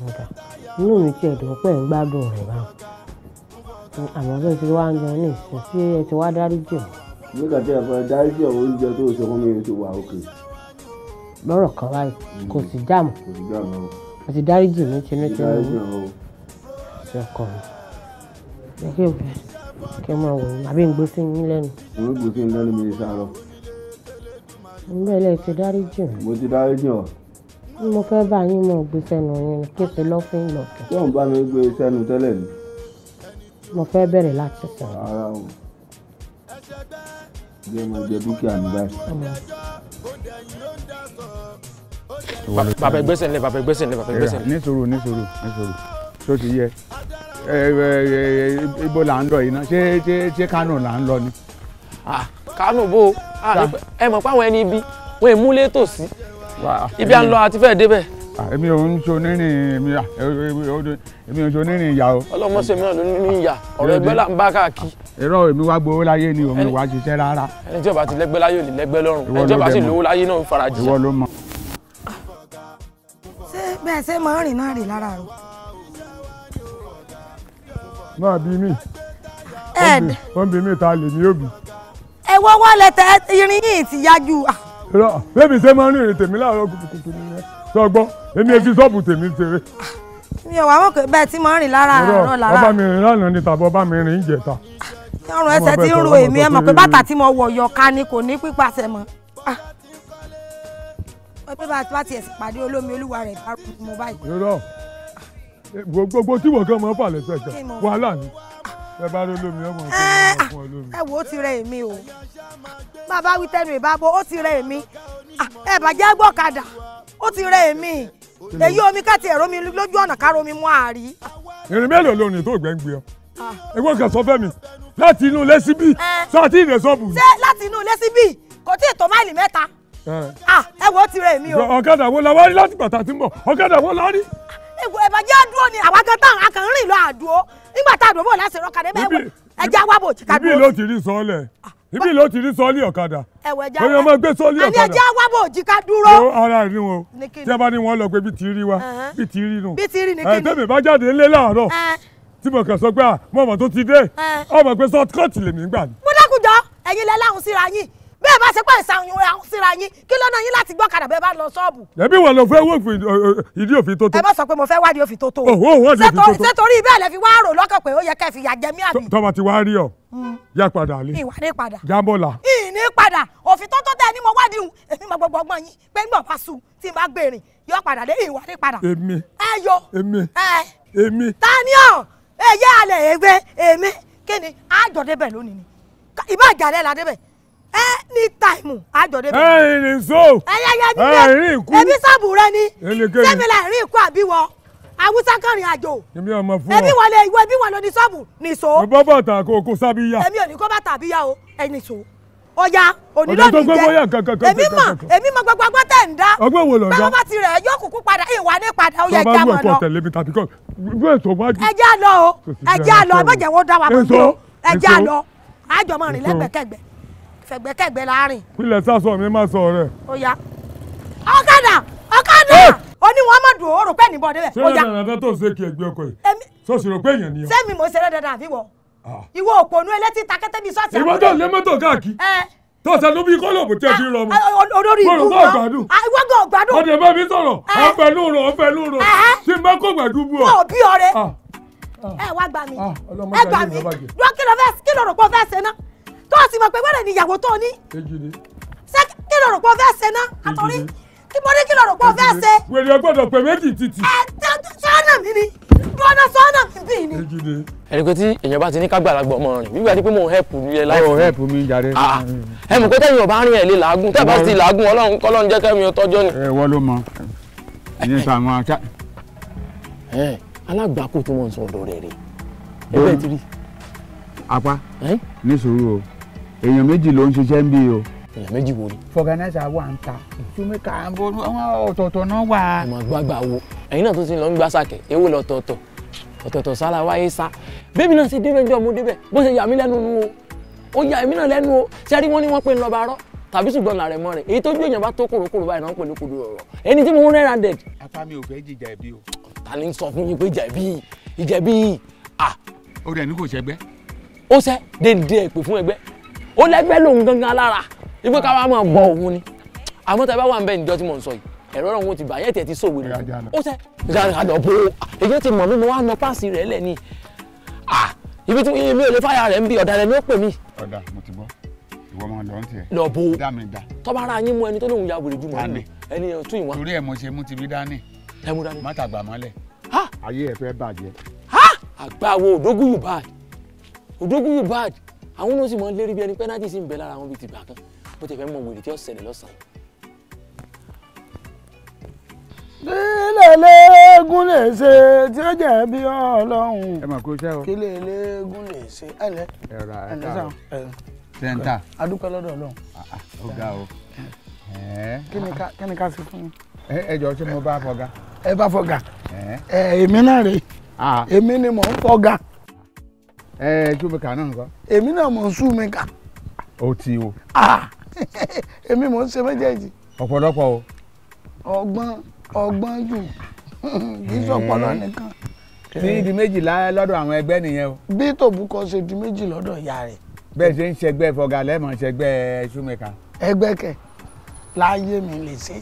ọ̀dà inú mi tiẹ̀ dùn pé ẹ̀ ń gbádùn rẹ̀ báwọn àmọ́ bẹ́ẹ̀ ti wá ń jẹun ní ìsìn tí ẹ ti wá dáríjì. nígbà tí ẹ fẹ́ dáríjì oúnjẹ tó ṣe fún mi ti wà òkè lọ́rọ̀ kan báyìí mm. kò sì jáàmù mo ti dáríjì mi tinútinú ṣe ọkọ mi ẹ kí n fẹ kí n máa wò ó àbí n gbé sí yín lẹ́nu. mo ń gbé sí yín lẹ́nu mi sáárọ̀. ǹbẹ̀ lẹ ti dáríjì mi. mo ti dáríjì ọ. mo fẹ́ bá yín mọ̀ gbé sẹ́nu yín kí n ṣe lọ́fín lọ́fín. yóò bá mi gbé sẹ́nu tẹ́lẹ̀ ni. mo fẹ́ bẹ̀rẹ̀ láti sọ̀rọ̀ jẹ́ mo jẹ dúkìá mi báyìí. bàbá ẹgbẹ́sẹ̀ nílẹ̀ bàbá ẹgbẹ́sẹ̀ nílẹ̀ bàbá ẹgbẹ́sẹ̀ nílẹ̀. nísòro nísòro nísòro tó ti yẹ ibo là ń lọ yìí náà ṣé ṣé ṣé Kánò là ń lọ ni. Kánò bò ẹ mọ̀ pé àwọn ẹni ibi wọn ì múlé tòsí ibi à ń lọ àti fẹ́ẹ̀ débẹ̀. èmi ò ń sonírìn èmi èmi ò ń ìyá o. ìyá là ń bá káàkiri. èmi wá gbowó láyé ni rárá. ẹni tí bá ti lẹ́gbẹ́ láyé ò ní lẹ́gbẹ́ lọ́rùn ẹni tí bá lówó láyé náà ṣe máa ń rìn náà rìn lára máa bí mi mi ta irin yìí ti ṣe máa ń rìn sọgbọ́n èmi èfi sọ́ọ̀bù tèmi ṣeré. mi ò wá mọ̀ pé bẹ́ẹ̀ tí mo ń rìn lára àárọ̀ lára. ọba mi rìn lánàá ni tàbí ọba mi rìn jẹta. ọrùn ẹsẹ̀ ti ń ro èmi ẹ mọ̀ pé bàtà tí mo wọ̀ yọ̀ọ̀ka ni kò ní pípasẹ̀ mọ́. pé bá a ti bá tiẹ̀ sì pàdé olómi olúwa rẹ̀ bá mo báyìí. irọ́ gbogbo tí wọ́n kàn mọ́ fàlẹ́ sẹ̀kẹ̀ wàhálà ni ẹ bá rí olómi ọmọ ọmọ ah, ah, fún olómi. ẹ wo ó ti rẹ èmi o bàbá wí tẹnu ìbábo ó ti rẹ èmi ah, ẹ bàjẹ́ gbọ́kadà ó ti rẹ èmi èyí omi káti ẹ̀rọ mi lójú ọ̀nà ká romi mú àárí. ìrìn mélòó lónìí tó gbẹ́ ń gbé ọ ẹgbẹ́ ah. kan sọ fẹ́ mi láti inú ilé síbí eh. sọ àti ìrìn sọ́ọ̀bù. ṣé láti inú ilé síbí kò tí ì tó máìlì mẹ́ta eh. ah, ẹ wo ti rẹ mi o. ọ̀kadà wo la wá rí láti bàtà tí ń bọ̀ ọ̀kadà wo la rí. ìgbò ah, ìbàjẹ́ àdúró ni àwa gan tán akàn ń rìn lọ àdúró nígbà tá àdúró bò láti rọ́ọ̀kadà ẹ bẹ́ẹ̀ wọ ẹja wá bò jìkadúró. ibi ló ti rí sọ́ọ̀lẹ̀ ibi ló ti rí sọ́ọ́lì ọ̀kadà oyè ọmọ gbé sọ́ọ́lì ọ̀kadà àní ẹjẹ́ wá bò jí ká dúró. ó ara rí wọn tí a bá ní wọn lọ pé bí ti rí wa bí ti rí nù. bí ti rí ni kí ni. tèmi bá jáde ńlé láàárọ̀ tí mo kàn sọ pé ọmọ tó ti dé ọmọ pé short cut lèmi gbà ni. mo dákun jọ ẹ̀yin lẹ láhùn síra yín bẹ́ẹ̀ bá ṣe pẹ́ ìsàyàn síra yín kí lọ́nà yín láti gbọ́kadà bẹ́ẹ̀ bá lọ ṣọ́ọ̀bù. ẹbí wọn lọ fẹ́ wọ ìdí òfin tó tó. ẹ bá sọ pé mo fẹ́ wádìí òfin tó tó. òwò wọ́n di òfin tó tó. sẹ́tọ̀rí bẹ́ẹ̀ lẹ fi wá rò lọ́kàn pé ó yẹ kẹ́ fi yà jẹ mí àbí. tọ́ba ti wá rí ọ hmm. yá padà lé. ìwà ní padà. jábọ̀là. ìní padà òfin tó tó tẹ ni mo wádìí hùn èmi mọ gbogbo ọgbọ́n yín pé nígbà bá sùn tí n bá gbèrè yọ padà lé ìwà ní padà. èmi. ẹ yọ. èmi. èmi. tani ọ alẹ ẹgbẹ èmi kí ni àjọ débẹ lónìí ni ìbá àjà la débẹ ní táìmù àjọ̀dé bí. ẹyìn ní so ẹyẹyẹ ní bẹ ẹyìn ikú ẹbí sábù rẹ ni sẹfìlà ẹrí ikú àbí wọ awúsá kọrin àjò èmi ọmọ fún ọ ẹbí wọlé ìwọ ẹbí wọn lọ ní sọọbù nìṣó. mo bọ́ bàtà kó o kó sábíyá. èmi ò ní kó bàtà àbíyá o ẹni ṣó ọjà onílọ́ọ̀dì jẹ èmi mọ èmi mọ gbogbo agbọ́ tẹ̀ ń dá ọgbẹ́ wo lọ dá bàbá ti rẹ̀ yóò kúkú padà ìwà ní padà ó yẹ kí a mọ̀ lọ ẹjẹ́ àlọ́ o ẹjẹ́ àlọ́ ẹ má jẹ́ wọ́n dá wa pẹ̀lú ẹjẹ́ àlọ́ àjọmọ́ rìn lẹ́gbẹ̀kẹ́gbẹ̀ fẹ̀gbẹ́kẹ̀gbẹ́ láàrin. pílẹ̀ sásọ mi máa sọ rẹ. ó yá ọ̀kadà ọ̀kadà oníwọ̀n má dùn ó rò pé níbọ̀ débẹ̀. ṣé ẹ̀rọ nàdá tó ṣe kí ẹgbẹ́ ọkọ yìí sọ́ọ̀sì rò pé èèyàn ni ọ. sẹ́mi mo ṣe rẹ́ dandan àbí wọ. ìwọ ah. òpònú elétí takẹ́tẹ́ bíi sọ́ọ̀sì. ìwọ tó lé mọ́tò káàkiri tọ́sẹ̀ ló bí kọ́lọ̀bù tẹ́ fi rọmọ. Ah, ah, olórí ìlú wọn gbádùn. ìwọ gan gbádùn. ọdẹ bá mi sọ̀rọ̀ ọfẹlú rọ ọfẹlú rọ tí n bá kó gbàdú bú ọ. ọ bí ọ̀rẹ́ ẹ wá gbà mí ẹ gbà mí dúró kí ló fẹ́ kí ló rò pé ó fẹ́ ṣe náà tó o sì mọ̀ pé wẹ́rẹ̀ ni ìyàwó tó o ní. ṣé kí ló rò pé fẹ́ ṣe náà àtọ́rí kí mo ní kí ló rò pé fẹ́ ṣe. wèrè ọgbọ́dọ̀ pè méjì títì. ẹ sọ́nà mi ni lọ́nà sọ́nà mi bì ni. ẹni tí èèyàn bá ti ní kágbàlagbọ̀ ọmọ rìn wíwá ti mò ń hẹ́pù ní ẹ láti. ó hẹ́pù mi jàre. Ah, ẹ mọ̀ pé tẹ́yìn ọba rìn ẹ̀ lè làágùn tẹ́ bá ti làágùn ọlọ́run kọ́lọ́run jẹ́ kẹ́mi ọtọ́jọ́ ni. ẹ wọ́n ló mọ ìyẹn sọ àwọn ajá. ẹ alágbàákò tí wọ́n ń sọ ọ̀dọ̀ rẹ̀ rè é bẹ́ẹ̀ ti rí. apá ní sùúrù o èèyàn méjì ló ń ṣiṣẹ́ ń bí o. èèyàn méjì wo ni. fọgànàṣà wà ń ta túmíkà ọ̀tọ̀ọ̀tọ̀ náà wà. ìmọ̀ gbàgbà wo ẹ̀yin náà tó ti lọ ń gbá sàkẹ́ èwo lọ́tọ̀ọ̀tọ̀ ọ̀tọ̀ọ̀tọ̀ sára wáyé sá bébí náà ṣe débẹ̀ jọ mo débẹ̀ bó ṣe yà mí lẹ́nu nu o ó yà mí náà lẹ́nu o ṣe rí wọ́n ní wọ́n pe ń lọ́ba rọ́ tàbí ṣùgbọ́n làrẹ̀ mọ́ rẹ̀ èyí tó gbé èèyàn bá tó kòrókòrò báyìí náà pẹ̀lú kòdò ọ̀rọ̀ ẹni tí mo ń rẹ́ra dẹ̀. apá mi ò fẹ́ jìjà ẹbí o. ta ni sọ fún yín pé jẹ̀bi ìjẹ̀bi à. ó rẹ̀ ní kò ṣẹgbẹ́. ó ṣẹ́ déédéé pè fún ẹgbẹ́ ó lẹ́gbẹ́ lòun gangan lára ibi ká wàá máa bọ òun ni àmọ́ tẹ bá wà ń bẹ́ẹ̀ níjọ́ tí mò ń sọ yìí ẹ̀rọ ọ̀run wọn ti bàyẹ̀ tẹ̀ ti sòwe rẹ̀ ó tẹ àdọ̀ bò ó èyí ti mọ̀ mí mo wá na páàsì rẹ̀ lẹ̀ ni ibi tí mi ò lè fáyà rẹ̀ ń bi ọ̀dà rẹ̀ ni ó pè mí. ọ̀dà mo ti gbọ́ ìwọ máa lọ tiẹ̀. lọ bo tọ́ba ara yín mú ẹni tó lóun ya wèrè jù mọ́ ẹni tún ìwọ̀n. torí ẹ̀ mo ṣe mú ti bí dání. ẹ mú dání. má tàgbà mọ́lẹ̀. ayé ẹ̀ fẹ́ bàjẹ́. àgbà wo òdógún yù bad òdógún yù bad àwọn náà sì mọ lérí bí ẹni pẹ́nátì sì ń bẹ lára àwọn bíi tìgbà kan bó ti fẹ́ mọ wèrè tí ó ṣẹlẹ̀ lọ́sàn-án. lílẹ̀ léegun lè ṣe tí ó jẹ́ bí ọlọ́run. ẹ mà kó iṣẹ́ o. kí lè léegun lè ṣe ẹ lẹ. ẹ ra ẹ ká o sẹńtà. adúpẹ́ lọ́dọ̀ ọlọ́run. ó ga o. kí ni ká ṣe fún mi. ẹ jọ ṣé mo bá fọgá. ẹ bá fọgá. èmi náà rèé èmi ni mò ń fọgá ẹ júmẹ̀ká náà nǹkan. èmi náà mò ń sùn mi kà. o ti o. èmi mò ń ṣe méjèèjì. ọ̀pọ̀lọpọ̀ o. ọgbọ́n ọgbọ́n jù kì í sọpọlọ hmm. nìkan. ní di méjìlá lọ́dọ̀ àwọn ẹgbẹ́ nìyẹn o. bí tòbúkọ ṣe di méjì lọ́dọ̀ ìyá rẹ̀. bẹ́ẹ̀ ṣe ń ṣẹgbẹ́ fọgà lẹ́mọ̀ ṣẹgbẹ́ júmẹ̀ká. ẹgbẹ́ kẹ láyé mi lè ṣe.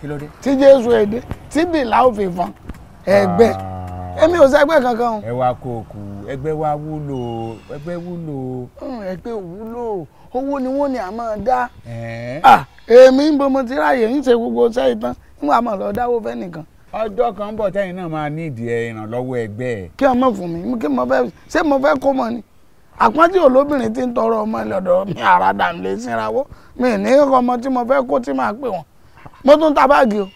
kí ló dé. tí jésù èdè tí bìlà òfin fọn ẹgbẹ́. Ah èmi ò ṣẹgbẹ́ kankan o. ẹ wá kó o kù ẹgbẹ́ wa wúlò ẹgbẹ́ wúlò. Hmm, ẹgbẹ́ wúlò owó ni wọ́n ní a máa dá. Ah, èmi ń bomo ti ráàyè ń ṣe gbogbo iṣẹ́ ìtàn ń wà mọ̀ lọ́ọ́ dáwó fẹ́ nìkan. ọjọ́ kan bọ̀ tẹ́yìn náà máa ní ìdí ìrànlọ́wọ́ ẹgbẹ́ ẹ̀. kí ọmọ fún mi kí mo fẹ́ ṣé mo fẹ́ kó mọ ni àpọ́njì olóbìnrin ti ń tọrọ ọmọ ìlọ́dọ̀ mi àràdà ń lè sínrawó mi ní ọmọ tí mo fẹ́ kó tí máa pè wọ́n mo tún ta báàgì o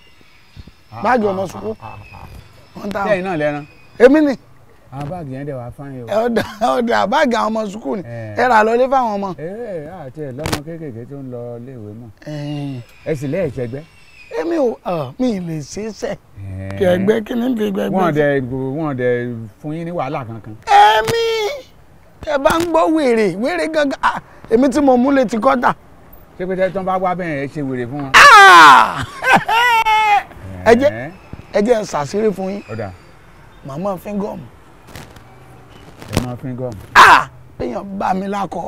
báàgì ọmọ sùkúl one thousand. lẹ́yìn náà lẹ́ran. èmi ni. àwọn báàgì yẹn dẹ̀ wá fáyín o. ọ̀dà ọ̀dà báàgì àwọn ọmọ sukùl ni eh. ẹ rà lọlé fáwọn ọmọ. ee eh, eh, àti ẹ lọmọ kéékèèké tó ń lọ iléèwé mọ. ẹ sì lẹ́yìn ìṣẹ́gbẹ́. èmi ò mi lè ṣe é sẹ̀ kí ẹgbẹ́ kí ni fi gbẹgbẹ́. wọ́n dẹ̀ wọ́n dẹ̀ fún yín ní wàhálà kankan. èmi ẹ bá ń gbọ́ wèrè wèrè gangan èmi tí mo mú lè ti kọ́ta ṣé pé tẹ́tọ́ bá wá bẹ́ẹ̀ ṣe wèrè fún wọn. Ah! ẹ jẹ́ ẹ jẹ́ ń ṣàṣírí fún yín màmá fíngọ́ọ̀mù. ẹ máa fíngọ́ọ̀mù. ah èèyàn bá mi lákọ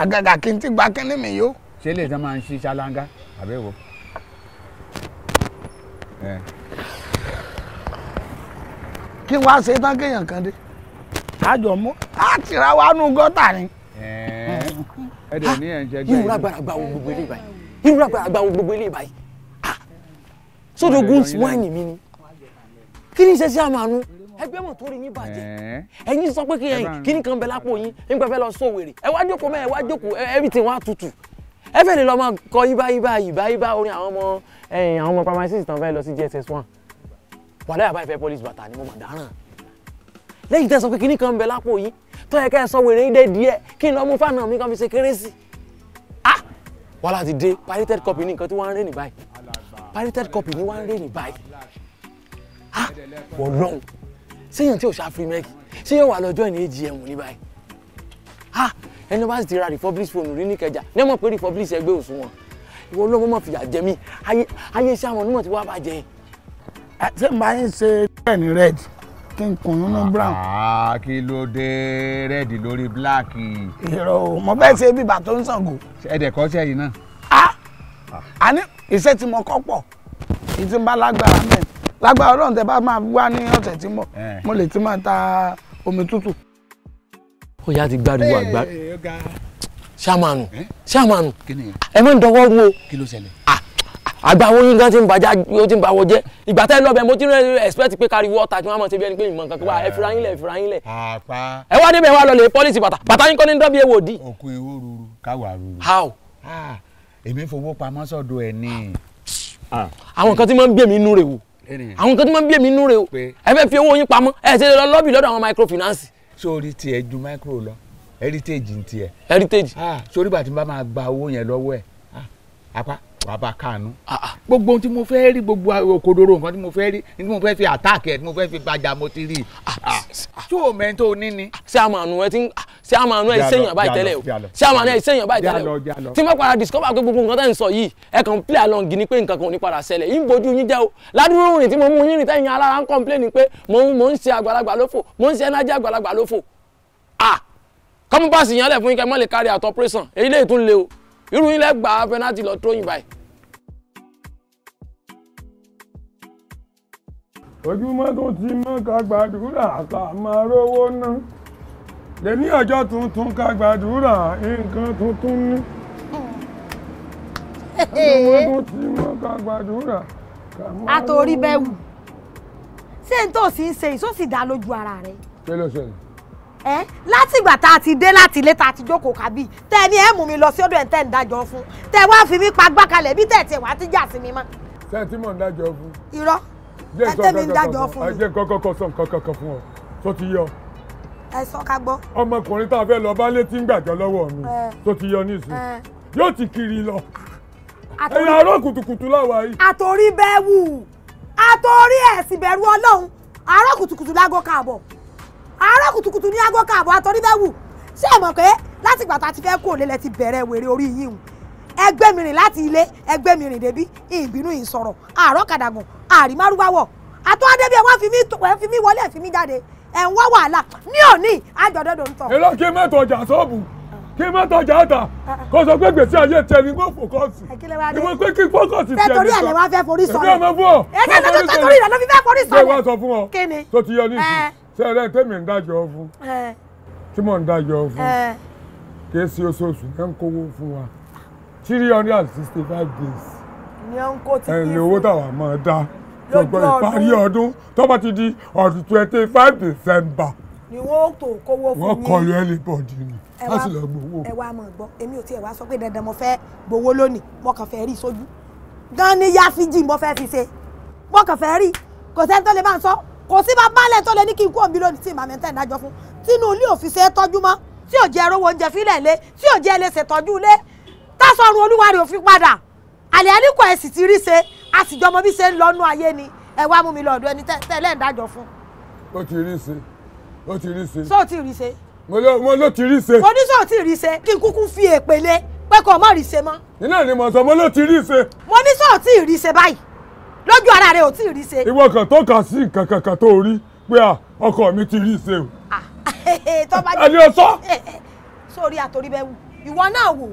àgàgà kí n ti gba kínní mi yó. ṣé lè tán máa ń ṣí ṣáláńgá àbẹ́wò. kí wàá ṣe tán kéèyàn kan dé àjọ mú àtìrá wa nú gọ́tà ni. ẹ dẹ̀ ní ẹ̀ ń jẹ́ gbẹ́yìn. irú agbára gba ohun gbogbo eléyìí báyìí irú agbára gba ohun gbogbo eléyìí báyìí sódò gúnsì wáìnì mi ni kí ni ìṣesí àmàánú ẹgbẹ́ mọ̀ tó rí yín bàjẹ́ ẹ̀yin sọ pé kí ẹ̀yin kí ni kan bẹ lápò yín nígbà fẹ́ lọ sóòwèrè ẹ wá jókòó mẹ́ẹ̀ wá jókòó everything wá tutù ẹ fẹ́ lè lọ́ọ́ máa kọ yíbá yíbá yíbá yíbá orin àwọn ọmọ ẹ̀yìn àwọn ọmọ primary six tán fẹ́ lọ sí JSS one wàlẹ́ àbá ìfẹ́ police bàtà ni mo mà dáràn lẹ́yìn tẹ́ sọ pé kí ni kan bẹ lápò yín tó yẹ ká ẹ sọ wèrè yín dé díẹ̀ kí n lọ mú fáànà mi kan fi ṣe kérésì ah wàhálà ti dé pirated copy ni nǹkan tí wọ́n ń rẹ́ ní báyìí pirated copy ni wọ́n ń rẹ́ ní báyìí Ah, wọ́n lọ́hùn sẹ́yìn tí ò ṣàfihàn mẹ́kì ṣé yẹn wà lọ́jọ́ ìní èjì ẹ̀wọ̀n ní báyìí ẹni bá sì ti ra republic fóònù rí nìkẹjà ní ọmọ pé republic ẹgbẹ́ òṣùwọ̀n ìwọ ló mọ̀ fìyà jẹ mí ayé iṣẹ́ àwọn onímọ̀ tí wàá bàjẹ́. ṣé n bá yín ṣe bẹ́ẹ̀ ni red kí n kùn nínú brown. Ah, kí ló dé red lórí black. ìrọ̀ o mo fẹ́ ṣe bíbà tó ń Ṣàngó. ẹ̀dẹ̀ kọ́ ṣe yìí náà. a ah, ní iṣẹ́ tí mo kọ́ pọ̀ ìtìǹbà lágbára mẹ́rin lágbára ọlọ́run tẹ bá máa wá ní ọ̀sẹ̀ tí mọ̀ mo lè ti máa ta omi tútù. ó yá ti gbádùn àgbà ṣàmánù ṣàmánù ẹ má ń dọwọ́ rú o àgbà wo yín gan ti ń bàjá yóò ti ń bàwọ̀ jẹ́ ìgbà tẹ́ lọ́bẹ̀ mo ti ń expect pé kárí wọ́ọ̀tà tí wọ́n á mọ̀ ṣe bí ẹni pé ìmọ̀ nǹkan kan wá ẹ fura yín lẹ̀ ẹ fura yín lẹ̀. ẹ wá débẹ̀ wá lọlé pọ́lísì bàtà bàtà yín kọ́ ní dọ́bí ewo dì. òkú ewo ruru káwa ruru. how. Ah, èmi fowó pamọ́ sọ́dọ̀ ẹ̀ ni. Ah. àwọn kan tí máa ń gbèmí inú rè wò àwọn kan tó máa ń bí èmi nú rè o ẹ fẹ́ fi owó yín pamọ́ ẹ ṣe lọ lọ́bì lọ́dọ̀ àwọn microfinance. sórí tiẹ̀ ju micro lọ heritage ń tiẹ̀. heritage. sórí ah, bàtí bá máa gba owó yẹn lọ́wọ́ ẹ̀ ah, apá wàá bá káànú. Ah, gbogbo ohun tí mo fẹ́ rí gbogbo òkodoro nǹkan tí mo fẹ́ rí tí mo fẹ́ fi àtáàkì ẹ̀ tí mo fẹ́ fi bàjá mo ti rí i. tí o mẹ́ni ní ni. ṣé àmọ́ àánú ẹ ti ń chairman náà ẹ sẹ́yìn àbáyé tẹ́lẹ̀ o chairman náà ẹ sẹ́yìn àbáyé tẹ́lẹ̀ o tí mo padà discover pé gbogbo nǹkan tẹ́ ń sọ yìí ẹ play along ni pé nǹkan kan ò ní padà ṣẹlẹ̀ yìí ń bojú yín jẹ́ o ládùúrú rìn tí mo mú yín rìn tẹ́yìn alára ń complain pé mo ń ṣe àgbàlagbà lófò mo ń ṣe energy àgbàlagbà lófò ah kọ́mú pass yẹn lẹ̀ fún yín kẹ́ mọ́ lè carry out operation èyí le o irú yín lẹ́ gbà ojúmọ́ tó ti mọ́ ká gbàdúrà àtàmárówó náà lẹ́ni ọjọ́ tuntun ká gbàdúrà nǹkan tuntun ní. ọmọdún tí wọ́n ká gbàdúrà. àtòrí bẹ́ẹ̀ wù ṣé n tó sì ń ṣe ìṣó sì dá lójú ara rẹ. kí ló ṣẹlẹ̀. ẹ látìgbà tá a ti dé láti ilé tá a ti jókòó kábí tẹ ẹ ní ẹ mú mi lọ sí ọ̀dọ̀ ẹ tẹ ń dájọ́ fún tẹ wá fi mí pa gbákalẹ̀ bí tẹ tiẹ̀ wá ti jà sí mi mọ́. ṣé tí mò ń dájọ́ fún. irọ́ ẹ tẹ́ mi ń dájọ́ fún mi. ẹ jẹ́ kọ́kọ́ kọ́ sọ nǹkan kankan fún ọ tó ti yọ ẹ sọ ká gbọ́. ọmọkùnrin tá a fẹ́ lọ bá létí ń gbàjọ lọ́wọ́ mi tó ti yọ nísìn yóò ti kiri lọ ẹ̀yà àárọ̀ kùtùkùtù láwa yìí. àtòrí bẹ́ẹ̀ wù àtòrí ẹ̀ sì bẹ̀rù ọlọ́run àárọ̀ kùtùkùtù láago káàbọ̀ àárọ̀ kùtùkùtù ní aago káàbọ̀ àtòrí bẹ́ẹ̀ wù ṣé ẹ mọ̀ pé láti ìgbà tá a ti fẹ́ kó lélẹ̀ ti bẹ̀rẹ̀ wèrè orí yìí hùn ẹgbẹ́ mi rìn láti ilé ẹgbẹ́ mi rìn débí ìbínú ìsọ̀rọ̀ àárọ̀ kàdàgùn àrímárúwáwọ̀ àtọ́ adébíyẹ wọ́n fi mí wọlé ẹ̀ fi mí jáde ẹ̀ ń wá wàhálà ní òní àjọ̀dọ̀dọ̀ ń tọ̀. èló kí mẹ́tọ̀ ọjà sọ́ọ̀bù kí mẹ́tọ̀ ọjà àtà ah, ah. kó sọ pé gbèsè ayé tiẹ̀ ni wọ́n fòkọ́sì ìwọ pé kí fọ́kọ̀sì tiẹ̀ ni sọ. tẹ́tọ̀rí àlẹ́ wa fẹ́ forí sọ. ẹgbẹ́ ọmọ fún ọ. ẹgbẹ́ ọmọ tẹ́tọ̀rí rẹ̀ ló fi fẹ́ forí sọ. bẹ́ẹ̀ wá sọ fún ọ tó ti yọ ní ìsìn sẹ́rẹ́ eh. tẹ́mi ń dájọ́ fún tí eh. mò ń dájọ́ fún eh. kí esi oṣooṣù náà ń kówó fún wa three hundred and sixty five days. ni ó ń kó ti kí fún. ẹ̀ máa dá ṣùgbọ́n ìparí ọdún tó bá ti di ọdún twenty five december ni wọn tó kówó fún mi. wọn kọ yọ anybody ni láti lọ gbowó. ẹ wá mọ̀ gbọ́ èmi ò tiẹ̀ wá sọ pé dandan mo fẹ́ gbowó lónìí mo kàn fẹ́ rí sójú gan ni ya fi jì mo fẹ́ fi ṣe mo kàn fẹ́ rí kò sẹ́ni tó lè bá ń sọ kò sí bá bálẹ̀ tó lè ní kí n kú òbí lónìí tí màmí ń tẹ̀ dájọ́ fún tínú ilé òfin ṣe é tọ́jú mọ́ tí ò jẹ́ rówó oúnjẹ fílẹ̀ lé tí ò jẹ́ lè ṣètọ́jú lé tásọ̀run olúwa rẹ̀ ò fi padà àlẹ́ àníkù ẹ̀ sì ti rí ṣe a sì jọmọ bí ṣe ń lọ́nu ayé ni ẹ wá mú mi lọ ọ̀dọ̀ ẹni tẹ́lẹ̀ ń dájọ́ fún. ó ti rí ṣe ó ti rí ṣe. sọ ti rí ṣe. mo ló mo ló ti rí ṣe. mo ní sọ ti rí ṣe kí n kúkú fi èpè lé pé kò mọ̀ rí ṣe mọ́. iná ni mo sọ mo ló ti rí ṣe. mo ní sọ ti rí ṣe báyìí lójú ara rẹ ò tí ì rí ṣe. ìwọ kan tó kà sí nǹkan kankan tó rí pé ọkọ mi ti rí ṣe o. ẹni o sọ. sórí àtòrí bẹ́ẹ̀ wù ìwọ náà wò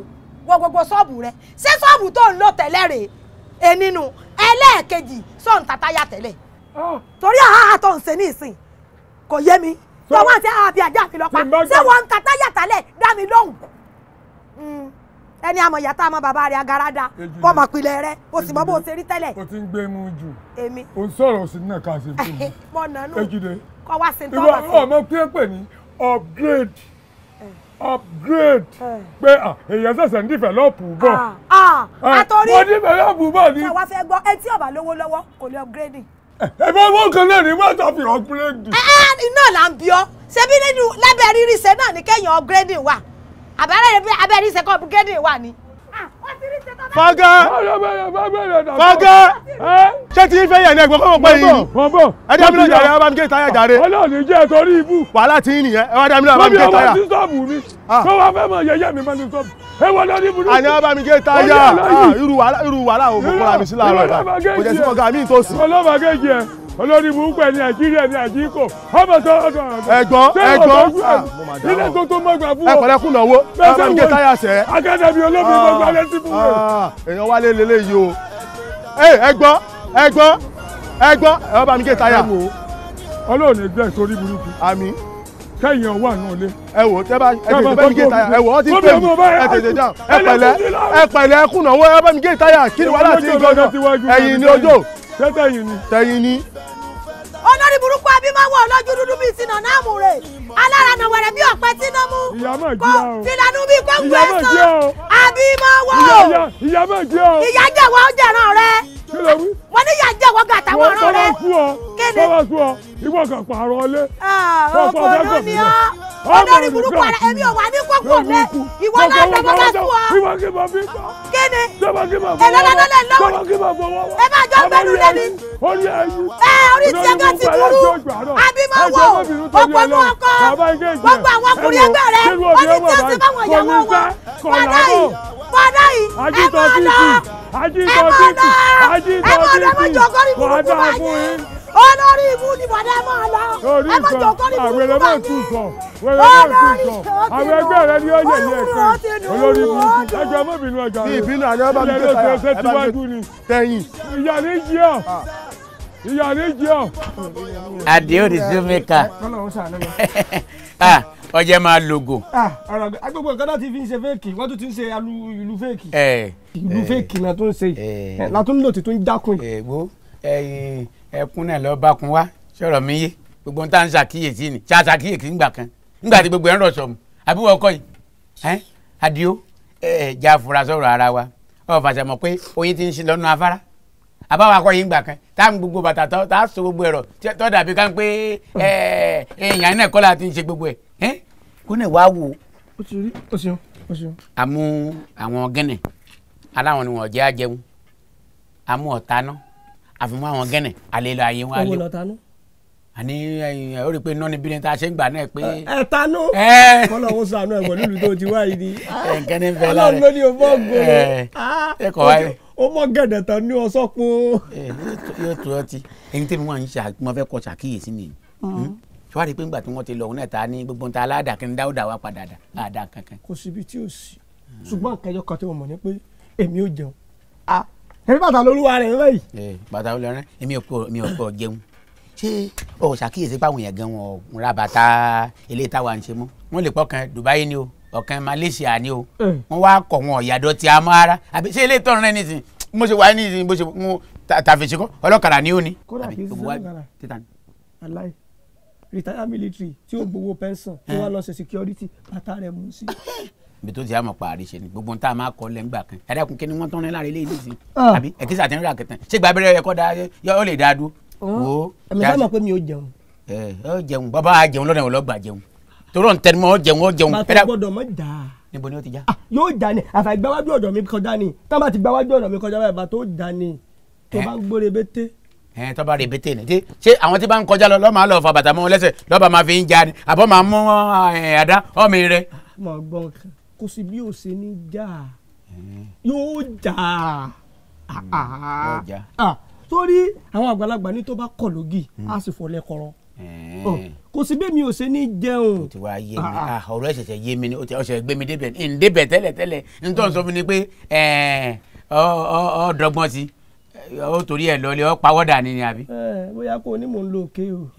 wọ gbogbo ṣọ́ọ̀bù rẹ ṣé ṣọ́ọ̀bù tó ń lò tẹ́lẹ̀ rèé ẹnìnú ẹlẹ́ẹ̀kejì sọ̀n tataya tẹ́lẹ̀ ah. torí àhàhà tó ń ṣe ní ìsìn kò yé mi tó wọ́n ti àbí àjà mi lọ́pa ṣé wọ́n tataya tẹ́lẹ̀ dá mi lóhùn hmm. ẹni àmọ̀ ìyàtọ̀ àmọ̀ bàbá rẹ̀ agarada kọ́ mọ̀ pilẹ̀ rẹ̀ o sì mọ̀ bó o ṣe rí tẹ́lẹ̀. o ti ń gbẹnu jù o ń sọ̀rọ̀ sí náà ká ṣe fún mi ejide kọ́ wá sí tọ́wọ́ pè ní upgrade upgrade pé èèyàn ṣẹ̀ṣẹ̀ ń dìfẹ̀lọ́pù bọ̀. àtọ́rí wọ́n dìfẹ̀lọ́pù bọ̀ ni. ṣàwa fẹ́ gbọ́ etí ọ̀bà lówó lọ́wọ́ kò lè upgrade. ẹ bá wọ́n kan náà ní wọ́n ta fi upgrade. iná là ń bí ọ ṣebí nínú lábẹ́ rírìṣẹ́ náà ní kẹ́yìn upgrade wà àbẹ̀rẹ̀ abẹ́rẹ́ rírìṣẹ́ kọ́ upgrade wà ni fọ́gá fọ́gá ṣé tí ń fẹ́ yẹn ní ẹgbẹ́ kọ́kọ́ pẹ́ yìí ẹdí àmì náà jàre abamike táyà jàre ọlọ́ọ̀ni jẹ́ torí ibú wàhálà tí ń nìyẹn ẹwà dàmí náà abamike táyà. mọ́mí ọmọ ti sọ́ọ̀bù mi tó wàá fẹ́ mọ yẹyẹ mi mọ́mí sọ́ọ̀bù ẹwọ lọ ní burúkú. àní abamike táyà ah, irú wàhálà òun kọ́ra mi sí láàárọ̀ ìgbà kò jẹ́ sí fọ́gá mi tó sùn. ọlọ́màgé jẹ olórí burúkú ẹ̀ ní nàìjíríà ní àjíkò ọmọ tó ọdọ ọdọ. ẹ̀gbọ́n ẹ̀gbọ́n ah, ilé tó tó mọgbà fún ọ. ẹkọlẹkùn náà wo bàbá ń gé táyà sẹ. akadami olófin ah, mọgbà létí fún wọn. Ah, èèyàn wá lé lélẹ́yìí o. ẹ̀gbọ́n ẹ̀gbọ́n ẹ̀gbọ́n ẹ bá mi gé táyà. ọlọ́run ẹgbẹ́ sórí burúkú. àmín. kẹ́yìn ọwọ́ àná lé. ẹ wò tẹ bá ẹ tètè bá mi gé táyà ẹ wò ó ti pè mí ẹ tètè dáhùn ẹ pẹ̀lẹ́ ẹ pẹ̀lẹ́ ẹkùn náà wo ẹ bá mi gé táyà kí ni wàhálà ti ń gbọ́dọ̀ ẹ̀yìn ni ojú tẹ́tẹ̀yìn ni. tẹ́yìn ni. olórí burúkú abímọ́wọ́ ọlọ́jú dúdú bíi ti nàná àmú rẹ̀ alára nà wẹ̀rẹ̀ bí ọ̀pẹ tínú mú. ìyàmọ̀ jẹ́ o kò tìlànú bíi kóńgù ẹ̀sán abímọ́wọ́. ìyàmọ̀ jẹ́ o. ìyá jẹ̀wọ́ jẹ̀ràn rẹ̀. mo ní ìyá jẹ̀wọ́ gàtàwọ̀ rẹ̀. kí ni ìwọ kan pààrọ̀ ọlé. Ah, ọkọ ló ni ọ olórí burúkú ara ẹbí ọwà ní kókó lé ìwọ náà lọ́wọ́ bá kú ọ. ìwọ kí n bá fi kọ́. kí ni ẹlọ́lọ́lọ́lẹ́ lọ́wọ́ ẹ bá jọ gbẹnu lẹ́ni. orí ẹyí orí tí ẹgbẹ́ ti burú abímọ wo ọpọlọ ọkọ gbogbo àwọn ọkùnrin ẹgbẹ́ rẹ wọ́n ti tí ó ti bá wọn yẹ wọ́n wọ́n padà yìí padà yìí ẹ máa lọ ẹ máa lọ ẹ máa lọ ẹ máa jọ kọ́rí burúkú báyìí olórí ibú ni bọ̀dá máa lọ ẹ má jọ kọ́ ní burúkú bá yín olórí ìkọ́kẹ́ àwọn ẹgbẹ́ rẹ ni ó yẹ ní ẹ̀ka olórí ibú ẹjọ́ mọ́bìnrin ọjà rẹ ìbínú àjọ bá mi tẹ́ sáyà ẹ bá mi tẹ́yìn. ìyá ní jí ọ ah. ìyá ní jí ọ. àdéhùn ti tún mi kà ah, ọjẹ máa lògò. agbègbè ah, nǹkan náà ti fi ń ṣe fẹ́ẹ̀kì wọ́n tún ti ń ṣe alu ìlú fẹ́ẹ̀kì. Eh, ìlú eh. fẹ́ẹ̀kì la tún ń ṣe eh. la tún ń lò tí tún ń dákun ẹkún náà lọ bá kun wá sọ̀rọ̀ mi yé gbogbo ń tà ń ṣàkíyèsí ni ṣá ṣàkíyèsí ńgbà kan ńgbà tí gbogbo ẹ̀ ń rọ̀ sọ̀mù àbí wọ́n kọ́ yìí ẹ́ adio ẹ̀ já fura sọ̀rọ̀ ara wa ọ̀ fàṣẹ mọ̀ pé oyin ti ń ṣe lọ́nà afárá àbáwọ̀ akọ́ yìí ńgbà kan tá ń gbogbo bàtà tá a so gbogbo ẹ̀rọ tó dàbí ká ń pé èèyàn náà kọ́ la ti ń ṣe gbogbo ẹ̀ kó náà wá wò. ó ti rí ó ṣeun o ṣeun. àmú àwọn gẹ́nẹ̀ aláwọn ni wọ́n jẹ́ àjẹun àmú ọ̀tá náà àfihàn àwọn gẹ́nẹ̀ àlelọ ayé wọn àlè. owó lọ tanú. àní ẹ ó rí i pé nọ́ọ̀nì bí ni tá a ṣe ń gbà náà pé. ẹ tanú kọ́lọ̀ ó sànú ẹ̀ pẹ̀lú ìlú tó ti wá yìí ni. nǹkan ní bẹ́ẹ̀ lára ọlọ́run ló ní o mọ̀ gbòòrò ah, o mọ̀ gẹ̀dẹ̀ tán ní ọsọ pọ̀. yóò tó ọtí ẹni tẹ́mi wọn mo fẹ́ kọ ṣàkíyèsí nìyí mm. hmm? wá rí i pé ńgbà tí wọ́n ti lọ òun náà ta ní gbogbo nta aládàá kí n dáwọ́dà wá padà dà àdá kankan. kò síbi tí ò sí ṣùgbọ́n nǹkan kan tí mo mọ̀ ni pé èmi ò jẹun ah, ẹni bàtà lolúwa rẹ̀ ńlẹ̀ yìí. bàtà olúwa rẹ̀ èmi ò pọ̀ èmi ò pọ̀ jẹun ṣé o ṣàkíyèsí pàwọn èèyàn gan wọn ra bàtà eléyìí táwa ń ṣe mọ́ wọ́n lè pọkàn Dubai ni o ọ̀kan Malaysia ni o wọ́n wá kọ̀ wọn ọ̀yàdọ̀ ti amọ́ ara àbí ṣé eléyìí tọ̀run rẹ̀ nìsín mo ṣe wáyé nìsín bó ṣe mo tàfẹ̀ṣe kọ́ ọlọ́kadà ni ó ní. kódà kì í sísan aláì retired military tí ó gbowó pension tó wá lọ ṣe security bàtà rẹ̀ mú sí. ibi tó ti àmọ̀ parí ṣe ni gbogbo nta máa kọ́ lẹ́ngbà kan ẹ̀rẹ́ kun kíni wọ́n tán ní láàrin iléeṣẹ́ sí àbí ẹ̀kísà ti ń ra kẹtàn ṣé gba abẹ́rẹ́ ẹ̀kọ́ da ó lè da dúró. ẹ̀mí sábà pé mi ò jẹun. ẹ ọ jẹun bàbá jẹun lọ́nà ìwọ̀n lọ́gbà jẹun torọ́ ń tẹnumọ́ ọ jẹun ọ jẹun. bàtà gbọ́dọ̀ mọ̀ dáa. níbo ni ó ti já. Ah, yóò já ni àfàgbáwájú ọ̀dọ̀ mi kọjá ni táwọn bá ti gbáwájú ọ̀dọ̀ mi kọjá báyìí bàtà ó já ni tó bá ń gbóre bété ẹn tọ́ba rẹ̀ bété ní tí ṣé àwọn tí bá ń kọjá lọ lọ́ọ́ máa lọ fa bàtà mọ́ wọn lẹ́sẹ̀ lọ́ọ́ bá máa fi ń já ni àbọ̀ máa mú àdá ọ̀mì rẹ̀. mo gbọ́ nǹkan kò sí bí ó ṣe ní jà yóò jà hmm, ah, ah. torí àwọn àgbàlagbà ní tó bá kọ̀ lógì á hmm. sì fọlẹ́ kọ̀rọ̀ oh, kò sí bẹ́ẹ̀ mi ò ṣe ní jẹun. o ti wá yé mi ah, ọ̀rọ̀ ẹ̀ ṣẹ̀ṣẹ̀ yé mi ni o ti ọ̀ṣẹ̀ gbé mi débẹ̀ tẹ́lẹ̀ tẹ́lẹ̀ nítorí sọ hmm. fún mi pé ọ̀ọ́dọ́gbọ́n sí i ó torí ẹ lọ lé ọ pawọ́dà ni ni àbí. bóyá kò ní mò ń lo òkè o.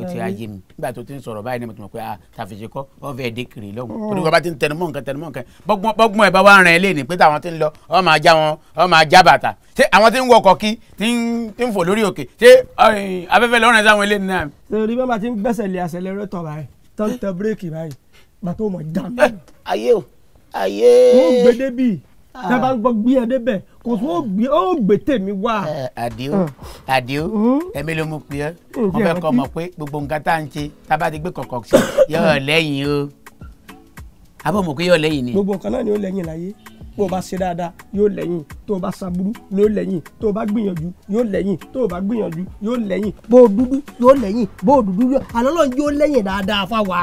ó ti ayé mi nígbà tó ti ń sọ̀rọ̀ báyìí ni mo ti mọ̀ pé àtàfẹ̀sẹ̀ ah, kọ́ ọ̀fẹ́ ẹ̀dẹ́ kiri lọ́hùn torí wọn bá ti ń tẹnumọ́ nǹkan tẹnumọ́ nǹkan bọ́gbọ́n ẹ̀ bá wà rìn ẹ́ léèní pé táwọn ti ń lọ ọ máa já wọn ọ máa já bàtà ṣé àwọn ti ń wọkọ̀ kí ti ń fò lórí òkè ṣé afẹ́fẹ́ lọ́rùn ẹ̀ sáwọn eléyìí náà. torí bá ma ti ń gbẹ́sẹ̀ lé àṣẹlẹ́rẹ́tọ̀ báyìí tó ń tí a bá de gbé ẹ débẹ̀ kò sí ó gbé tèmi wá. àdìo àdìo ẹ̀mí ló mú pé ọ́ wọ́n fẹ́ kọ́ pé gbogbo nǹkan tá à ń ṣe tá a bá ti gbé kọ̀kọ̀ sí yọ ọ lẹ́yìn o àbọ̀ mọ̀ pé yọ ọ lẹ́yìn ni. gbogbo nǹkan náà ni ó lẹ́yìn láyé tó o bá ṣe dáadáa yóò lẹ́yìn tó o bá ṣàbúrú yóò lẹ́yìn tó o bá gbìyànjú yóò lẹ́yìn tó o bá gbìyànjú yóò lẹ́yìn bó o dúdú yóò lẹ́yìn bó o dúdú yóò àlọ́ yóò lẹ́yìn dáadáa fáwa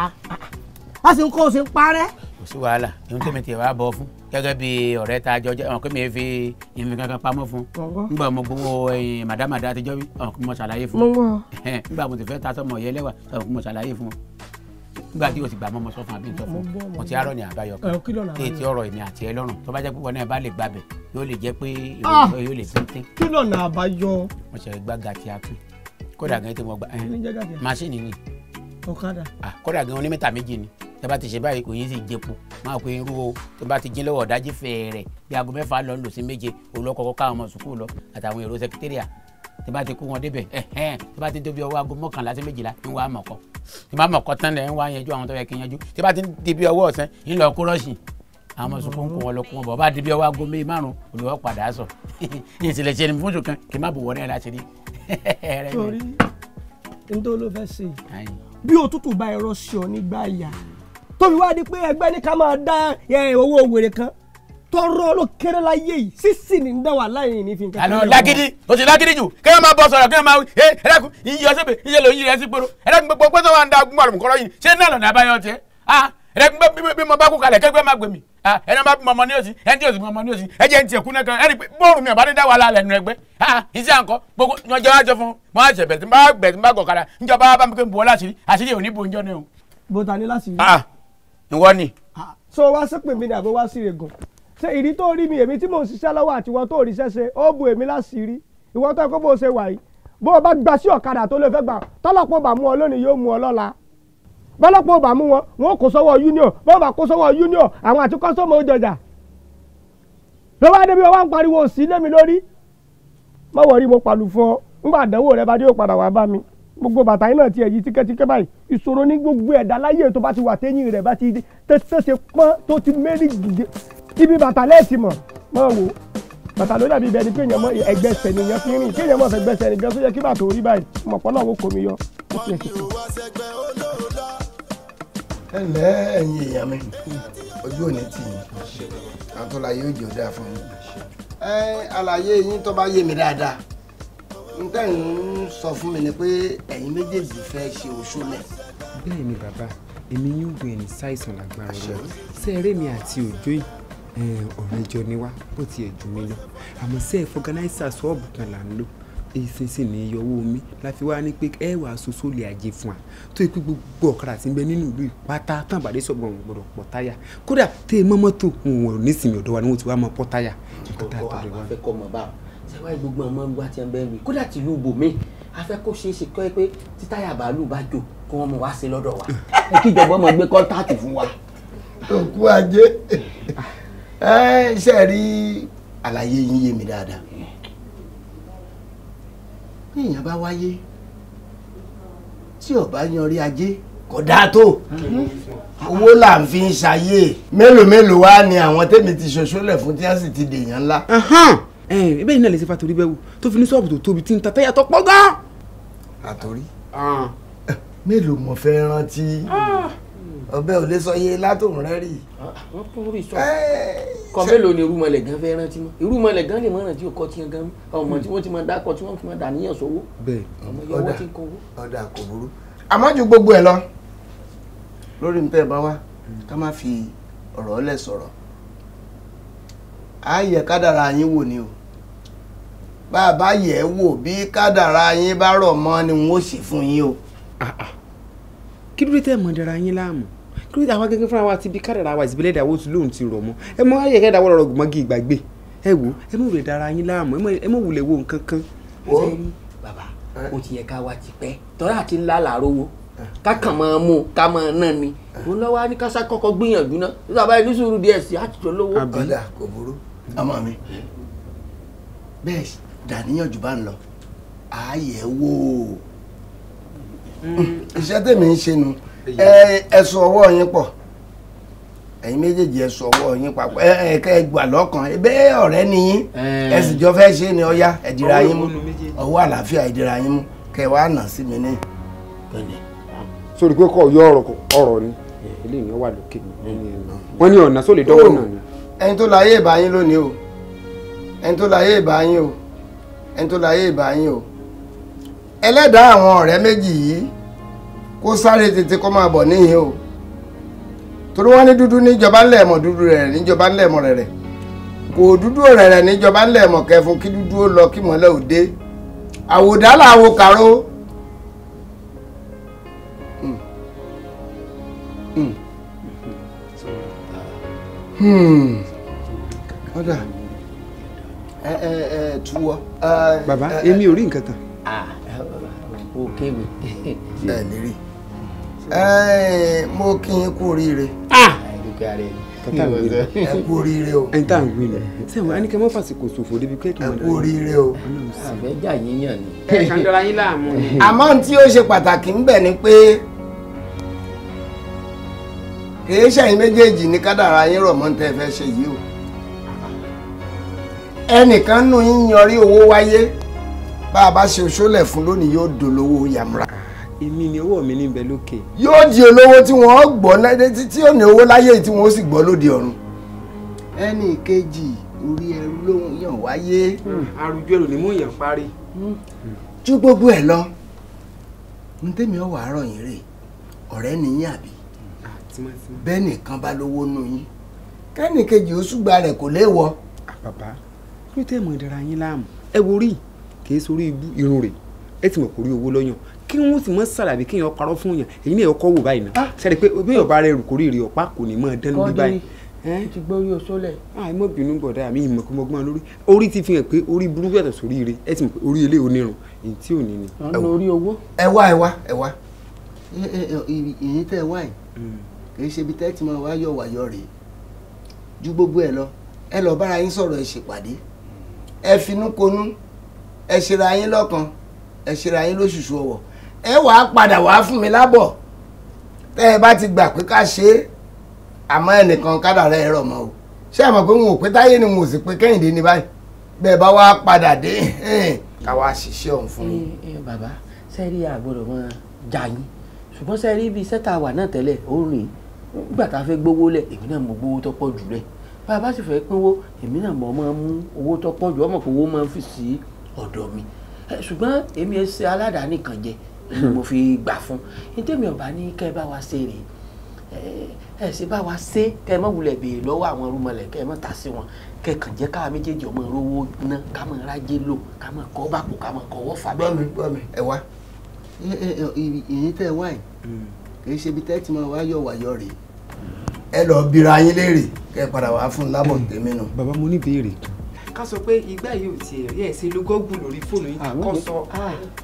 a sì ń kọ́ o sì ń parẹ́ kò sí wàhálà ohun tí mi tiẹ̀ wá bọ̀ fún gẹ́gẹ́ bí ọ̀rẹ́ ta jọ jẹ́ ọ̀kẹ́ mi fi ìrìn kankan pamọ́ fún nígbà mo gbowó eh, màdàmàdà àtijọ́ bí ọ̀kẹ́ mo ṣàlàyé fún nígbà mo ti fẹ́ ta sọmọ yẹn lẹ́wà ọ̀kẹ́ mo ṣàlàyé fún nígbà tí o ti gbà mọ́ mo sọ fún àbí n sọ fún mo ti arọ́ ní àbáyọ kan tí etí ọ̀rọ̀ èmi àti ẹ lọ́rùn tó bá jẹ́ púpọ̀ náà bá lè gbàbẹ̀ yóò lè jẹ́ pé ah! yóò lè tíntín. kí lọ́nà àbáyọ. mo ṣe gbága tí a pín kódà gan-an tí mo gbà eh, máṣíìnì ni. ọ̀kadà. Ah, kódà gan-an onímẹ́ta méjì ni tẹ́ bá ti ṣe báyìí kò yín sì jẹpo máa pe irú o tẹ́ bá ti jí lọ́wọ́ ọ̀dájí fẹ̀ẹ̀rẹ̀ bí aago mẹ́fà lọ lò sí méje olókọ́kọ́ káwọn ọmọ sùkúù lọ àtàwọn èrò sẹkítẹ́rìà tẹ́ bá ti kó wọn débẹ̀ ẹ̀hẹ́n tẹ́ bá ti débi ọwọ́ aago mọ́kànlá sí méjìlá ń wá mọ̀kọ́ tẹ́ bá mọ̀kọ́ tán lẹ̀ ń wá yanjú àwọn tó yẹ kí yanjú tẹ́ bá ti débi ọwọ́ ọ̀sán ń lọ kó rọ́ọ̀ṣì àwọn ọmọ sọkún kún wọn lọ kún wọn bọ bá débi ọwọ́ aago bí òtútù bá ẹ̀rọ sí ọ nígbà yà tóbi wá di pé ẹgbẹ́ ní ká máa dá owó wèrè kan tọrọ ló kéré la yé yìí sísì ní dá wà láyé ní fi nǹkan. àná lágídí o ti lágídí jù kí ẹ máa bọ sọ̀rọ̀ kí ẹ máa wí ẹ ẹ dákun iye ọsẹbẹ iye lòun yìí rẹ sí gbòòrò ẹ dákun gbogbo pẹsẹ wa ń da agun àlùmọ kọrọ yìí ṣé náà lọnà àbáyọ tiẹ ah ẹ dákun gbẹ bí mo bá kú kalẹ̀ kẹgbẹ má gbẹmí ah ẹ náà bá bí mo mọ ní òsì ẹ ti òsì mo mọ ní òsì ẹ jẹ n tiẹ kú náà kan ẹ rí pé bóòrù mi ọba ní dá wàhálà lẹ́nu ẹgbẹ́ ah iṣẹ́ àǹkọ gbogbo ìjọba àjọ fún mo á ṣẹbẹ tí mo bá gbẹ tí mo bá gọkàrà ìjọba bá mi pé mo wọlé àṣírí àṣírí ò ní bo ìjọ náà o. bó ta ni láti rí. ìwọ ni. so wá sípè mi ni àbí wá sí egun ṣe ìdí tó rí mi èmi tí mò ń ṣiṣẹ́ lọ́wọ́ àti ìwọ tó rí ṣẹ́ṣe ó bu èmi láṣìírí ìwọ tó kó bó ṣe wà yìí bó o bá gba sí ọ̀kadà tó lè fẹ́ gbà tọ́lọ́pọ̀ bá mú ọ lónìí yóò mú ọ lọ́la bọ́lọ́pọ̀ bá mú wọn wọn union bọ́ọ̀ union àwọn àti ló bá wá ń pariwo òsì lé lórí gbogbo bàtà yìí náà ti ẹ̀yí tíkẹ́tíkẹ́ báyìí ìṣòro ní gbogbo ẹ̀dá láyé tó bá ti wà téyìn rẹ̀ bá ti tẹ́sẹ̀ pọ́n tó ti mérí gidi ibi bàtà lẹ́ẹ̀tì mọ̀ mọ̀ wò bàtà ló dàbí ibẹ̀ ni kéèyàn mọ ẹgbẹ́sẹ̀ nìyẹn fi rìn kéèyàn mọ̀ fẹ́gbẹ́sẹ̀ nìkan tó yẹ kí bàtà orí báyìí mọ̀ pọ́n náà wò kò mí yọ ó ti ẹ̀sìn tó. ẹ ǹlẹ́ ẹ̀yin èèyàn mi ojú òní tì yín àtúnláyé òjò dáa fún mi. ẹ àlàyé yín tó bá yé mi dáadáa n tẹ́ ń sọ fún mi ni pé ẹ̀yin méjèèjì fẹ́ ṣe oṣù lẹ̀. bẹ́ẹ̀ ni bàbá èmi yóò gbé ẹni ṣàìsàn lágbára rẹ sẹ́ẹ̀rẹ́ mi àti òjò yìí ọ̀rẹ́ jọ ni wá bó tiẹ̀ jù mí lọ àmọ́ sí ẹ̀ fọganáísà ṣọ́ọ̀bù kan là ń lò èsì sì ní yọwọ́ omi láfi wá ní pé ẹ wà soso lè àjẹ fún wa tó ikú gbogbo ọ̀kadà tí ń bẹ nínú ìlú ìpátá tán àbàdé sọ̀gbọ̀n gbọ̀dọ̀ pọ̀ táyà kódà tẹ́ mọ́mọ́tò wọn ò nísìnyí ọ̀dọ̀ wa ni wọ́n ti wá mọ́ pọ́ táyà. ọkọ àfẹ́kọ́ mọ̀ báà wáyé gbogbo àwọn ọmọ wa ti ń bẹ́ẹ̀ mi kódà tìlú bòmí afẹ́ kó ṣeé ṣe kọ́ ẹ pé tí táyà bàálù bá jò kí wọ́n mọ wá sí lọ́dọ̀ wa ẹ kí ìjọba ọmọ gbé kọ́ńtáàtì fún wa. òkú ajé ṣe rí àlàyé yín yé mi dáadáa bí èèyàn bá wáyé tí ó bá yanrí ajé kò dáa tó owó là ń fi ń ṣayé mélòó mélòó wá ni àwọn tèmi ti ṣoṣo lẹ̀ fún tí wọ́n sì ti dèèyàn ńlá ẹbẹ́ yìí náà lè ṣe fàtòrí bẹ́ẹ̀ wò tó fi ní ṣọ́ọ̀bù tó tóbi tí ń ta táyà tó pọ̀ gan. àtòrí ah. eh, mélòó mo fẹ́ rántí ah. ọbẹ̀ ò lè sọ iye látòun rẹ́ rì. Ah, eh, kọ mélòó ni irúmọlẹ̀ gan fẹ́ rántí mọ́ irúmọlẹ̀ gan lè mọ́ rántí òkọ́ tiẹ̀ gan ọmọ tí wọ́n ti máa dákọ̀ tí wọ́n fi máa dà níyàn sówó. bẹ́ẹ̀ ọdà ọdà kò burú àmọ́ ju gbogbo ẹ̀ lọ lórí mi tẹ́ ẹ bá wá ká má fi ọ̀rọ̀ ọlẹ̀ á yẹ kádàrá yín wò ni o bàbá yẹ̀ wò bí kádàrá yín bá rọ̀ mọ́ ni wọ́n ṣe fún yín o. Ah, ah. kí ló dé tẹ́ mọ̀ dára yín láàmú kí ló dé àwọn akẹ́kẹ́ fúnra wa ti bí kádàrá wa ìsìnbílẹ̀ ìdáwó tí lóun ti rọ̀ mọ́ ẹ mọ ayẹyẹ kẹ́dà wọ́n rọrùn gbọ́ngì ìgbàgbé ẹ wò ẹ mọ̀ wulẹ̀ dára yín láàmú ẹ mọ̀ wulẹ̀ wo nǹkan kan. o bàbá o ti yẹ ká wa ti pẹ́ tọ́lá àti ńlá làárọ̀ wo ká kàn máa mú ká máa ná ni òun lọ́wọ́ á ní ká sá kọ́kọ́ gbìyànjú ná ọmọ mi bẹ́ẹ̀ dàníyàn jù bá ń lọ ààyè wò ó hmm. iṣẹ́ tèmi ń ṣe nu ọwọ́ yín pọ̀ ẹ̀yin méjèèjì ẹ̀sùn ọwọ́ yín papọ̀ ẹ̀ẹ́kẹ́ ọ̀rẹ́ nìyí ẹ̀sìn ṣe ni ọya ẹ̀dìrà yín mú ọwọ́ àlàáfíà ẹ̀dìrà yín mú wàá nà sí mi ní ni wà lókè mi wọ́n ní ẹni tó láyé ìbáyín lónìí o ẹni tó láyé ìbáyín o ẹni tó láyé ìbáyín o ẹlẹ́dàá àwọn ọ̀rẹ́ méjì yìí kó sáré tètè kó máa bọ̀ níhìn o torí wọ́n ní dúdú níjọba ńlẹ̀mọ̀ dúdú rẹ̀ níjọba ńlẹ̀mọ̀ rẹ̀ rẹ̀ kò dúdú rẹ̀ rẹ̀ níjọba ńlẹ̀mọ̀ kẹfun kí dúdú ó lọ kí mọ́lẹ̀ ò dé àwòdá làwo kàró. Mm. Hmm. ọ̀dà ẹ ẹ tuwọ. bàbá èmi ò rí nǹkan o kéwì. ẹ lè rí mo kí n kú oríire. ẹ kú oríire o. ẹni tá à ń gbin ni sẹ́wọ̀n ẹni kẹ́ mọ́ fàsìkò ṣòfò débi pé kí n mọ̀ dáa. ẹ kú oríire o. àbẹ́jà yín yàn ni. ẹ kàn dọ́ra yín láàmú. àmọ́ ohun tí ó ṣe pàtàkì ń bẹ ni pé kìí ṣẹ̀yin méjèèjì ní kádàrá yín rọ̀ mọ́ tẹ́ fẹ́ ṣe yìí o ẹnìkan nù yín yanrí owó wáyé bá a bá ṣe òṣòlẹ̀ fún lónìí yóò dolówó yàmúra. èmi ni owó mi níbẹ̀ lókè. yóò di olówó tí wọ́n gbọ́ lẹ́dẹ́ tí yóò ní owó láyé tí wọ́n sì gbọ́ lóde ọ̀run. ẹnì kejì orí ẹrú ló ń yàn wáyé. Hmm, arúgbó èrò ni mò ń yàn parí. Hmm. ju gbogbo ẹ̀ lọ ní tèmi ọ̀wọ̀ yìí rè ọ̀rẹ́ nìyí àbí bẹ́ẹ̀ nìkan bá lówó nù yín kẹ́nìkejì ó ṣùgbà rẹ̀ kò léèwọ̀. Ah, bàbá kí tẹ́ mọ̀ ìdára yín láàmú ẹ wo rí kì í sorí ibú irun rẹ̀ é ti mọ̀ kó rí owó lọ́yàn kí wọ́n sì mọ̀ sàlàbí kí èèyàn parọ́ fún yàn èyí náà kọ́ wò báyìí náà sẹ́ni ah! pé bí èèyàn bá rẹ̀ rù kó rí èrè ọ̀pá kò ní mọ̀ ẹ́ dẹ́nu bí báyìí ti gbórí osólẹ̀. àì mọ̀ bínú bọ̀dá mi ìmọ̀ kó mọ̀ gbọ́n lórí orí ti fi hàn pé orí burúkú yàtọ̀ sórí ire ẹ ti mọ̀ pé orí ilé onírun èyí tí ò ní ni. ọ̀nà orí owó. ẹ wá ẹ wá ẹ wá èyí tẹ ẹ wá yìí hmm kì í ṣe ibi tẹ́tí máa wáyọ̀ wáyọ̀ rèé ju gbogbo ẹ̀ lọ ẹ lọ bára yín sọ̀rọ̀ ẹ ṣèpàdé ẹ finú konú ẹ ṣera yín lọ́kan ẹ ṣera yín lóṣùṣù ọwọ̀ ẹ wàá padà wàá fún mi lábọ̀ tẹ́ ẹ bá ti gbà pé ká ṣe é àmọ́ ẹnìkan kádàrá ẹ rọ̀ mọ́ o ṣé ẹ pé wọn ò pé táyé ni wọn ò sì pé kẹ́hìndé ní báyìí bẹ́ẹ̀ bá wá padà dé ká ṣiṣẹ́ ọ̀hún fún mi. bàbá sẹ́ẹ̀rí àgbọ̀dọ̀ wọn jà yín ṣùgbọ́n sẹ́ẹ̀rí bíi sẹ́tà wà náà tẹ́lẹ̀ ó rìn nígbà tá a fẹ́ gbówó lẹ̀ èmi náà mo gbówó tó pọ̀ jù lẹ̀ bá a bá sì fẹ́ pínwó èmi náà mo máa mú owó tó pọ̀ jù ọmọ kò owó máa ń fi sí ọ̀dọ̀ mi ṣùgbọ́n èmi ẹ ṣe aládàáni kan jẹ ni mo fi gbà fún ntẹ́mi ọ̀bá ní kẹ́ ẹ bá wa ṣe rèé ẹ ṣe bá wa ṣe kẹ́ ẹ má wulẹ̀ béèrè lọ́wọ́ àwọn arúmọlẹ̀ kẹ́ ẹ má ta sí wọn kẹ́ ẹ kàn jẹ́ káwa méjèèjì ọmọ rówó ná ká mọ̀ rájé lò ká mọ̀ kọ́ bàkú ká mọ̀ kọ́wọ́ fà bẹ́ẹ̀. bọ́ọ̀mì bọ́ọ̀mì ẹ wá ìyẹn tẹ́ ẹ wá yìí hmm. kì í ṣe ibi tẹ́ ẹ ti máa wá yọ̀ wá rèé ẹ lọ bira yín léèrè kẹ́ padà wá fún lábọ̀ hmm. tèmi nù. bàbá mo ní ìbéèrè kan ká sọ pé ìgbà yìí ò tiẹ̀ rí ẹ̀ ṣe ló gọ́gùn lórí fóònù yìí ah, kọ́ sọ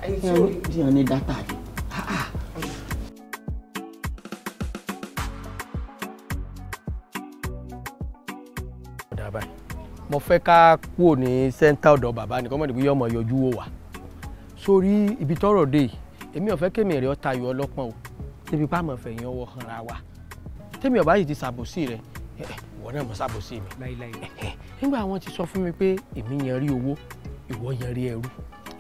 ayé tí ó rí. díẹ̀ ní dátà ah, ah. rẹ̀. mo fẹ́ ká kúrò ní sẹ́ńtà ọ̀dọ̀ bàbá nìkan mọ̀ nígbà yọmọ yọjú wò wá sórí ibi tọ́rọ̀ dé èmi ò fẹ́ kémi rẹ̀ ọ́ tayọ ọlọ́pọ̀n o níbi pàmò fẹ̀yìn ọwọ́ hanra wa tẹ́mi ọ̀bá yìí ti ṣàbòsí rẹ̀ eh, ìwọ náà mọ̀ ṣàbòsí mi. Eh, nígbà wọn ti sọ fún mi pé èmi yan rí owó ìwọ yan rí ẹrú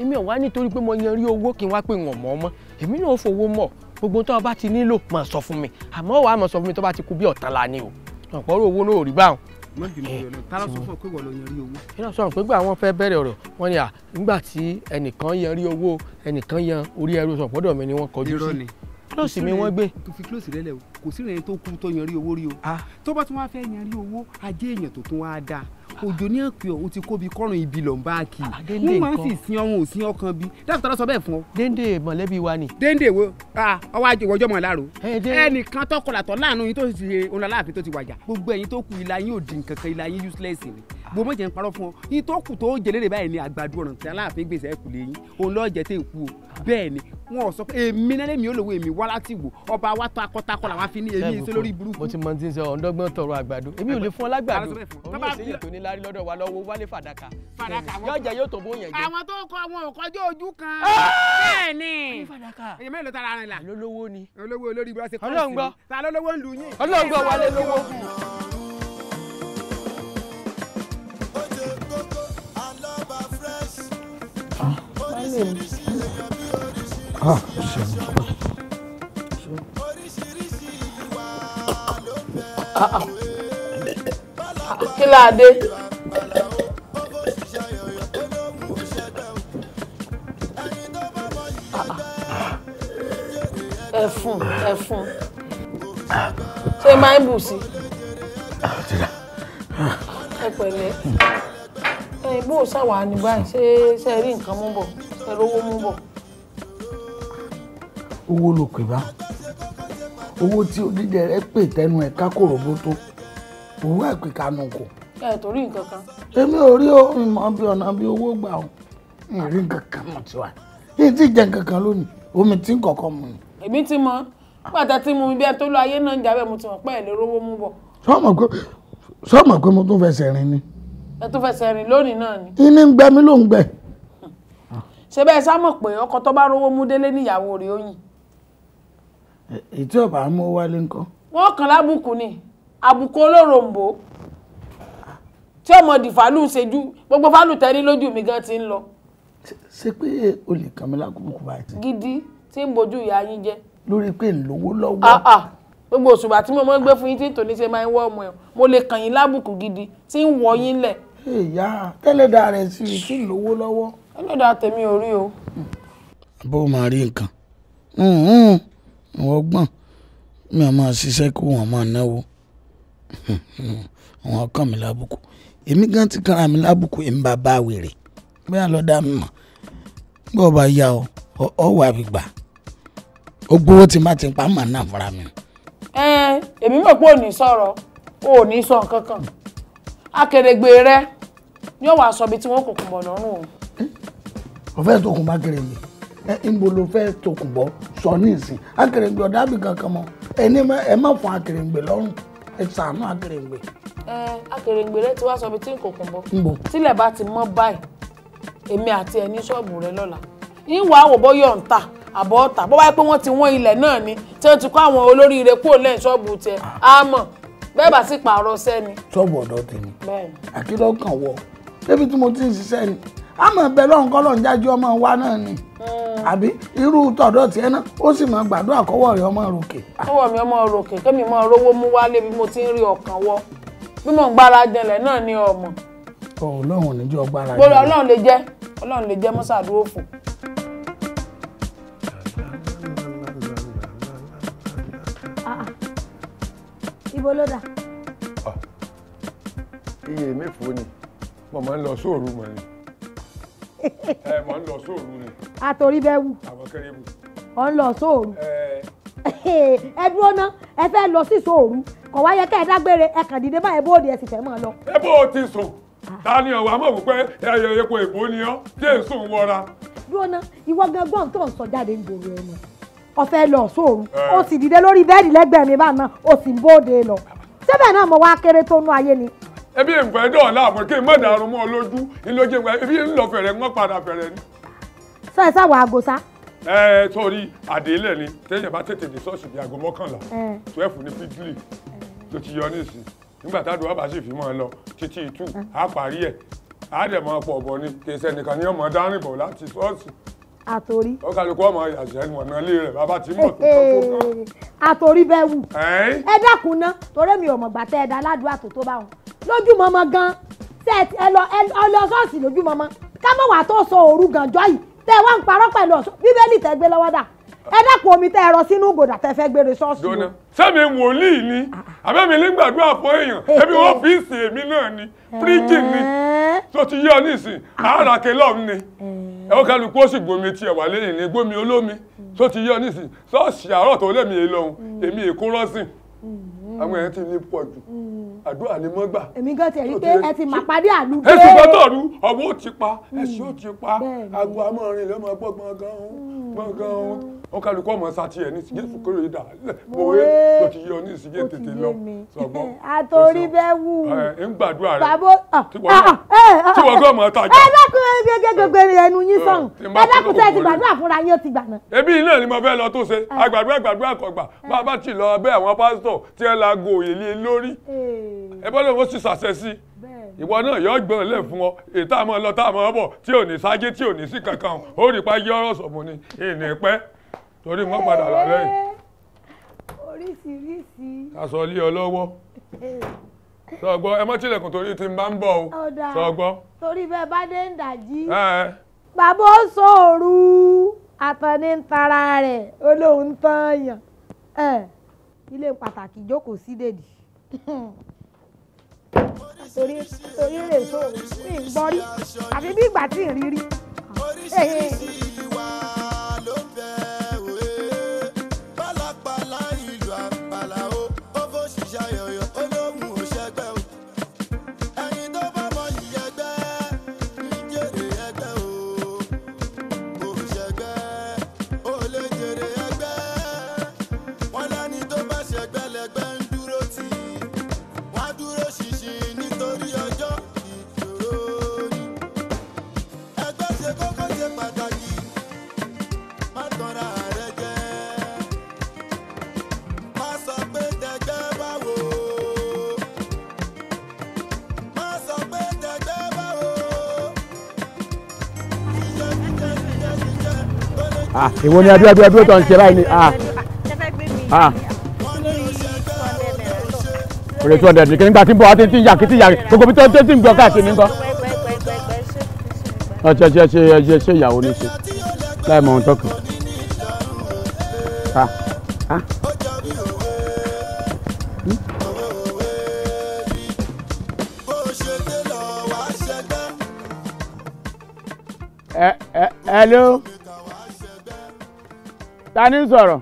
èmi ò wá nítorí pé mo yan rí owó kí n wá pé n ò mọ̀ ọmọ èmi náà fowó mọ̀ gbogbo tó o bá ti nílò máa sọ fún mi àmọ́ wàá máa sọ fún mi tó bá ti kú bí ọ̀tán la ni o ọ̀pọ̀rọ̀ owó náà ò rí báwọn iná eh, sọ̀rọ̀ pé gbà wọ́n fẹ́ bẹ̀rẹ̀ ọ̀rọ̀ wọ́n ní à nígbà tí ẹnìkan yan rí owó ẹnìkan yan orí ẹrú sọ̀rọ̀ pọ̀dọ̀ mi ni wọ́n kọjú sí kílòsì mi wọ́n gbé. tó fi kílòsì lẹ́lẹ̀ o kò sí ìrìn tó kú tó yanrí owó rí o ah. tó bá tún wá fẹ́ yanrí owó ajé èèyàn tó tún wá dáa Ah. òjò ní àkè ọ̀ o ti bi kọ́rùn ibi lọ́n bá kì í ah, wọ́n máa ń sì sin ọ̀hún ò sin ọkàn bí dákítà lọ sọ bẹ́ẹ̀ fún ọ. dénde mọ̀lẹ́bí wa ni. dénde wo ah, ọwọ́ ajé ìwọ́jọ́ mọ̀ láàrú ẹnìkan tọkọlàtọ̀ láàánú yín tó ti ṣe òun láàfin tó ti wàjà gbogbo ẹ̀yin tó kù ilà yín ò di nǹkan ilà yín useless ni bó mọ̀jẹ̀ ń parọ́ fún ọ yín tó kù tó jẹlé rẹ̀ báyìí ni àgbàdo ọ̀ràn tí aláàfin gbèsè ẹ̀kú lè yín òun lọ́ọ́ jẹ́ tẹ̀ ń kú o bẹ́ẹ̀ ni wọn ò sọ pé èmi náà lèmi ò lòwe èmi wá láti wò ọba wa tó akọtakọ làwọn afi ní èmi ìṣe lórí burúkú. mo ti mọ ti ń sọ ọ̀ndọ́gbọ́n tọrọ àgbàdo èmi ò lè fún ọ lágbàdo òun ò sí ètò níl darí lọ́dọ̀ wa lọ́wọ́ wálé fàdákà. yóò jẹ yóò tó bóyá jẹ. àwọn tó kọ wọn ò ojú kan. Ah! bẹ́ẹ̀ ni fàdákà. èyí mélòó tara rìn la. olówó ni. olówó olórí ibi wá sí kọ́ọ̀sì. ta lọ́lọ́wọ́ ń lu yín. ọlọ́ngbọ́ wálé lówó. ah ṣe ah ah kí láà dé. ẹfun ẹfun ṣé máa ń bù sí. ẹ pẹ̀lẹ́ ẹ bó o ṣàwà ní báyìí ṣé ṣe rí nǹkan mú bọ̀ ṣe rówó mú bọ̀. owó ló pè bá owó tí onídẹ̀ẹ́rẹ́ pè tẹnu ẹ̀ ká kòròbó tó òwú ẹ̀pẹ̀ kanu kò. ẹ torí nǹkan kan. èmi ò rí orin mọ bí ọ̀nà bí owó gbà ó n rí nǹkan kan mọ̀ tí wà yìí tí jẹ nǹkan kan lónìí omi tí ń kọ̀ọ̀kan mu ni. èmi ti mọ pàtà tí mo bí ẹ tó lọ ayé náà ń jábẹ́ mo ti mọ̀ pé ẹ̀ lè rówó mú bọ̀. sọ́ọ̀mọ̀ pé sọ́ọ̀mọ̀ pé mo tún fẹsẹ̀ rìn ni. ẹ tún fẹsẹ̀ rìn lónìí náà ni. iní ń gbẹ mí ló ń gbẹ. ṣé bẹ́ẹ̀ sá mọ̀ pé ọkọ tó bá rówó mú délé níyàwó rẹ̀ ó yìn. ọ̀bà mú wálé ńkọ́. wọ́n kàn lábùkù ni àbùkù olóròǹbó tí ọmọ dìfàlù ṣejú gbogbo fàlù tẹ́rí lójú mi gan ti ń lọ. ṣé pé o lè kàn mí lákòókò báyìí. gidi tí ń bojú ìyá yín jẹ. lórí pé ń lówó lọ́wọ́. Ah, ah, gbogbo òṣùbà tí mo mọ́ gbé fún yín tí tòní ṣe máa ń wọ́ ọmọ ẹ̀ mo lè kàn yín lábùkù gidi tí ń wọ yín lẹ̀. ìyá tẹ́lẹ̀dá rẹ̀ sì rí tí ń lówó lọ́wọ́. tèmi ò rí o. bó máa rí nǹkan wọ́n mi à máa ṣiṣẹ́ kó wọ́n máa náwó wọn kàn mí lábùkù gan ti lábùkù èmi bá bá wèrè mi bí ọba ya ọ ọ wà ó tí má ti pa mà náà fúnra mi. ẹ èmi mọ̀ pé ò ní sọ̀rọ̀ ò ní sọ nǹkan kan akèrègbè rẹ yóò wà sọ tí kò bọ̀ lọ́rùn o. o fẹ́ tó kùn bá kéré ẹ ń bo ló fẹ́ tó bọ̀ sọ ní ìsìn akèrègbè ọ̀dà àbí kankan mọ́ ẹ má fún akèrègbè lọ́rùn. ẹ ṣàánú akèrègbè. ẹ akèrègbè rẹ ti wá sọ ibi tí n kò kùn bọ. n bò. tílẹ̀ bá ti mọ́ báyìí èmi àti ẹ̀ ní ṣọ́ọ̀bù rẹ lọ́la yín wàá wò bọ́ yọ̀ ń tà àbọ̀ ọ̀tà bọ́ báyìí pé wọ́n ti wọ́n ilẹ̀ náà ni tí wọ́n ti kọ́ àwọn olóríire kúrò lẹ́yìn ṣọ́ọ̀bù tiẹ̀ á mọ̀ bẹ́ẹ̀ bá sì pààrọ̀ sẹ́ni. ṣọ́ọ̀bù ọ̀dọ́ tèmi àkìlọ́ wọ débi tí mo ti ń ṣiṣẹ́ ni àmọ́ bẹ̀rẹ̀ ọ̀hún kọ́ lọ́n jájú ọmọ wa náà ni hmm. àbí irú tọ̀dọ̀ tiẹ̀ náà ó sì máa gbàdúrà kọ́wọ́ rẹ̀ ọmọ ròkè. kọ́wọ́ mi ọmọ ròkè kémi máa rówó mú wálé bí mo ti ń rí ọkàn wọ bí mò ń gbára jẹlẹ̀ náà ni ọmọ. ọlọ́run ò ní jẹ́ ọgbára jẹlẹ̀. gbọ́dọ̀ ọlọ́run lè jẹ́ ọlọ́run lè jẹ́ mọ́sàdúró fò. Ah, ah. ibo ló dà. Ah, iye mẹ́fọ́ ni mo máa ń lọ sóòrùn mọ́ ni ẹ mọ̀ ń lọ sóòru ni. àtòrí bẹ́ẹ̀ wù. àwọn kéré wù. ọ̀ ń lọ sóòru. ẹ dúró ná ẹ fẹ́ lọ sí sóòru kọ̀ wáyé kẹ́ ẹ dágbére ẹ kàn dìde báyìí bóde ẹ sì fẹ́ máa lọ. ẹ bó o ti sùn ta ni ọ̀wá mọ̀ wípé ẹyọ epo èbó ni ọ́ jẹ́ èsùn wọra. dúró ná ìwọ gan gbọ́n tó ń sọ jáde ń gbòòrò ẹnu ọ̀fẹ́ lọ sóòru ó sì dìde lórí bẹ́ẹ̀dì lẹ́gbẹ̀ẹ́ mi báà náà ó sì ń bóde lọ síbẹ̀ náà mo wá kéré tó nú ayé ni ẹbí ìfẹ́ dọ̀ọ̀lá àmọ́ kí n má dàrú mọ́ lójú ìlójú ìwẹ̀ ẹbí ń lọ fẹ̀rẹ̀ ń padà fẹ̀rẹ̀ ni. sọ ẹ sáwọ aago sá. ẹ ẹ torí àdélẹ̀ ni téèyàn bá tètè dé ṣọ́ọ̀ṣì bíi aago mọ́kànlá twelve ní fídírì tó ti yọ ní ìsìn nígbà tá a dùn wá bá sì fi mọ́ ẹ lọ títí ìtú á parí ẹ̀ á dẹ̀ máa pọ̀ bọ̀ ni kì í sẹ́nìkan ni ọmọ dárìn bọ̀ láti ṣọ́ọ̀ṣì àtòrí. ó kálukú ọmọ àṣẹ ìmọ̀nà ilé rẹ̀ bàbá tí mọ̀ tó kọ́kọ́. àtòrí bẹ́ẹ̀ wù. ẹ dákun ná torí mi ò mọ̀ gbà tẹ́ ẹ dá aládùúgbò tó bá wọn lójú mọmọ gan ṣe ẹ lọ ẹ lọ ṣọ́ọ̀ṣì lójú mọmọ ká mọ̀ wàá tó sọ òru gànjọ́ yìí tẹ wá ń parọ́ pẹ̀lú ọ̀ṣọ́ bíbélì tẹ gbé lọ́wọ́ dà ẹ dákun omi tẹ ẹrọ sínú gòdà tẹ fẹ́ gbére ṣọ́ọ̀ṣì o. sẹ́mi wòlíì ni àbẹ́mi nígbàdúrà fún èèyàn ẹbí ọ́fíìsì èmi náà ni píríjì ni tó ti yọ nísìn àáràkè lọ́ọ̀m ni ẹ̀wọ́n kálukú ó sì gbomi tiẹ̀ wà lẹ́yìn ní gbomi olómi hmm. tó ti yọ nísìn ṣọ́ọ̀ṣì àárọ̀ tó lẹ́mi èlò ohun hmm. èmi èkó rọ́sìn. Hmm àwọn èèyàn ti ní pọ̀ jù mm. àdúrà ni mọ́ gbà. èmi gan ti rí pé ẹ ti mà pàdé àlù pé. ẹsùn bọ́tọ̀ rú ọwọ́ ò ti pa mm. ẹsùn ò ti pa aago amọ̀rin lọ́mọ gbọ́ gbọ̀ngàn mm. gbọ̀ngàn wọn kálukú ọmọ sátì ẹ ní sìgẹ́tì kúrò yìí dà òwe tó ti yọ ní sìgẹ́tì tètè lọ sọgbọ́n. àtòrí bẹ́ẹ̀ wù. ẹ ń gbàdúrà rẹ ah, ah, ah, eh, eh, tí wọ́n gbọ́ ọmọ tajà. Eh, ẹ lọ́kùn gẹ́gẹ́gẹ́gẹ́ ẹnu yín sọ̀rùn ẹ lọ́kùn tẹ́ ti gbàdúrà fúnra yín ó ti gbà náà. ẹbí náà ni mo fẹ́ lọ tó ṣe àgbàdúrà àgbàdúrà kọ̀gbà bá a bá ti lọ bẹ́ẹ̀ àwọn pásítọ̀ tí ẹ la aago òyìnlẹ̀ lórí ẹ lóun ó sì ṣàṣẹ sí ìwọ náà yọ gbọ́n lẹ̀ fún ọ ètò àmọ́ lọ tá àmọ́ tí ò ní sáájé tí ò ní sí kankan ó rí pa yí ọ̀rọ̀ sọ̀mù ni ìní pẹ́ torí wọ́n padà lálẹ́ yìí. oríṣiríṣi. ọ lọ́wọ́ sọgbọ́ ẹ mọ́ tilẹ̀kùn torí tí n bá ń bọ̀ o sọgbọ́. torí bẹ́ẹ̀ bá dé ń dàjí. bàbá ó sọ̀rọ̀ àtọ̀ ní ń tara rẹ̀ olóhùn tán yàn ilé pàtàkì jókòó sí dèdì torí torí rè so mi ń gbọ́ rí àfi bí ìgbà tí ń rí rí. ìwọ ah, ni abíọ́dún ọdún tó ń ṣe báyìí ni. òrè ah. ah. two hundred nìkan nígbà tí ń bọ̀ wá tí ń yà kí tí ń yà gbogbo bí tó ti ń gbọ́ káàkiri nìkan. ọ̀ṣẹ̀ ṣe ṣe ṣe ṣe ìyàwó ní ṣe láì mọ ohun tó kàn. Hmm? Eh, eh, hello. ta ni ń sọ̀rọ̀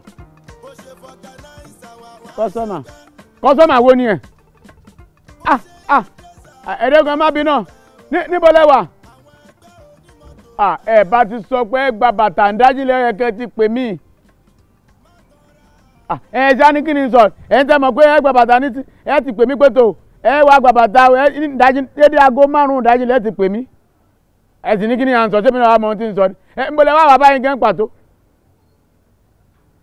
wo ni ẹ̀ ah ah, ah ẹ̀ẹ́dẹ́gun ẹ má bínú níbo lẹ wà ah, ẹ bá ti sọ pé gba bàtà ń dájú lẹ́yìn kẹ́ ti pè mí ah, ẹ ní kí ni sọ ẹ ń pé ẹ gba bàtà ní ẹ ti pè mí pé tó ẹ wá gba bàtà ẹ dájú dédé aago márùn-ún ti pè mí ẹ sì ní kí ni à ń sọ náà wà ohun tí ń sọ ẹ ń wà báyìí gẹ́ ń pàtó.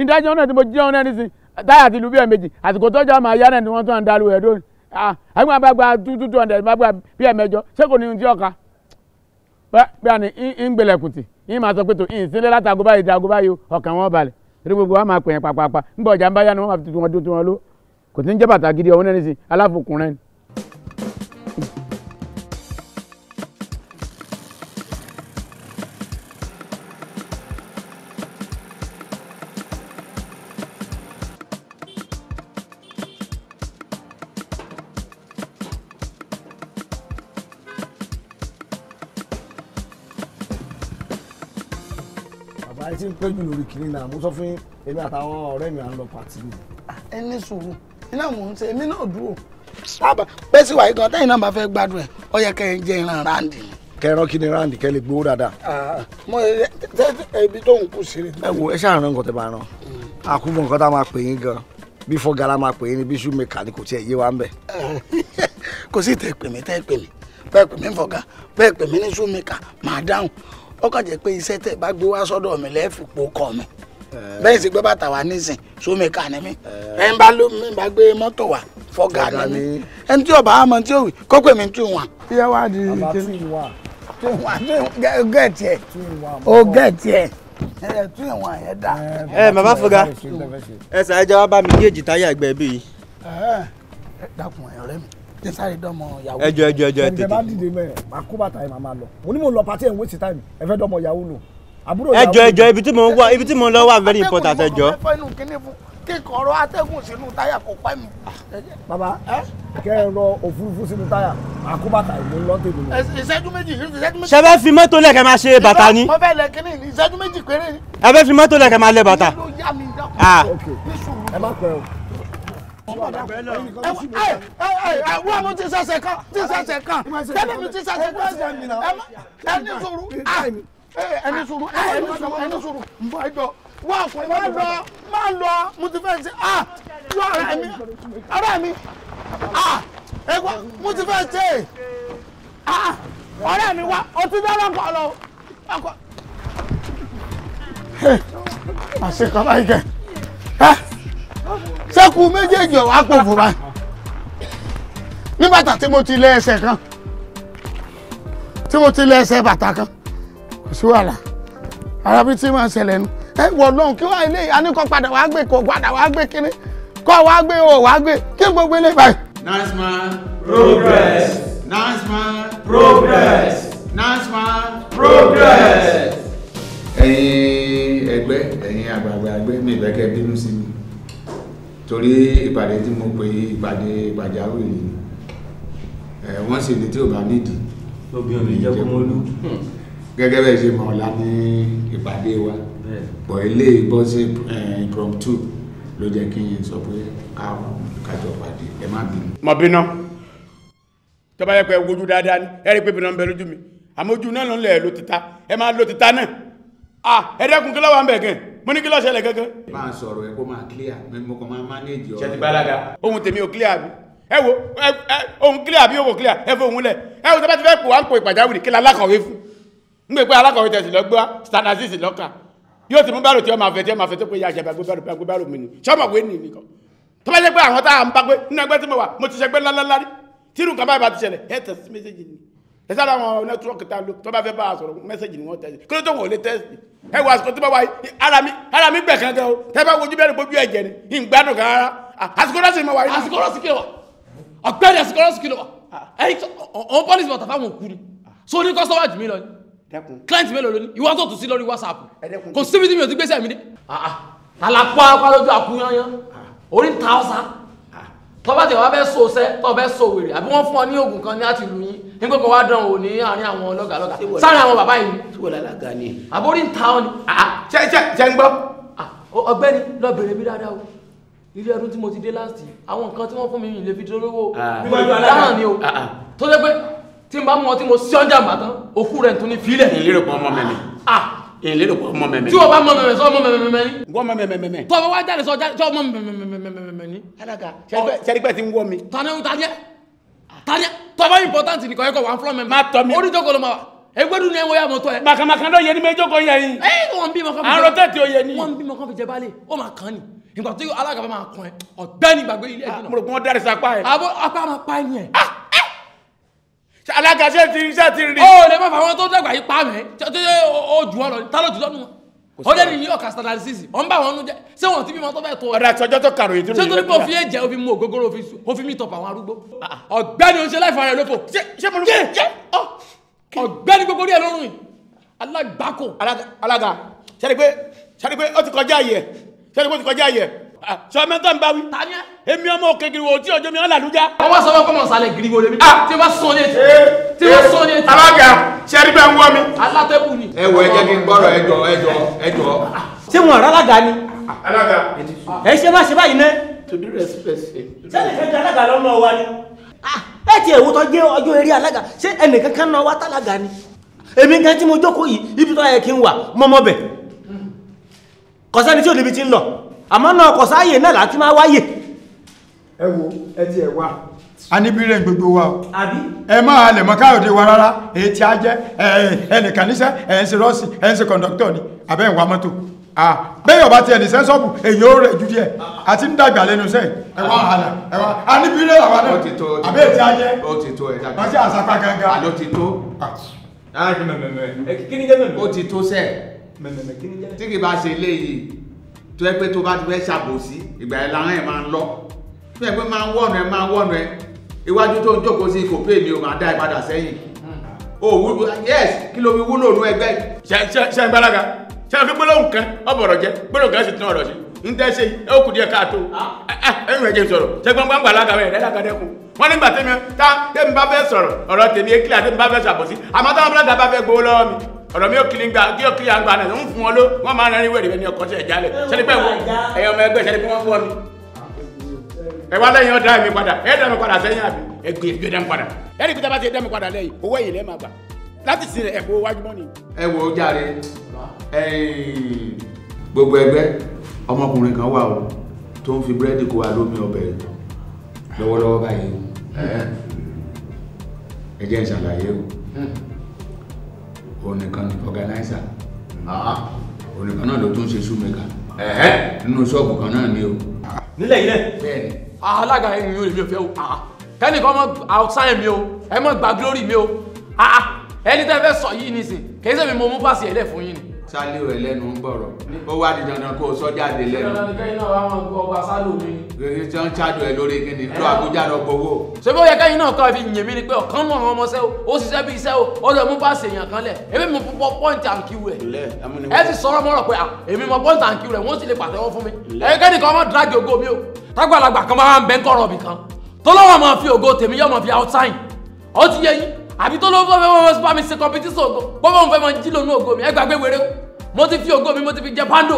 ìdájọ́ náà tí mo jẹun náà nísìn táyà ti lu bí ẹ̀mejì àsìkò tọ́jà máa yá náà ni wọ́n tún à ń dalu ẹ̀ lónìí àgbà bá gba two two two hundred bá gba bí ẹ̀mẹjọ ṣé kò ní ti ọ̀ka bí a ní ń gbẹlẹ̀kùn tì ń máa sọ pé tó ń sílé látago báyìí dago báyìí ọkàn wọn balẹ̀ torí gbogbo wa máa pèyàn pàpàpà ń bọ̀ ọjà ń bá yá ni wọ́n máa fi tuntun wọn dún tiwọn ló kò tí ń jẹ́ bàtà gidi ọ̀hún ẹni sìn aláfokùnrin. pẹ́ jù lórí kiri náà mo sọ fún èmi àtàwọn ọ̀rẹ́ mi à ń lọ pàtì mi. ẹ ní sùúrù iná mò ń ṣe èmi náà dúró sábà bẹ́ẹ̀ sì wáyé gan tẹ́yìn náà bá fẹ́ gbádùn ẹ̀ ọ yẹ kẹ́ ẹ ìran ráǹdì ni kí ni ráǹdì kẹ lè gbowó dáadáa. mo ẹ ibi tó ń kú sí rẹ. ẹ wo ẹ ṣáà rán nǹkan tẹ máa rán àkúbọ̀ mm. nǹkan tá a máa pè yín gan bí fọ́gà la máa pè yín ni bí ṣùmẹ̀kà ni kò tiẹ̀ yé wa ń bẹ̀. kò sí tẹ pèmí tẹ pèmí bẹ́ẹ̀ pèmí fọ́gà bẹ́ẹ̀ pèmí ní ṣùmẹ̀kà máa dáhùn ó kàn jẹ́ pé iṣẹ́ tẹ̀ bá gbé wá sọ́dọ̀ mi lẹ́ẹ̀fìpò kọ̀ mi bẹ́ẹ̀ sì gbé bàtà wá nísìn sómìkà ni mí eh. ẹ̀ ń bá ló mi bá gbé mọ́tò wá fọ́gà ni mí ẹni tí ọba àmọ́ tí ò wí kó pè mí tú wọn. iye wa di tú wọn gẹ̀ẹ́tì ẹ̀ ó gẹ̀ẹ́tì ẹ̀ ẹ eh, eh, bàbá fúga ẹ sàájà wa bá mi kí èjì táyà gbẹ bí. dákun ọ̀rẹ́ mi jẹ́ sáré dọ́mọ ìyàwó. ẹjọ ẹjọ ẹjọ ẹ tètè. ẹnìkan bá dìde mẹ màá kó bàtà yìí màá máa lọ mo ní mo lọ pàtí ẹ̀ ń wéṣì táìmù ẹ fẹ́ dọ́mọ ìyàwó nù. àbúrò ìyàwó ẹjọ ẹjọ ibi tí mo wá ibi tí mo lọ wà very important ẹjọ. kíkọrọ atẹ́gùn sínú táyà kò pẹ́ mi. bàbá kẹ́ ẹ rọ òfurufú sínú táyà àkóbàtà ìlú lọ́tẹ̀ mi. ìṣẹ́jú méjì ìṣẹ́jú méjì. ṣẹ́fẹ́ fi mọ́tò lẹ̀kẹ́ máa ṣe bàtà ni. mo fẹ́ lẹ kínní ìṣẹ́jú méjì péré ni. ẹ fẹ́ fi mọ́tò lẹ̀kẹ́ máa lẹ bàtà. Ah. ẹ má pẹ́ o wọ́n mú ti sọ̀sẹ̀ kan ti sọ̀sẹ̀ kan tẹ́lẹ̀ mi ti sọ̀sẹ̀ kan ẹni sùúrù ẹni sùúrù ẹni sùúrù ẹni sùúrù mbọ́ ẹjọ́ wọ́n ọkùnrin máa lọ máa lọ mo ti fẹ́ ṣe ah lọ ara mi ara mi ah ẹgbẹ́ mo ti fẹ́ ṣe ah ọ̀rẹ́ mi wá ọtí dáná kọ́ lọ ọkọ̀ àṣekọ̀ báyìí kẹ́ ẹ́ sẹ́kù méjèèjì ọ̀wá pò fún wa ní bàtà tí mo ti lẹ ẹsẹ̀ kan tí mo ti lẹ ẹsẹ̀ bàtà kan kò sí wàhálà ara tí máa ṣẹlẹ̀ nu ẹ wọ̀ lọ́hùn kí wàá ilé àníkọ́ padà wàá gbé kò padà wàá gbé kínní kọ́ wàá gbé o wàá gbé kí gbogbo ilé báyìí. NASFMA progress NASFMA progress NASFMA progress. ẹ̀yin ẹgbẹ́ ẹ̀yin àgbààgbà ẹgbẹ́ mi ìbẹ́kẹ́ bínú sí mi torí ìpàdé tí mo pè ìpàdé pàjáwìrì ni wọ́n sì ní tí ò bá nídìí obìnrin jẹ́ kọmọlú gẹ́gẹ́ bẹ́ẹ̀ ṣe mọ̀ ọ̀la ní ìpàdé wa bọ̀ ilé ìbọ́ sí impromptu ló jẹ́ kí n sọ pé káwọn kájọ pàdé ẹ má bínú. mọ̀ bínú tó bá yẹ pé ojú dáadáa ni ẹ rí pé bínú ń bẹ lójú mi àmójú náà ló ń lẹ̀ ló ti ta ẹ máa lo ti ta náà ẹ dẹ́kun kí lọ́wọ́ ń bẹ̀ gan mo ní kí ló ṣẹlẹ̀ gangan. máa sọ̀rọ̀ ẹ̀ kó máa clear mo kàn máa manage ọ̀rọ̀. ṣètì balaga. ohun tèmi ò clear bi ẹ ohun clear bí ohun clear ẹ fún òun lẹ ẹ wo tó bá ti fẹ́ pò wá ìpàjáwìrì kí la fún ń gbé pé alákọ̀wé tẹ̀sí lọ́gbà stanasis lọ́kà yóò ti mú bẹ́rù tí ó máa fẹ́ tí ó máa fẹ́ tó pé ya àṣẹ̀bẹ̀ agbébẹ́rù pé mi ni sọ́mọ̀ wé nì nìkan tó bá jẹ́ pé àwọn tá bá pé nínú ẹgbẹ́ tí mo wà mo ti ṣẹgbẹ́ ńláńlá tírù kan báyìí bá ti ṣẹlẹ̀ ẹ tẹ̀sí méjèèjì ni tẹsí ara wọn nẹtíwọkì tá a lò tó bá fẹ́ bá a sọ̀rọ̀ mẹsẹgì ni wọn tẹsí kí ló tó wọn ò lè tẹsí ẹ wọ àsìkò tó bá wà yìí ara mi ara mi gbẹ kankan o tẹ bá wojú bẹ́ẹ̀ gbójú ẹ̀jẹ̀ ni ìgbádùn kan rárá àsìkò lọsì ni mo wà yìí. àsìkò lọsì kìlọ̀ wa ọ̀gbẹ́ni àsìkò lọsì kìlọ̀ wa ẹ̀yìn ọ̀n pọ́lísì bàtà fáwọn òkú ni so ní kọ́sọ́mà jù mí lọ ni client mélòó ló ní ìwọ tó tù sí lórí whatsapp kò síbi tí mi ò ti gbé sẹ́mi dé. àlàpọ̀ akpọ̀ lójú àkúnyányán orí ń ta ọ̀sán tọ́ba tí wọ́n fẹ́ so sẹ́ tọ́ fẹ́ so wèrè àbí wọ́n fún ọ ní oògùn kan ní láti lu yín ní kókó wá dán o ní àárín àwọn lọ́gàá lọ́gàá sáré àwọn bàbá yìí. tí wọ́n lára ga ni. àbórí ń ta ọ ni. ṣe ṣe ṣe ń gbọ́. Ah, ọ̀gbẹ́ni lọ bèrè mi dáadáa o ilé ọdún tí mo ti dé láti àwọn nǹkan tí wọ́n fún mi yìí lè fi dolówó. Ah. dáhà ni o ah, tó jẹ́ pé tí n bá mú ọ tí mo sí ọjà màtán òkú rẹ̀ tún ní fílẹ̀. ìlérò pọ̀ ọmọ mẹ́mi èlé ló pọ̀ mọ mẹ́mẹ́. tí o bá mọ mẹ́mẹ́ sọ mọ mẹ́mẹ́ ni. n kò mọ mẹ́mẹ́ mẹ́. tọ́ ọ wá jáde sọ jáde sọ mọ mẹ́mẹ́ ni. alaka sẹ́dígbẹ́ ti ń wọ́ mi. tani tani tani tọ́ba important ni kọ́yẹ́kọ́ wà ń fúlọ́ mẹ́mẹ́. má tọ́ mi. orí jókòó ló ma wa egbedu ni ẹ wọ́yà mọ́tọ́ ẹ. màkàmàkà náà yẹ ni méjòkó yẹ yín. ẹ wọn bí mọkàn fi jẹ àrò tẹ̀tì ó yẹ ni. wọn bí mọkàn fi jẹ balẹ̀ ó máa kàn ni nígbà tó alága bá máa kàn ẹ ọ̀gbẹ́ni gbàgbé ilé ẹ̀jẹ̀ náà. Ah, mo rò pé wọ́n dárí sapá ẹ. àbọ̀ apá máa pa ẹ ni ah! ẹ alága ṣe ti ṣe ti rí. ó lè má fà wọn tó dàgbà yìí pa mẹ́ tó yẹ ojú ọ̀rọ̀ ta ló jù lọ́nu wọn. ó lè ní new york standard six ọ̀ ń bá wọn nu jẹ́ ṣé wọn ti bí wọn tó fẹ́ tó. ọ̀dà àtijọ́ tó kàròyìn tó lè yẹ kó rà. ṣé torí pé òfin ẹ̀jẹ̀ òfin mu ògógóró òfin mi tọ̀pọ̀ àwọn arúgbó. Ah, ah. ọ̀gbẹ́ni oṣù láìfọ̀ rẹ̀ lóko. ṣé mo rú. ọ̀gbẹ́ni gbogbo rí ẹ lọ́rùn yìí alágbákò. alága ṣe sọmẹtọ n bá wí. taniya. èmi ọmọ òkèkiri wo tí ọjọ́ mi ọ̀la lùjá. ọwọ́ sọ fún ọmọ sàlẹ̀ gírí wo lebi. Ah! tí o bá sọ ní etí. Eh! tí o bá sọ ní etí. alága sẹ́ni bẹ́ẹ̀ ń wọ́ mi. alátẹ́kù ni. ẹ wọ ẹ jẹ́ kí n gbọ́rọ̀ ẹ jọ ẹ jọ ẹ jọ. ṣé wọn ọ̀rọ̀ alága ni. alága. ẹ ṣe má ṣe báyìí ná. to do respect. sẹ́ni fẹ́ jẹ́ alága lọ́nà wa ni. Ah! ẹ ti ẹ̀wò tó jẹ́ ọjọ́ eré alága ṣé ẹnìkan kan náà wá tálága ni. èmi kan tí mo jókòó yìí ibi tó yẹ kí n wà mọ́mọ́ bẹ̀. kọ̀sẹ́ni tí ò níbi ti ń lọ. àmọ́ náà kọ̀ sáàyè náà láti máa wáyè ẹ wo ẹ a níbi rẹ̀ gbogbo wa o ẹ máa halẹ̀ mọ́ káyọ̀dé wa rárá èyí tí a jẹ́ ẹnìkan níṣẹ́ ẹ̀ ń ṣe ni àbẹ́ ìwà mọ́tò bẹ́ẹ̀ ọba ti ẹni sẹ́sọ́ọ̀bù èyí ó rẹ̀ ju díẹ̀ àti ń dàgbà lẹ́nu sẹ́yìn ẹ a níbi rẹ̀ làwọn náà àbẹ́ èyí tí a jẹ́ ti àṣà pa mẹ̀mẹ̀mẹ̀ kí jẹ́ mẹ̀mẹ̀. tí kì bá ṣe léyìí tó yẹ pé tó bá ti fẹ́ ṣàbòsí ìgbà yẹn làwọn ẹ̀ máa ń lọ tó yẹ pé máa ń wọ̀nà ẹ̀ máa ń wọ̀nà ẹ̀ iwájú tó ń jókòó sí kò pé mi ò máa dá ìpadà sẹ́yìn o wúlò yes kí ló fi wúlò nú ẹgbẹ́ yìí. ṣe ṣe ṣe ń balaga ṣe fi gbólóhùn kan ọ̀bọ̀rọ̀ jẹ gbólóhùn kan sì tún ọ̀rọ̀ sí n tẹ́ ṣe ẹ ó kù díẹ̀ káàtó ẹ ẹ ń rẹ̀jẹ̀ sọ̀rọ̀ ṣe gbọ́ngbọ́n gbàlaga rẹ̀ lẹ́dàkadẹ́kù wọ́n nígbà tẹ́mi tá tẹ́mi bá fẹ́ sọ̀rọ̀ ọ̀rọ̀ tèmi ekele àti tẹ́mi bá fẹ́ ṣàbòsí àmọ́ táwọn bíláàdà bá fẹ́ gbowó lọ́wọ́ mi ọ̀rọ̀ mi ò kiri gba kí ó kiri àgbà náà ń fún wọn ló wọ́n máa rẹ́rìn wèrè bẹ́ẹ̀ ni ọkọ̀ sí ẹ̀jálẹ̀ sẹ́ni pẹ́ wọ́n ẹ̀yọ́ ọmọ ẹgbẹ́ sẹ́ni pé wọ́n fún ọ mi. ẹ wá lẹ́yìn mi padà ẹ mi padà sẹ́yìn àbí ẹ gbé gbé mi padà. ẹni kúta bá ti dá mi padà lẹ́yìn owó èyí lẹ́ máa gbà láti sin ẹ̀kọ́ wájú mọ́ ẹ wo jàre gbogbo ẹgbẹ́ ọmọkùnrin kan wà o tó ń fi búrẹ́dì kó wa ọbẹ̀ lọ́wọ́lọ́wọ́ báyìí ẹ jẹ́ ìṣàlàyé o onìkan organizer ah. Ah, onìkan náà ló tún ṣe ṣúmẹ́kà nínú ṣọ́ọ̀bù kan náà ni o. Ah. nílẹ̀ yìí lẹ̀ bẹ́ẹ̀ni. alága ẹ̀yìn olè mi ò fẹ́ o kẹ́nìkan mọ outside mi o ẹ mọ gba glory mi o ẹni tẹ́ fẹ́ sọ yìí nìsín kì í ṣe mi mo mú pàṣẹ ẹ̀lẹ́ fún yín ni sálíò rẹ lẹ́nu ń bọ̀rọ̀ ó wá di dandan kó o sọ jáde lẹ́nu. kẹ́yìn náà wá wọn kọ ọba sálò mi. rere tí wọ́n ń ṣáàdù ẹ lórí kí ni lọ àbújá lọ gbowó. ṣé bí ó yẹ kẹ́yìn náà kọ́ fi yìn mí ni pé ọ̀kan náà àwọn ọmọọṣẹ́ o ó ṣiṣẹ́ bí iṣẹ́ o ó lọ mú páàsì èèyàn kan lẹ̀ èmi mo pọ pọ́ǹtì àǹkíw rẹ̀ ẹ ti sọ̀rọ̀ mọ́rọ̀ pé èmi mo pọ́ǹtì àǹkíw rẹ̀ wọ́n sì lè pàtẹ́wọ́ fún mi ẹ̀ẹ́dẹ́nìkan ọmọ dráàgì o tágbàlagbà kan bá wà ń bẹ́ ń kọ̀rọ̀ ibì kan tó lọ́wọ́ máa fi ògo tèmi yóò fi outside ó ti yẹ àbí tó ló fẹ́ fẹ́ bá mi ṣe competition ògo gbọ́dọ̀ mo fẹ́ mọ jí lónú ògo mi ẹ gbàgbé wéré mo ti fi ògo mi mo ti fi jẹ pando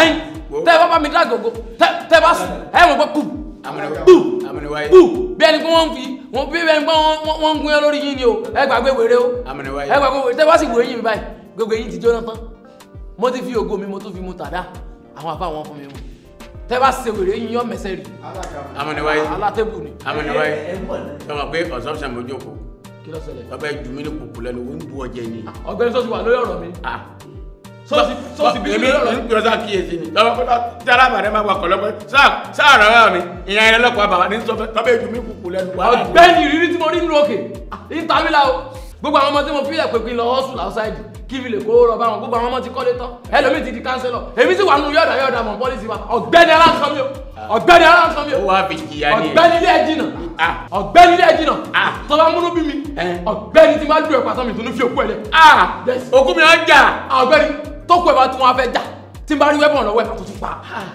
ẹyin tẹ bá bá mi dá gògó tẹ bá ẹ mọ̀ pé kù bù bù bí ẹni pé wọ́n fi wọ́n bí ẹni pé wọ́n ń gún yẹn lórí yín ni o ẹ gbàgbé wéré o ẹ gbàgbé wéré tẹ bá sì wòye mi báyìí gbogbo eyín ti jóná tán mo ti fi ògo mi mo tún fi mu tàdá àwọn àbá wọn fún mi mu tẹ bá ṣe wèrè yín yọ mẹsẹ rí. amúniwáyé alátẹ́bù ni. amúniwáyé tọmọ pé ọ̀sán ṣàmójókòó kí ló ṣẹlẹ̀. bàbá ẹ jù mí ní kòkò lẹ́nu ó ń bu ọjẹ ni. Ah, ọ̀gbẹ́ni sọ́ọ̀sì wà lórí ọ̀rọ̀ mi. Ah. sọ́ọ̀sì bí mi lọ́rọ̀ mi gbọ́dọ̀ kíyèsí ni. bàbá kọ́tà tí alábàárẹ̀ máa wà kọ̀lọ́pọ̀ sáà rárá mi ìyá ẹ lọ́kọ̀ àbàbà ní sọ bàbá jù mí kòkò lẹ́nu. ọ̀gbẹ́ni ìrírí tí mo rí nínú òkè ìtàmílà o gbogbo àwọn ọmọ tí mo fi ẹ̀pẹ̀pẹ̀ lọ hustle outside kí fi lè kó rọ báwọn gbogbo àwọn ọmọ ti kọ́lé tán ẹlòmíì ti di kánsẹ́lọ̀ èmi sì wà nínú yọ̀dà yọ̀dà mọ̀ pọ́lísì wa ọ̀gbẹ́ni aláǹkan mi o ọ̀gbẹ́ni aláǹkan mi o ọ̀gbẹ́ni ilé ẹ̀jìnà ọ̀gbẹ́ni ilé ẹ̀jìnà tó bá múnú bí mi ọ̀gbẹ́ni ti máa dùn ẹ̀pà tán mi tó ní fi òkú ẹ̀ lẹ̀. òkú mi á jà. ọ̀gbẹ́ni tó kú ẹ̀ bá tún wọn fẹ́ jà tí n bá rí wẹ́pọ̀n lọ́wọ́ ẹ̀ tó ti pa.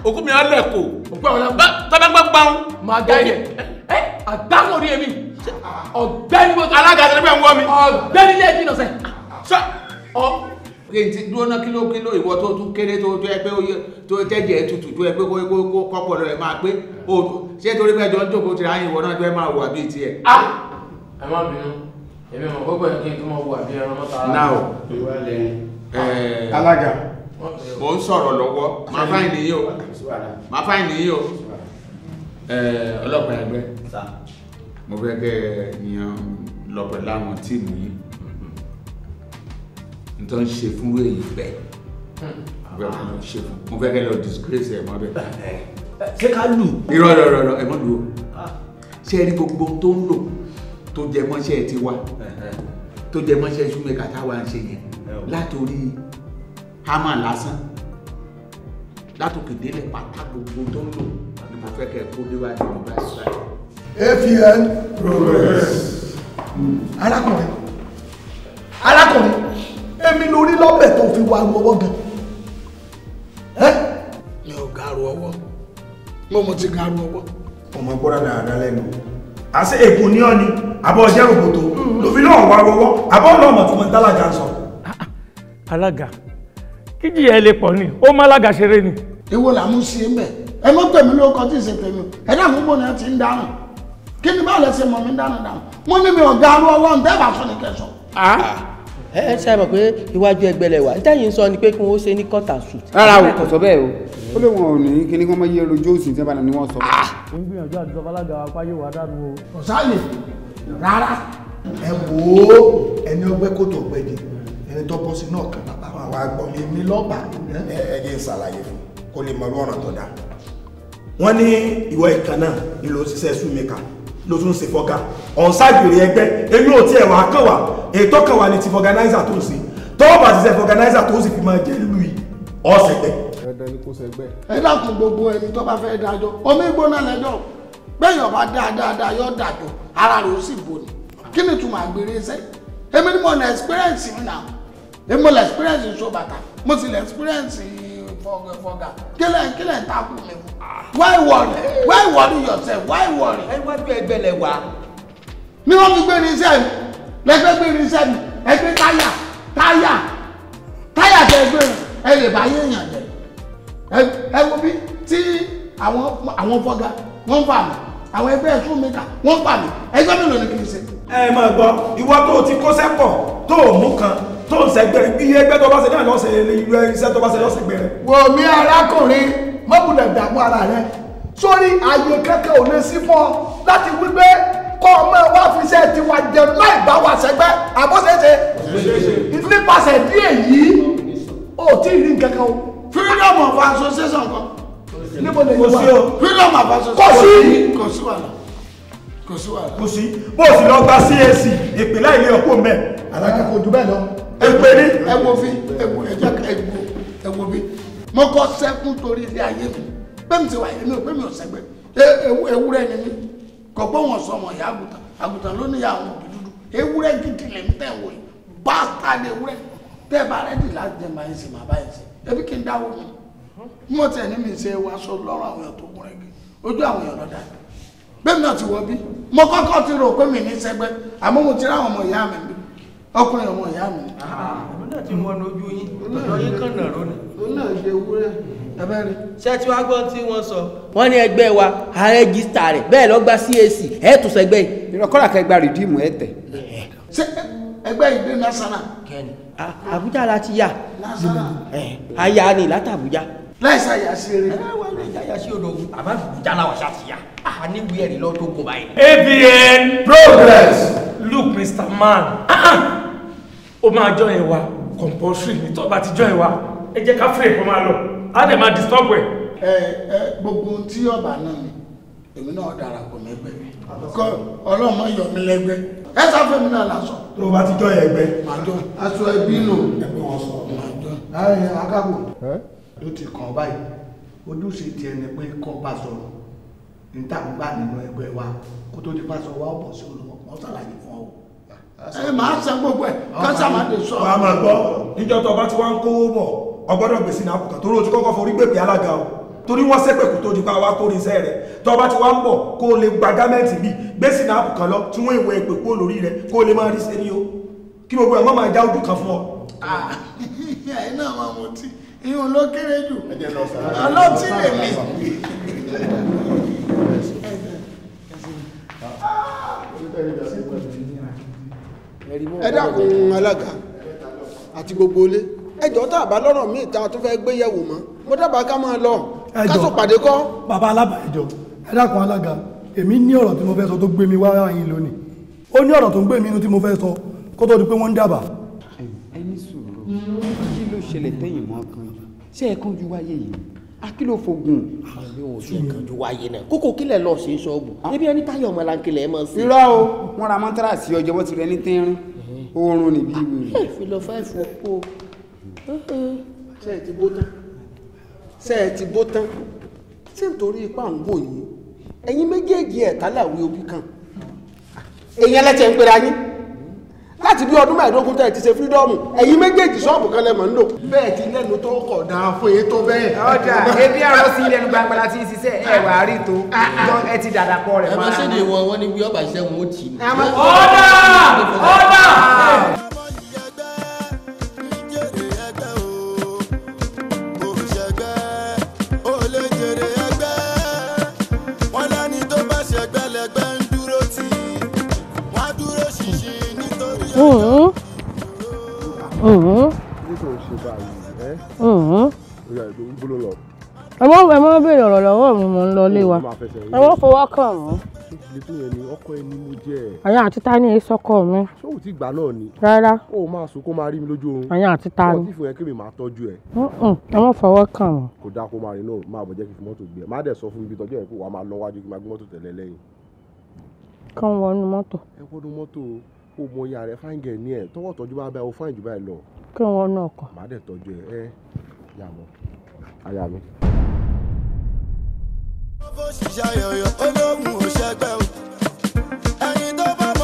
òkú mi á lẹ̀ kó. òkú ẹ̀ wọ́n lọ. tọ́lá gbọ́ gbọ́n. máa gá ọ́ kí n ti dúró ná kíló kíló ìwọ tó tún kéré tó tó ẹgbẹ́ oyè tó tẹ́jẹ̀ tutù tó ẹgbẹ́ kó kọ́pọ̀ rẹ̀ máa pé o ṣé torí pé ẹjọ́ ń jókòó tìrẹ ayé ìwọ náà fẹ́ máa wà bíi tiẹ̀. ẹ má bínú èmi mọ̀ gbogbo ẹ̀ kí n tó máa wà bíi ẹran mọ́ta. náà ìwà lẹ́yìn. mo ń sọ̀rọ̀ lọ́wọ́ máa fáìn nìyí o máa fáìn nìyí o ọlọ́pàá ẹgbẹ́ mo fẹ́ kẹ́ yan lọ pẹ̀lú tíìmù yìí n tó ń ṣe fún èyí bẹ́ẹ̀ mo ṣe fún mo fẹ́ kẹ́ lọ disgrace ẹ̀ mọ́ bẹ́ẹ̀. Eh, eh, ṣé ká lù. irọ́ irọ́ irọ́ ẹ̀ mọ́ lù o ṣé ẹ rí gbogbo tó ń lò tó jẹ mọ́ṣẹ́ ti wá tó jẹ mọ́ṣẹ́ ṣúmẹ́ kàtà wá ń ṣe yẹn eh, oh. látòrí hámà lásán látòkè délẹ̀ pátá gbogbo tó ń lò ni mo fẹ́ kẹ́ kó déwájú mi bá ṣe. APN progress. alákùnrin alákùnrin. èmi lórí lọ́bẹ̀ tó fi wá ọwọ́ gan ẹ́ mi ò gàrú ọwọ́ mo mo ti gàrú ọwọ́. ọmọ gbọ́dọ̀ dáadáa lẹ́nu àṣé ègùn ní ọ́ni àbọ̀ ọjẹ́ rògbòtò mm-hmm. lòfin náà wá ọwọ́ àbọ̀ ọlọ́mọ tí mo ń tálága sọ. Ah, ah. alága kíjì ẹ lè pọ̀ ni ó má alága ṣeré ni. ìwọ là mú sí mẹ ẹ mọ pèmí ló kọ tí ì ṣe pèmí ẹ náà mú bọ́ọ̀nù ẹ ti ń kí ni báwo lẹ mọ̀ mí mo ní mi ò ọwọ́ ẹ ẹ ṣe àmọ̀ pé iwájú ẹgbẹ́ lẹ̀ wà ntẹ́yìn sọ ni pé kí wọ́n ṣe ní kọ́tà sùt. rárá o kò sọ bẹ́ẹ̀ o ó lè wọn ò ní kí ni kí wọ́n máa yẹ rojú òsì tí wọ́n wọ́n sọ. ó ah! ń gbìyànjú àti sọfọlá ga apá yóò wá dànù o. ọ̀sáyè rárá ẹ wò ó ẹni ọgbẹ́ kòtò ọgbẹ́ di ẹni tó bọ́ sí náà kan bàbá wa gbọ́ èmi lọ́ba ẹni ṣàlàyé fún kó lè mọ ọ̀rọ̀ tó dáa wọ́n ní ìwọ ìkànnà ìlò òṣìṣẹ́ súnmẹ́ka ló tún ṣe fọ́gà ọ̀nsáàgìrì ẹgbẹ́ èmi ò tiẹ̀ wá kàn wá ètò kan wà ní ti fọ́gànáìsà tó ń ṣe tọ́ọ̀bù àti ṣe fọ́gànáìsà tó ń ṣe fi máa jẹ́ lù yìí ọ̀sẹ̀ tẹ̀. ẹ̀dá ni kò sẹ́gbẹ́. ẹ dákun gbogbo ẹni tó bá fẹ́ dájọ́ omi gbóná lẹ́jọ́ bẹ́ẹ̀yàn bá dáa dáadáa yọ dájọ́ ara rẹ̀ ó sì bòní kí ni tùmọ̀ àgbèrè ṣe èmi ni mo lè experience mi náà èmi mo lè experience ìṣó bàtà mo sì lè experience fọ́gà kílẹ̀ kílẹ̀ takùn mi why worry why worry yourself why worry. ẹ wájú ẹgbẹ́ lẹ wá. ní wọ́n fi gbé irinṣẹ́ mi lẹ́gbẹ́ gbé irinṣẹ́ mi ẹgbẹ́ táyà táyà táyà tẹ ẹgbẹ́ ẹ lè bá yé èèyàn jẹ ẹ wo bí tí àwọn àwọn fọ́gà wọ́n fà mí àwọn ẹgbẹ́ ẹ̀sùn mi kà wọ́n fà mí ẹgbẹ́ mélòó ni kì í ṣe. ẹ máa gbọ́ ìwọ tó o ti kó sẹ́pọ̀ tó o mú kan tó o sẹ́gbẹ̀rẹ̀ bí ẹgbẹ́ tó bá ṣe náà lọ́sẹ̀ ilé iṣẹ́ tó bá ṣe lọ́sẹ̀ gbẹ̀rẹ̀. wò mí arákùnrin mọ́kùnlẹ̀ dààmú ara rẹ sórí ààyè kankan ò lè sí fún ọ láti wípé kọ́ ọmọ wa fi iṣẹ́ tiwa jẹ láì bá wa sẹ́gbẹ́ àbọ̀ṣẹ́ṣe nípasẹ̀ díẹ̀ yìí ò tí ì rí nǹkan kan o. freedom of association kan. níbo lè yẹ wa freedom of association. kò sí kò sí wàhálà kò sí wàhálà. kò sí bó o sì lọ gba CAC ìpínlẹ̀ ilé ọkọ mẹ́. alága kò jù bẹ́ẹ̀ lọ. ẹ pé ní. ẹ wo fi ẹ wo ẹ jẹ ẹ wo ẹ wo bí mo kọ́ sẹ́kún torí ilé ayé mi bẹ́ẹ̀ni ti wà èmi ò pé mi ò sẹ́gbẹ́ e, ewúrẹ́ ni mí kò pé wọn sọ ọmọ ìyá àgùntàn àgùntàn ló ní àwọn òbí dúdú ewúrẹ́ gidi lè ń tẹ̀ wò yìí báàtà ni ewúrẹ́ tẹ́ ẹ bá rẹ́dì láti jẹ màá ẹsẹ̀ màá bá ẹsẹ̀ ebi kí n dáwọ́ mi mo tẹ̀ ní mi ṣe wàásù lọ́rọ̀ àwọn èèyàn tó kún rẹ̀ ojú àwọn èèyàn lọ́dà bẹ́ẹ̀ náà ti wọ́ bí mo kọ́kọ́ ti rò pé ní sẹ́gbẹ́ àmọ́ mo ti ráwọn ọmọ ìyá mi ọkùnrin ọmọ ìyá mi náà ti mọ lójú yín lọ yín kàn náà lónìí. náà ṣe ewúrẹ́ abẹ́rẹ́. ṣé tí wàá gbọ́ tí wọ́n sọ. wọ́n ní ẹgbẹ́ wa àrẹ́gísítà rẹ̀ bẹ́ẹ̀ lọ́gbà CAC ẹ̀ tún sẹgbẹ́ yìí. ìrọ̀kọ́lá kẹgbà rìdíìmù ẹ̀ tẹ̀. ṣé ẹgbẹ́ ìgbé nasara. kẹ́ni Àbújá la ti yà. nasara. aya ni látàbújá. láìsí àyà sí eré. ẹ wá láìsí àyà sí odò àmọ́ Àbújá la wàṣà ti yà. a ní wíyẹn ni lọ́ọ́ tó kó báyìí. AVN progress. look Mr. Man o ah, ah. máa jọ yẹn wa compulsory ní tó bá ti join wa ẹ jẹ́ ká free ẹ̀kọ́ máa lọ á dẹ̀ máa disturb ẹ̀. ẹ ẹ gbogbo tí ọba náà mi èmi náà darapọ̀ mẹ́gbẹ̀ẹ́ kọ ọlọ́mọ yọ mi lẹ́gbẹ́ ẹ sáfẹ́ mi náà lásọ. tó o bá ti join ẹgbẹ́. màjọ aṣọ ẹbí nù. ẹgbẹ́ wọn sọ. màjọ ẹ akábò ló ti kàn báyìí ojúṣe tiẹ̀ ni pé kọ́ bá sọ̀rọ̀ níta gbà nínú ẹgbẹ́ wa kó tó di pásọ wa ọ̀pọ̀ sí olùwọ̀n wọn fún ọ ẹ máa san gbogbo ẹ kásá máa dé sọ. wàá máa gbọ́ níjọ́ tó bá ti wá ń kówó bọ̀ ọgbọ́dọ̀ gbèsè ní àpòkà torí ojú kọ́kọ́ forí gbèpè alága o torí wọ́n sẹ́pẹ̀ kó tó di pa wá kórè iṣẹ́ rẹ̀ tó bá ti wá ń bọ̀ kó o lè gba gámẹ́ǹtì bíi gbèsè ní àpòkà lọ tí wọ́n ìwé èpè kó lórí rẹ̀ kó o lè máa rí ṣe ní o kí gbogbo ẹ̀ má máa já ojú kan fún ọ. Ah, ẹ ẹ dákun alága àti gbogbo ilé ẹjọ́ tá a bá lọ́rọ̀ míì ta tó fẹ́ gbé yẹ̀wò mọ́ mo dábàá ká máa lọ kásò pàdé kọ́. bàbá alábà ẹjọ́ ẹ alága èmi ní ọ̀rọ̀ tí mo fẹ́ sọ tó gbé mi wá yín lónìí ó ní ọ̀rọ̀ tó ń gbé mi inú tí mo fẹ́ sọ kó tó di pé wọ́n ń dábàá. ẹni sùúrù kí ló ṣẹlẹ̀ tẹ́yìn mọ́ kan ṣé ẹ kánjú wáyé yìí akílò fògùn. Ah, yóò ṣe kanjú wáyé náà kókò kílẹ̀ lọ ṣe ṣọ́ọ̀bù ah. ebi ẹni táyọ̀ ọmọ lankilẹ̀ ẹ mọ̀ sí. irọ́ o wọ́n ra mọ́tàrà sí ọjọ́ wọ́n ti rẹ ní tẹ́rín eh. oorun níbí ìwé. ẹ fi lọ fáìfù ọkọ ṣe ẹ ti bó tán ṣe ẹ ti bó tán ṣé nítorí ipá ń wò yìí ẹ̀yin méjèèjì ẹ̀ tálà wí kan èyí ẹlẹ́tẹ̀ ń pera yín láti bí ọdún mẹ́ẹ̀ẹ́dógún tẹ̀ ti ṣe fírídọ́ọ̀mù ẹ̀yin méjèèjì ṣọ́ọ̀bù kan lẹ́mọ̀ ń lò. bẹ́ẹ̀ ti lẹ́nu tó kọ̀ dáa fún yín tó bẹ́ẹ̀. ọjà ebi àrọ sí ilẹ̀ gbangba láti ṣiṣẹ́ ẹ wà á rí tó ah, ah. ẹ ti dàdà pọ̀ rẹ̀ mọ́ra. ẹ máa ṣèdè wọn wọn ní bí ọba ṣiṣẹ́ wọn ó tì í. ọ̀dà ọ̀dà. ẹ mọ ẹ mọ béèrè ọ̀rọ̀ lọ́wọ́ mi mò ń lọ lé wa ẹ mọ fọwọ́ kàn mọ́. ṣètò yẹn ni ọkọ ẹni mo jẹ. àyà àti ta ni sọkọ mi. ṣé o ti gbà náà ni. rárá. o máa sùn máa rí mi lójú oorun. àyà àti ta ni. wọ́n fún yẹn kí mi máa tọ́jú ẹ. ẹ mọ kàn mọ́. kò dáa kó máa rí náà máa bọ̀ jẹ́ kí n fi mọ́tò gbé ẹ má dẹ̀ sọ fún mi bí tọ́jú ẹ̀ kó wàá máa lọ wájú kí n máa gbé mọ́tò tẹ̀lé lẹ́yìn. kàn wọnú mọ́tò. ẹ kó mọ ìyá rẹ fáǹgẹ ní ẹ tọwọ tọjú bá bá o fáǹjù báyìí lọ. kí wọn náà kọ. màá dẹ̀ tọjú ẹ ẹ yà mọ àyà mi. bó ṣiṣẹ́ yọ̀yọ̀ ó lóhùn òṣègbè ẹni tó bá